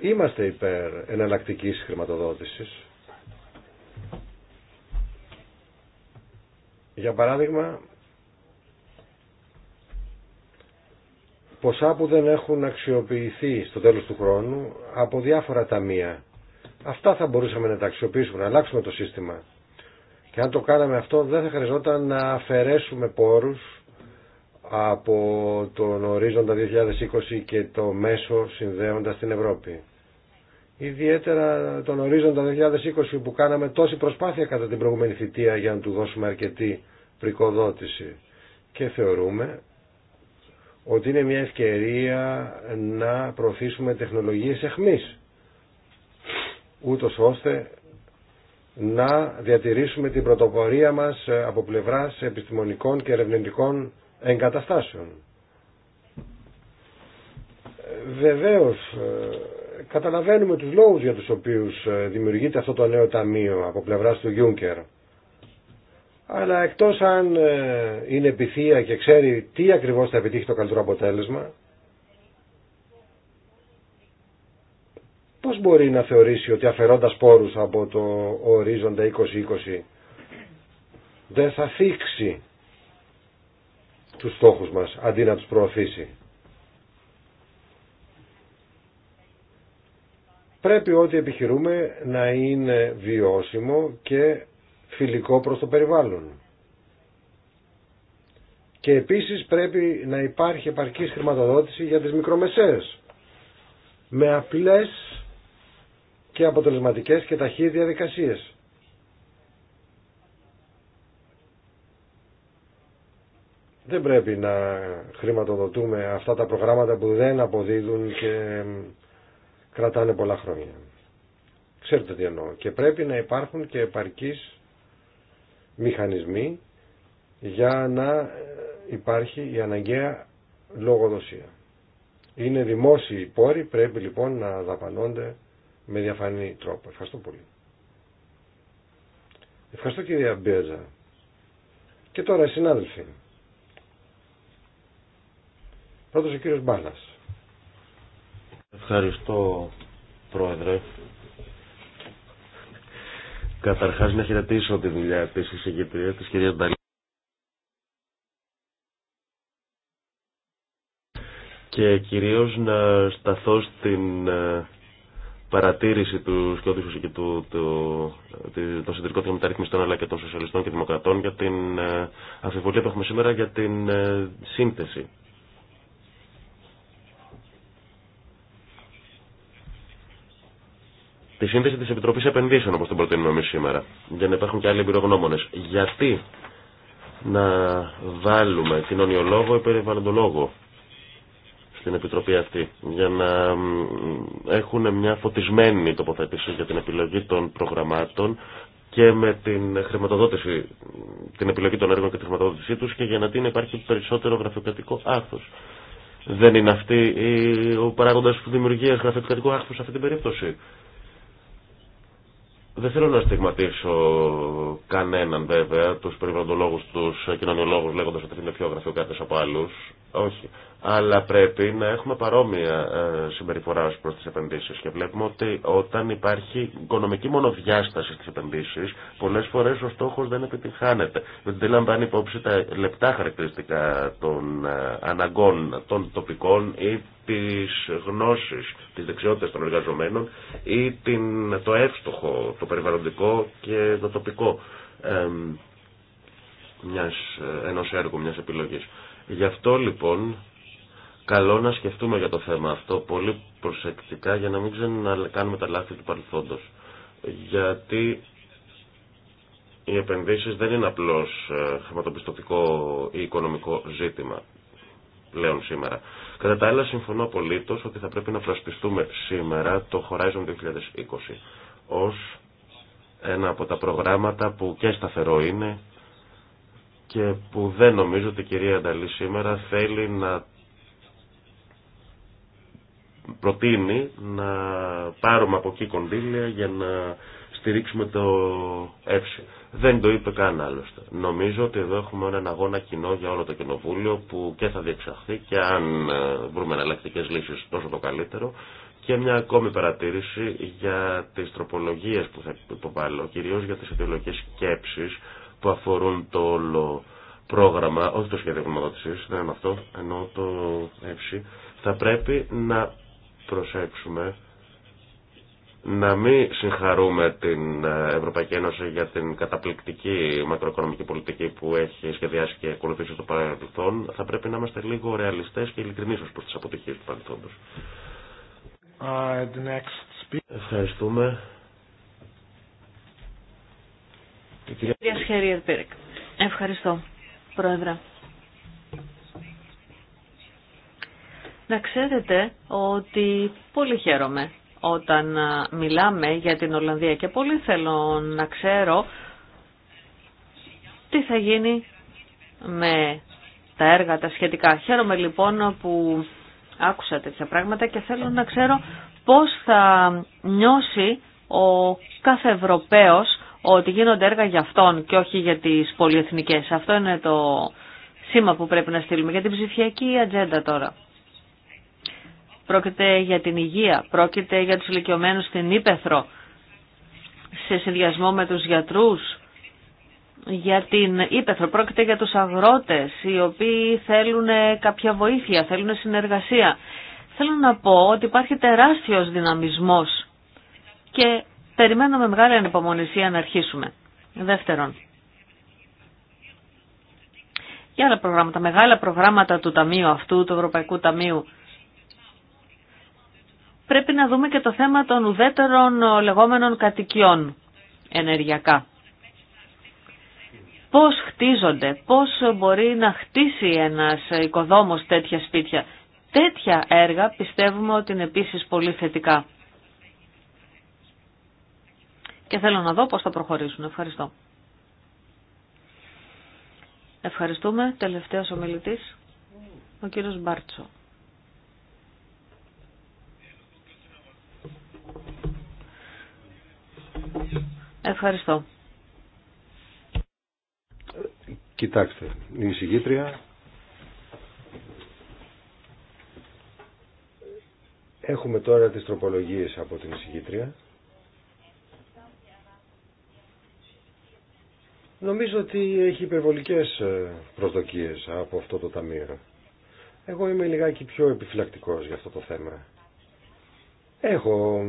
Είμαστε υπέρ εναλλακτικής χρηματοδότησης Για παράδειγμα, ποσά που δεν έχουν αξιοποιηθεί στο τέλος του χρόνου από διάφορα ταμεία. Αυτά θα μπορούσαμε να τα αξιοποιήσουμε, να αλλάξουμε το σύστημα. Και αν το κάναμε αυτό δεν θα χρειαζόταν να αφαιρέσουμε πόρους από τον ορίζοντα 2020 και το μέσο συνδέοντας την Ευρώπη ιδιαίτερα τον ορίζοντα 2020 που κάναμε τόση προσπάθεια κατά την προηγούμενη θητεία για να του δώσουμε αρκετή πρικοδότηση και θεωρούμε ότι είναι μια ευκαιρία να προωθήσουμε τεχνολογίες εχμής ούτως ώστε να διατηρήσουμε την πρωτοπορία μας από πλευράς επιστημονικών και ερευνητικών εγκαταστάσεων. Βεβαίως ε, καταλαβαίνουμε τους λόγους για τους οποίους ε, δημιουργείται αυτό το νέο ταμείο από πλευράς του Γιούνκερ. Αλλά εκτός αν ε, είναι επιθεία και ξέρει τι ακριβώς θα επιτύχει το καλύτερο αποτέλεσμα, πώς μπορεί να θεωρήσει ότι αφαιρώντας πόρους από το ορίζοντα 2020 δεν θα θίξει τους στόχους μας αντί να τους προωθήσει. πρέπει ό,τι επιχειρούμε να είναι βιώσιμο και φιλικό προς το περιβάλλον. Και επίσης πρέπει να υπάρχει επαρκής χρηματοδότηση για τις μικρομεσαίες με απλές και αποτελεσματικές και ταχύ διαδικασίες. Δεν πρέπει να χρηματοδοτούμε αυτά τα προγράμματα που δεν αποδίδουν και κρατάνε πολλά χρόνια. Ξέρετε τι εννοώ. Και πρέπει να υπάρχουν και επαρκείς μηχανισμοί για να ε, υπάρχει η αναγκαία λογοδοσία. Είναι δημόσιοι οι πόροι, πρέπει λοιπόν να δαπανώνται με διαφανή τρόπο. Ευχαριστώ πολύ. Ευχαριστώ κυρία Μπέζα. Και τώρα συνάδελφοι. Πρώτος ο κύριος Μπάλας. Ευχαριστώ, Πρόεδρε. Καταρχάς να χαιρετήσω τη δουλειά της εισηγητρίας της κυρίας Νταλή. Και κυρίως να σταθώ στην ε, παρατήρηση του σκιώδησου και του, των συντηρικών και μεταρρυθμιστών αλλά και των σοσιαλιστών και δημοκρατών για την ε, αφιβολία που έχουμε σήμερα για την ε, σύνθεση Τη σύνδεση τη Επιτροπή Επενδύσεων, όπω την προτείνουμε εμεί σήμερα, για να υπάρχουν και άλλοι εμπειρογνώμονε. Γιατί να βάλουμε κοινωνιολόγο ή περιβαλλοντολόγο στην Επιτροπή αυτή, για να έχουν μια φωτισμένη τοποθέτηση για την επιλογή των προγραμμάτων και με την χρηματοδότηση, την επιλογή των έργων και τη χρηματοδότησή του και για να την υπάρχει περισσότερο γραφειοκρατικό άρθρο. Δεν είναι αυτή ο που δημιουργεί γραφειοκρατικό άρθρο σε αυτή την περίπτωση. Δεν θέλω να στιγματίσω κανέναν βέβαια, τους περιβαλλοντολόγους, τους κοινωνιολόγους λέγοντας ότι είναι πιο γραφειοκράτες από άλλους όχι. Αλλά πρέπει να έχουμε παρόμοια ε, συμπεριφορά ω προς τις επενδύσεις και βλέπουμε ότι όταν υπάρχει οικονομική μονοδιάσταση στι επενδύσεις πολλέ φορές ο στόχος δεν επιτυχάνεται. Δεν λαμβάνει υπόψη τα λεπτά χαρακτηριστικά των ε, αναγκών των τοπικών ή τις γνώσεις, τις δεξιότητες των εργαζομένων ή την, το εύστοχο, το περιβαλλοντικό και το τοπικό ε, ε έργου, μιας επιλογής. Γι' αυτό λοιπόν καλό να σκεφτούμε για το θέμα αυτό πολύ προσεκτικά για να μην κάνουμε τα λάθη του παρελθόντος. Γιατί οι επενδύσεις δεν είναι απλώς ε, χρηματοπιστωτικό ή οικονομικό ζήτημα πλέον σήμερα. Κατά τα άλλα συμφωνώ απολύτως ότι θα πρέπει να προσπιστούμε σήμερα το Horizon 2020 ως ένα από τα προγράμματα που και σταθερό είναι και που δεν νομίζω ότι η κυρία Ανταλή σήμερα θέλει να προτείνει να πάρουμε από εκεί κοντήλια για να στηρίξουμε το ΕΨΙ. Δεν το είπε καν άλλωστε. Νομίζω ότι εδώ έχουμε έναν αγώνα κοινό για όλο το κοινοβούλιο που και θα διεξαχθεί και αν ε, βρούμε εναλλακτικές λύσεις τόσο το καλύτερο. Και μια ακόμη παρατήρηση για τις τροπολογίες που θα υποβάλω, κυρίως για τις ιδεολογικές σκέψεις που αφορούν το όλο πρόγραμμα, όχι το σχέδιο γνωμοδότησης, δεν είναι αυτό, ενώ το ΕΦΣΥ, θα πρέπει να προσέξουμε να μην συγχαρούμε την Ευρωπαϊκή Ένωση για την καταπληκτική μακροοικονομική πολιτική που έχει σχεδιάσει και ακολουθήσει στο παρελθόν. Θα πρέπει να είμαστε λίγο ρεαλιστές και ειλικρινείς ως προς τις αποτυχίες του παρελθόντος. Uh, Ευχαριστούμε. Κυρία Ευχαριστώ, Πρόεδρε. Να ξέρετε ότι πολύ χαίρομαι όταν μιλάμε για την Ολλανδία και πολύ θέλω να ξέρω τι θα γίνει με τα έργα τα σχετικά. Χαίρομαι λοιπόν που άκουσα τέτοια πράγματα και θέλω να ξέρω πώς θα νιώσει ο κάθε Ευρωπαίος ότι γίνονται έργα για αυτόν και όχι για τις πολυεθνικές. Αυτό είναι το σήμα που πρέπει να στείλουμε για την ψηφιακή ατζέντα τώρα. Πρόκειται για την υγεία, πρόκειται για τους ηλικιωμένους στην Ήπεθρο, σε συνδυασμό με τους γιατρούς, για την Ήπεθρο, πρόκειται για τους αγρότες, οι οποίοι θέλουν κάποια βοήθεια, θέλουν συνεργασία. Θέλω να πω ότι υπάρχει τεράστιος δυναμισμός και Περιμένω με μεγάλη ανυπομονησία να αρχίσουμε. Δεύτερον, για άλλα προγράμματα, μεγάλα προγράμματα του Ταμείου αυτού, του Ευρωπαϊκού Ταμείου, πρέπει να δούμε και το θέμα των ουδέτερων λεγόμενων κατοικιών ενεργειακά. Πώς χτίζονται, πώς μπορεί να χτίσει ένας οικοδόμος τέτοια σπίτια. Τέτοια έργα πιστεύουμε ότι είναι επίσης πολύ θετικά. Και θέλω να δω πώς θα προχωρήσουν. Ευχαριστώ. Ευχαριστούμε. Τελευταίος ομιλητής, ο κύριος Μπάρτσο. Ευχαριστώ. Κοιτάξτε, η εισηγήτρια έχουμε τώρα τις τροπολογίες από την εισηγήτρια Νομίζω ότι έχει υπερβολικές ε, προσδοκίες από αυτό το ταμείο. Εγώ είμαι λιγάκι πιο επιφυλακτικός για αυτό το θέμα. Έχω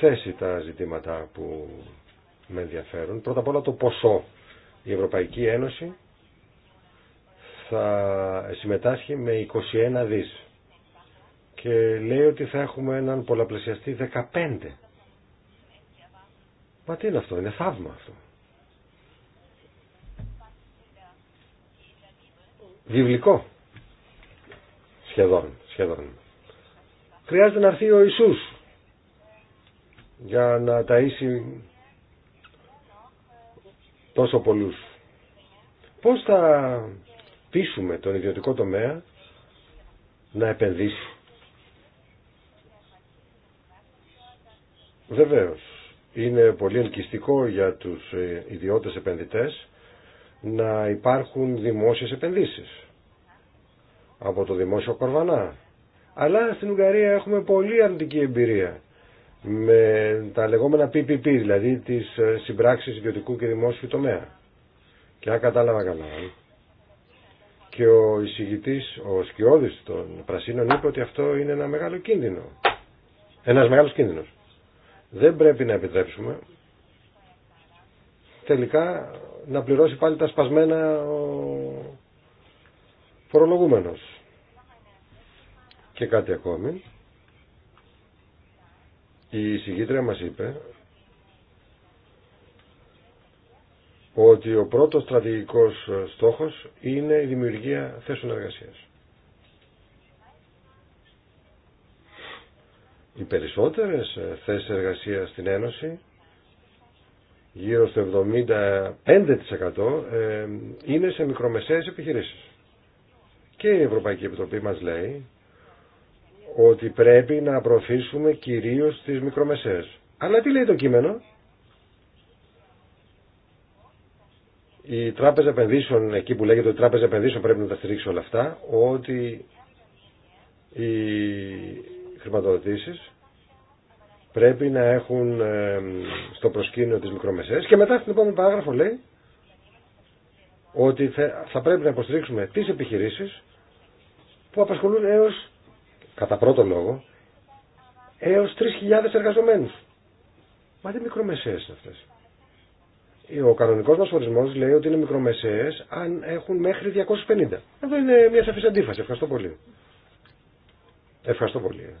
θέσει τα ζητήματα που με ενδιαφέρουν. Πρώτα απ' όλα το ποσό. Η Ευρωπαϊκή Ένωση θα συμμετάσχει με 21 δις και λέει ότι θα έχουμε έναν πολλαπλασιαστή 15. Μα τι είναι αυτό, είναι θαύμα αυτό. βιβλικό σχεδόν, σχεδόν. Χρειάζεται να έρθει ο Ιησούς για να ταΐσει τόσο πολλούς. Πώς θα πείσουμε τον ιδιωτικό τομέα να επενδύσει. Βεβαίως, είναι πολύ ελκυστικό για τους ε, ιδιώτες επενδυτές να υπάρχουν δημόσιες επενδύσεις από το δημόσιο κορβανά. Αλλά στην Ουγγαρία έχουμε πολύ αρνητική εμπειρία με τα λεγόμενα PPP, δηλαδή τις ε, συμπράξεις ιδιωτικού και δημόσιου τομέα. Και αν κατάλαβα καλά, ε, και ο εισηγητής, ο σκιώδης των Πρασίνων είπε ότι αυτό είναι ένα μεγάλο κίνδυνο. Ένας μεγάλος κίνδυνος. Δεν πρέπει να επιτρέψουμε τελικά να πληρώσει πάλι τα σπασμένα ο φορολογούμενος. Και κάτι ακόμη. Η συγκήτρια μας είπε ότι ο πρώτος στρατηγικός στόχος είναι η δημιουργία θέσεων εργασίας. Οι περισσότερες θέσεις εργασίας στην Ένωση γύρω στο 75% ε, είναι σε μικρομεσαίες επιχειρήσεις. Και η Ευρωπαϊκή Επιτροπή μας λέει ότι πρέπει να προωθήσουμε κυρίως τις μικρομεσαίες. Αλλά τι λέει το κείμενο. Η Τράπεζα Επενδύσεων, εκεί που λέγεται ότι η Τράπεζα Επενδύσεων πρέπει να τα στηρίξει όλα αυτά, ότι οι χρηματοδοτήσεις πρέπει να έχουν ε, στο προσκήνιο τις μικρομεσαίες και μετά στην επόμενη παράγραφο λέει ότι θα πρέπει να υποστηρίξουμε τις επιχειρήσεις που απασχολούν έως, κατά πρώτο λόγο, έως 3.000 εργαζομένους. Μα τι μικρομεσαίες είναι αυτές. Ο κανονικός μας ορισμός λέει ότι είναι μικρομεσαίες αν έχουν μέχρι 250. Αυτό είναι μια σαφής αντίφαση. Ευχαριστώ πολύ. Ευχαριστώ πολύ.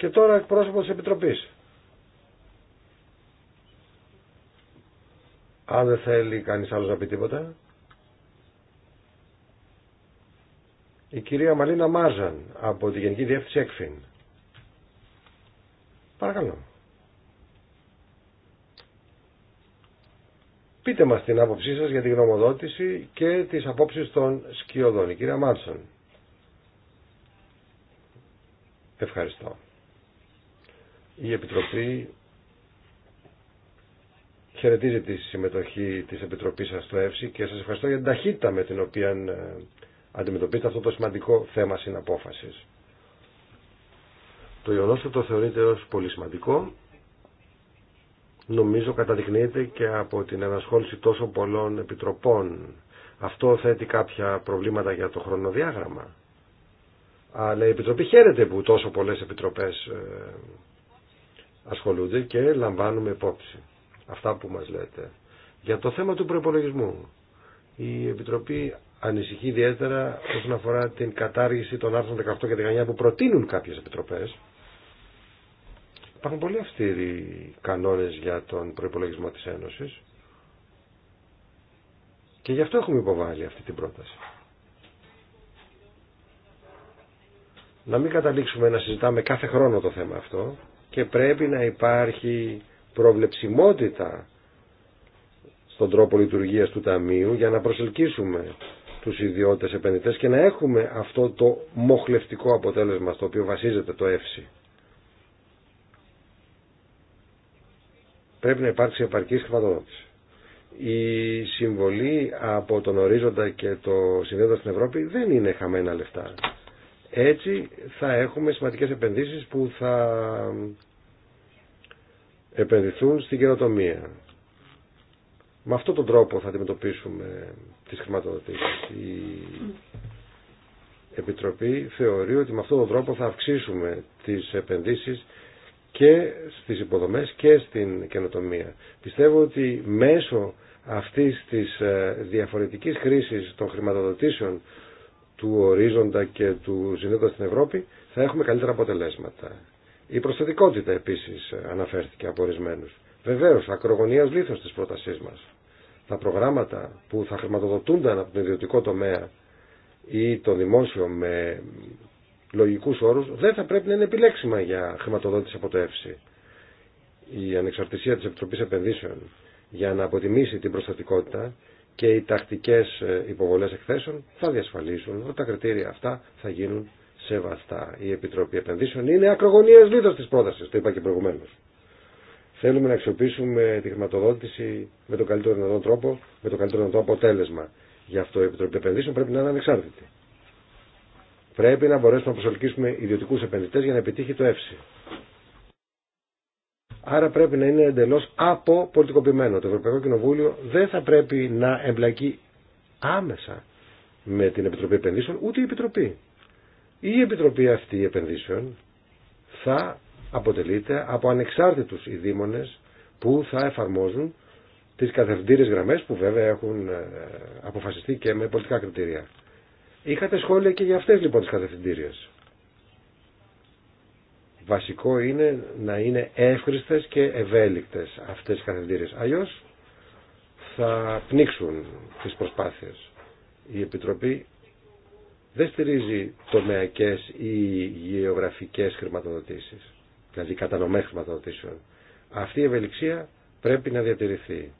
Και τώρα εκπρόσωπος της Επιτροπής. Αν δεν θέλει κανείς άλλος να πει τίποτα. Η κυρία Μαλίνα Μάζαν από τη Γενική Διεύθυνση ΕΚΦΙΝ. Παρακαλώ. Πείτε μας την άποψή σας για την γνωμοδότηση και τις απόψεις των σκιωδών. Η κυρία Μάτσον. Ευχαριστώ. Η Επιτροπή χαιρετίζει τη συμμετοχή της Επιτροπής σα στο και σας ευχαριστώ για την ταχύτητα με την οποία ε, αντιμετωπίζετε αυτό το σημαντικό θέμα συναπόφασης. Το γεγονό το θεωρείτε ως πολύ σημαντικό νομίζω καταδεικνύεται και από την ενασχόληση τόσο πολλών επιτροπών. Αυτό θέτει κάποια προβλήματα για το χρονοδιάγραμμα. Αλλά η Επιτροπή χαίρεται που τόσο πολλές επιτροπές ε, ασχολούνται και λαμβάνουμε υπόψη αυτά που μας λέτε. Για το θέμα του προπολογισμού, η Επιτροπή ανησυχεί ιδιαίτερα όσον αφορά την κατάργηση των άρθρων 18 και 19 που προτείνουν κάποιες επιτροπές. Υπάρχουν πολύ αυστηροί κανόνες για τον προπολογισμό της Ένωσης και γι' αυτό έχουμε υποβάλει αυτή την πρόταση. Να μην καταλήξουμε να συζητάμε κάθε χρόνο το θέμα αυτό, και πρέπει να υπάρχει προβλεψιμότητα στον τρόπο λειτουργίας του Ταμείου για να προσελκύσουμε τους ιδιώτες επενδυτές και να έχουμε αυτό το μοχλευτικό αποτέλεσμα στο οποίο βασίζεται το ΕΦΣΙ. Πρέπει να υπάρξει επαρκή χρηματοδότηση. Η συμβολή από τον ορίζοντα και το Συνδέοντα στην Ευρώπη δεν είναι χαμένα λεφτά. Έτσι θα έχουμε σημαντικές επενδύσεις που θα επενδυθούν στην καινοτομία. Με αυτόν τον τρόπο θα αντιμετωπίσουμε τις χρηματοδοτήσεις. Η Επιτροπή θεωρεί ότι με αυτόν τον τρόπο θα αυξήσουμε τις επενδύσεις και στις υποδομές και στην καινοτομία. Πιστεύω ότι μέσω αυτής της ε, διαφορετικής χρήσης των χρηματοδοτήσεων του ορίζοντα και του συνέδρα στην Ευρώπη θα έχουμε καλύτερα αποτελέσματα. Η προσθετικότητα επίση αναφέρθηκε από ορισμένου. Βεβαίω, ακρογωνία λήθο τη πρότασή μα. Τα προγράμματα που θα χρηματοδοτούνταν από τον ιδιωτικό τομέα ή το δημόσιο με λογικού όρου, δεν θα πρέπει να είναι επιλέξιμα για χρηματοδότηση από το ΕΦΣΥ. Η ανεξαρτησία τη Επιτροπής Επενδύσεων για να αποτιμήσει την προστατικότητα και οι τακτικές ε, υποβολές εκθέσεων θα διασφαλίσουν ότι τα κριτήρια αυτά θα γίνουν σεβαστά. Η Επιτροπή Επενδύσεων είναι ακρογωνία λίθος της πρότασης, το είπα και προηγουμένω. Θέλουμε να αξιοποιήσουμε τη χρηματοδότηση με τον καλύτερο δυνατό τρόπο, με το καλύτερο δυνατό αποτέλεσμα. Γι' αυτό η Επιτροπή Επενδύσεων πρέπει να είναι ανεξάρτητη. Πρέπει να μπορέσουμε να προσελκύσουμε ιδιωτικού επενδυτέ για να επιτύχει το ΕΦΣΥ. Άρα πρέπει να είναι εντελώ αποπολιτικοποιημένο. Το Ευρωπαϊκό Κοινοβούλιο δεν θα πρέπει να εμπλακεί άμεσα με την Επιτροπή Επενδύσεων, ούτε η Επιτροπή. Η Επιτροπή αυτή επενδύσεων θα αποτελείται από ανεξάρτητους ειδήμονες που θα εφαρμόζουν τις καθευντήρες γραμμές που βέβαια έχουν ε, αποφασιστεί και με πολιτικά κριτήρια. Είχατε σχόλια και για αυτές λοιπόν τις καθευντήριες. Βασικό είναι να είναι εύχριστες και ευέλικτες αυτές οι καθεντήρες. Αλλιώς θα πνίξουν τις προσπάθειες. Η Επιτροπή δεν στηρίζει τομεακές ή γεωγραφικές χρηματοδοτήσεις, δηλαδή κατανομές χρηματοδοτήσεων. Αυτή η ευελιξία πρέπει να διατηρηθεί.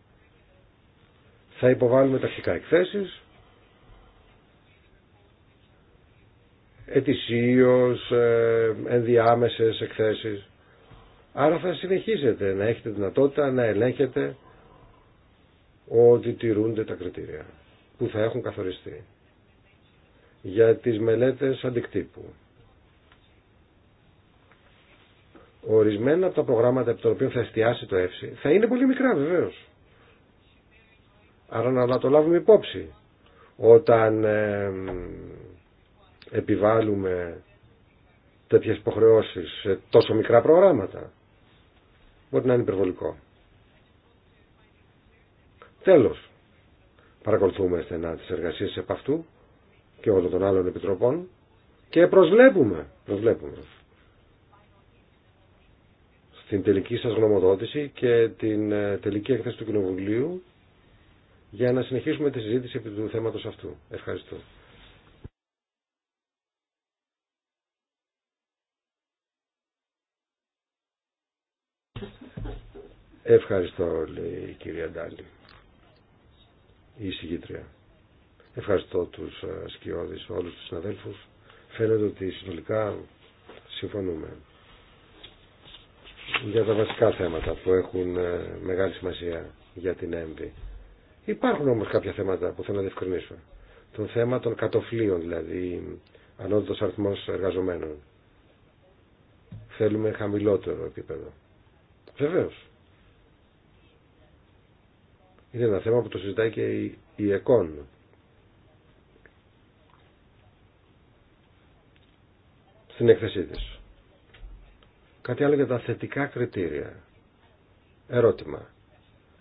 Θα υποβάλουμε τακτικά εκθέσεις ετησίως, ε, ενδιάμεσες εκθέσεις. Άρα θα συνεχίζετε να έχετε δυνατότητα να ελέγχετε ότι τηρούνται τα κριτήρια που θα έχουν καθοριστεί για τις μελέτες αντικτύπου. Ορισμένα από τα προγράμματα από τα οποία θα εστιάσει το ΕΦΣΥ θα είναι πολύ μικρά βεβαίως. Άρα να το λάβουμε υπόψη όταν ε, επιβάλλουμε τέτοιες υποχρεώσεις σε τόσο μικρά προγράμματα. Μπορεί να είναι υπερβολικό. Τέλος, παρακολουθούμε στενά τις εργασίες επ' αυτού και όλων των άλλων επιτροπών και προσβλέπουμε, προσβλέπουμε στην τελική σας γνωμοδότηση και την ε, τελική έκθεση του Κοινοβουλίου για να συνεχίσουμε τη συζήτηση επί του θέματος αυτού. Ευχαριστώ. Ευχαριστώ, λέει η κυρία Ντάλη, η συγκήτρια. Ευχαριστώ τους ε, σκιώδεις, όλους τους συναδέλφους. Φαίνεται ότι συνολικά συμφωνούμε για τα βασικά θέματα που έχουν ε, μεγάλη σημασία για την ΕΜΒΗ. Υπάρχουν όμως κάποια θέματα που θέλω να διευκρινίσω. Το θέμα των κατοφλίων, δηλαδή ανώτατος αριθμός εργαζομένων. Θέλουμε χαμηλότερο επίπεδο. Βεβαίως. Είναι ένα θέμα που το συζητάει και η ΕΚΟΝ. Στην έκθεσή της. Κάτι άλλο για τα θετικά κριτήρια. Ερώτημα.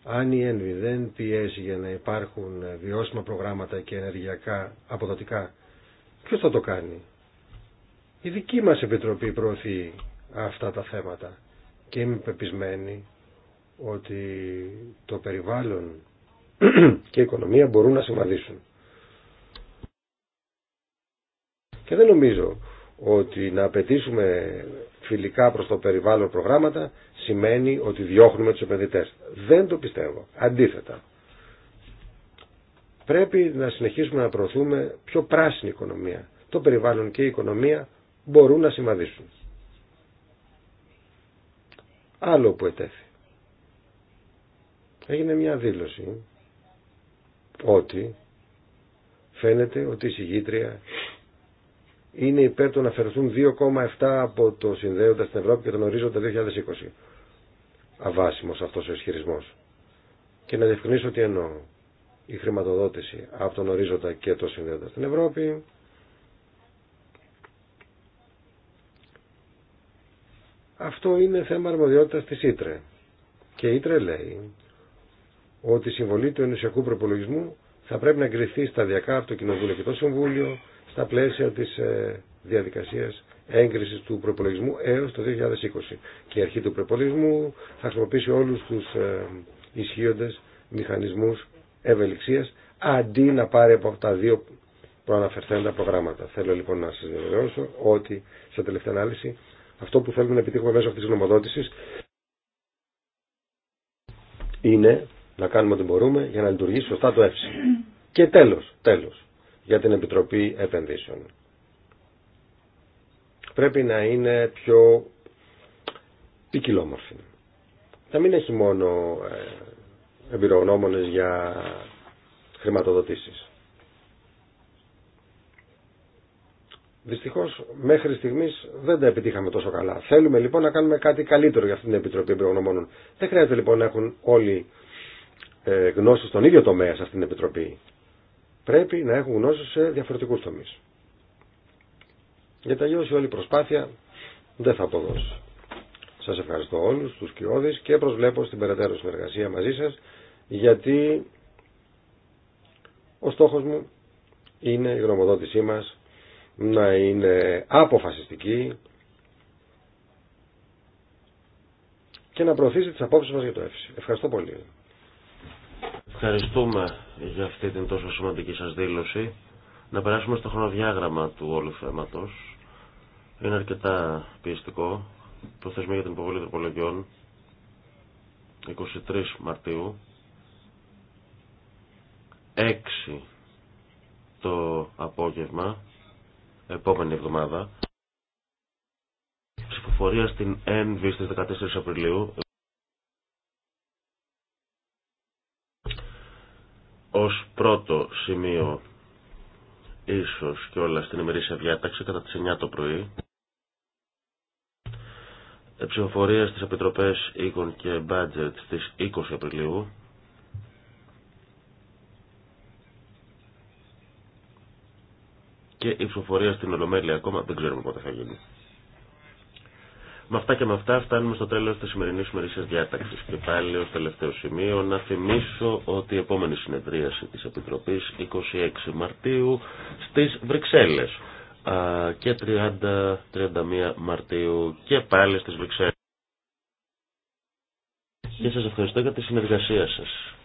Αν η ΕΝΒΗ δεν πιέζει για να υπάρχουν βιώσιμα προγράμματα και ενεργειακά αποδοτικά, ποιος θα το κάνει. Η δική μας Επιτροπή προωθεί αυτά τα θέματα και είμαι πεπισμένη ότι το περιβάλλον και η οικονομία μπορούν να συμβαδίσουν. Και δεν νομίζω ότι να απαιτήσουμε φιλικά προς το περιβάλλον προγράμματα σημαίνει ότι διώχνουμε τους επενδυτές. Δεν το πιστεύω. Αντίθετα. Πρέπει να συνεχίσουμε να προωθούμε πιο πράσινη οικονομία. Το περιβάλλον και η οικονομία μπορούν να συμβαδίσουν. Άλλο που ετέθη έγινε μια δήλωση ότι φαίνεται ότι η συγγήτρια είναι υπέρ του να φερθούν 2,7 από το συνδέοντα στην Ευρώπη και τον ορίζοντα 2020. Αβάσιμος αυτός ο ισχυρισμός. Και να διευκρινίσω ότι εννοώ. Η χρηματοδότηση από τον ορίζοντα και το συνδέοντα στην Ευρώπη Αυτό είναι θέμα αρμοδιότητας της Ήτρε. Και η Ήτρε λέει ότι η συμβολή του ενωσιακού προπολογισμού θα πρέπει να εγκριθεί σταδιακά από το Κοινοβούλιο και το Συμβούλιο στα πλαίσια τη ε, διαδικασία έγκριση του προπολογισμού έω το 2020. Και η αρχή του προπολογισμού θα χρησιμοποιήσει όλου του ε, ισχύοντε μηχανισμού ευελιξία αντί να πάρει από τα δύο προαναφερθέντα προγράμματα. Θέλω λοιπόν να σα διαβεβαιώσω ότι σε τελευταία ανάλυση αυτό που θέλουμε να επιτύχουμε μέσω αυτή τη γνωμοδότηση είναι να κάνουμε ό,τι μπορούμε για να λειτουργήσει σωστά το ΕΦΣΙ. Και τέλος, τέλος, για την Επιτροπή Επενδύσεων. Πρέπει να είναι πιο ποικιλόμορφη. Να μην έχει μόνο ε, εμπειρογνώμονες για χρηματοδοτήσεις. Δυστυχώς μέχρι στιγμής δεν τα επιτύχαμε τόσο καλά. Θέλουμε λοιπόν να κάνουμε κάτι καλύτερο για αυτή την Επιτροπή Εμπειρογνωμόνων. Δεν χρειάζεται λοιπόν να έχουν όλοι ε, γνώσει στον ίδιο τομέα σε αυτήν την Επιτροπή. Πρέπει να έχουν γνώσει σε διαφορετικού τομεί. Γιατί αλλιώ η όλη προσπάθεια δεν θα αποδώσει. Σα ευχαριστώ όλου του κοιόδη και προσβλέπω στην περαιτέρω συνεργασία μαζί σα γιατί ο στόχος μου είναι η γνωμοδότησή μας να είναι αποφασιστική και να προωθήσει τις απόψεις μας για το ΕΦΣΙ. Ευχαριστώ πολύ. Ευχαριστούμε για αυτή την τόσο σημαντική σας δήλωση. Να περάσουμε στο χρονοδιάγραμμα του όλου θέματος. Είναι αρκετά πιεστικό. Θεσμό για την υποβολή τροπολογιών 23 Μαρτίου 6 το απόγευμα επόμενη εβδομάδα ψηφοφορία στην ΕΝΒ στις 14 Απριλίου Πρώτο σημείο, ίσως και όλα στην ημερήσια διάταξη, κατά τις 9 το πρωί. Ε, ψηφοφορία στις Επιτροπές οίκων και Budget στις 20 Απριλίου. Και η ψηφοφορία στην Ολομέλεια ακόμα δεν ξέρουμε πότε θα γίνει. Με αυτά και με αυτά φτάνουμε στο τέλος της σημερινής ημερήσιας διάταξης. Και πάλι ως τελευταίο σημείο να θυμίσω ότι η επόμενη συνεδρίαση της Επιτροπής 26 Μαρτίου στις Βρυξέλλες και 30-31 Μαρτίου και πάλι στις Βρυξέλλες. Και σας ευχαριστώ για τη συνεργασία σας.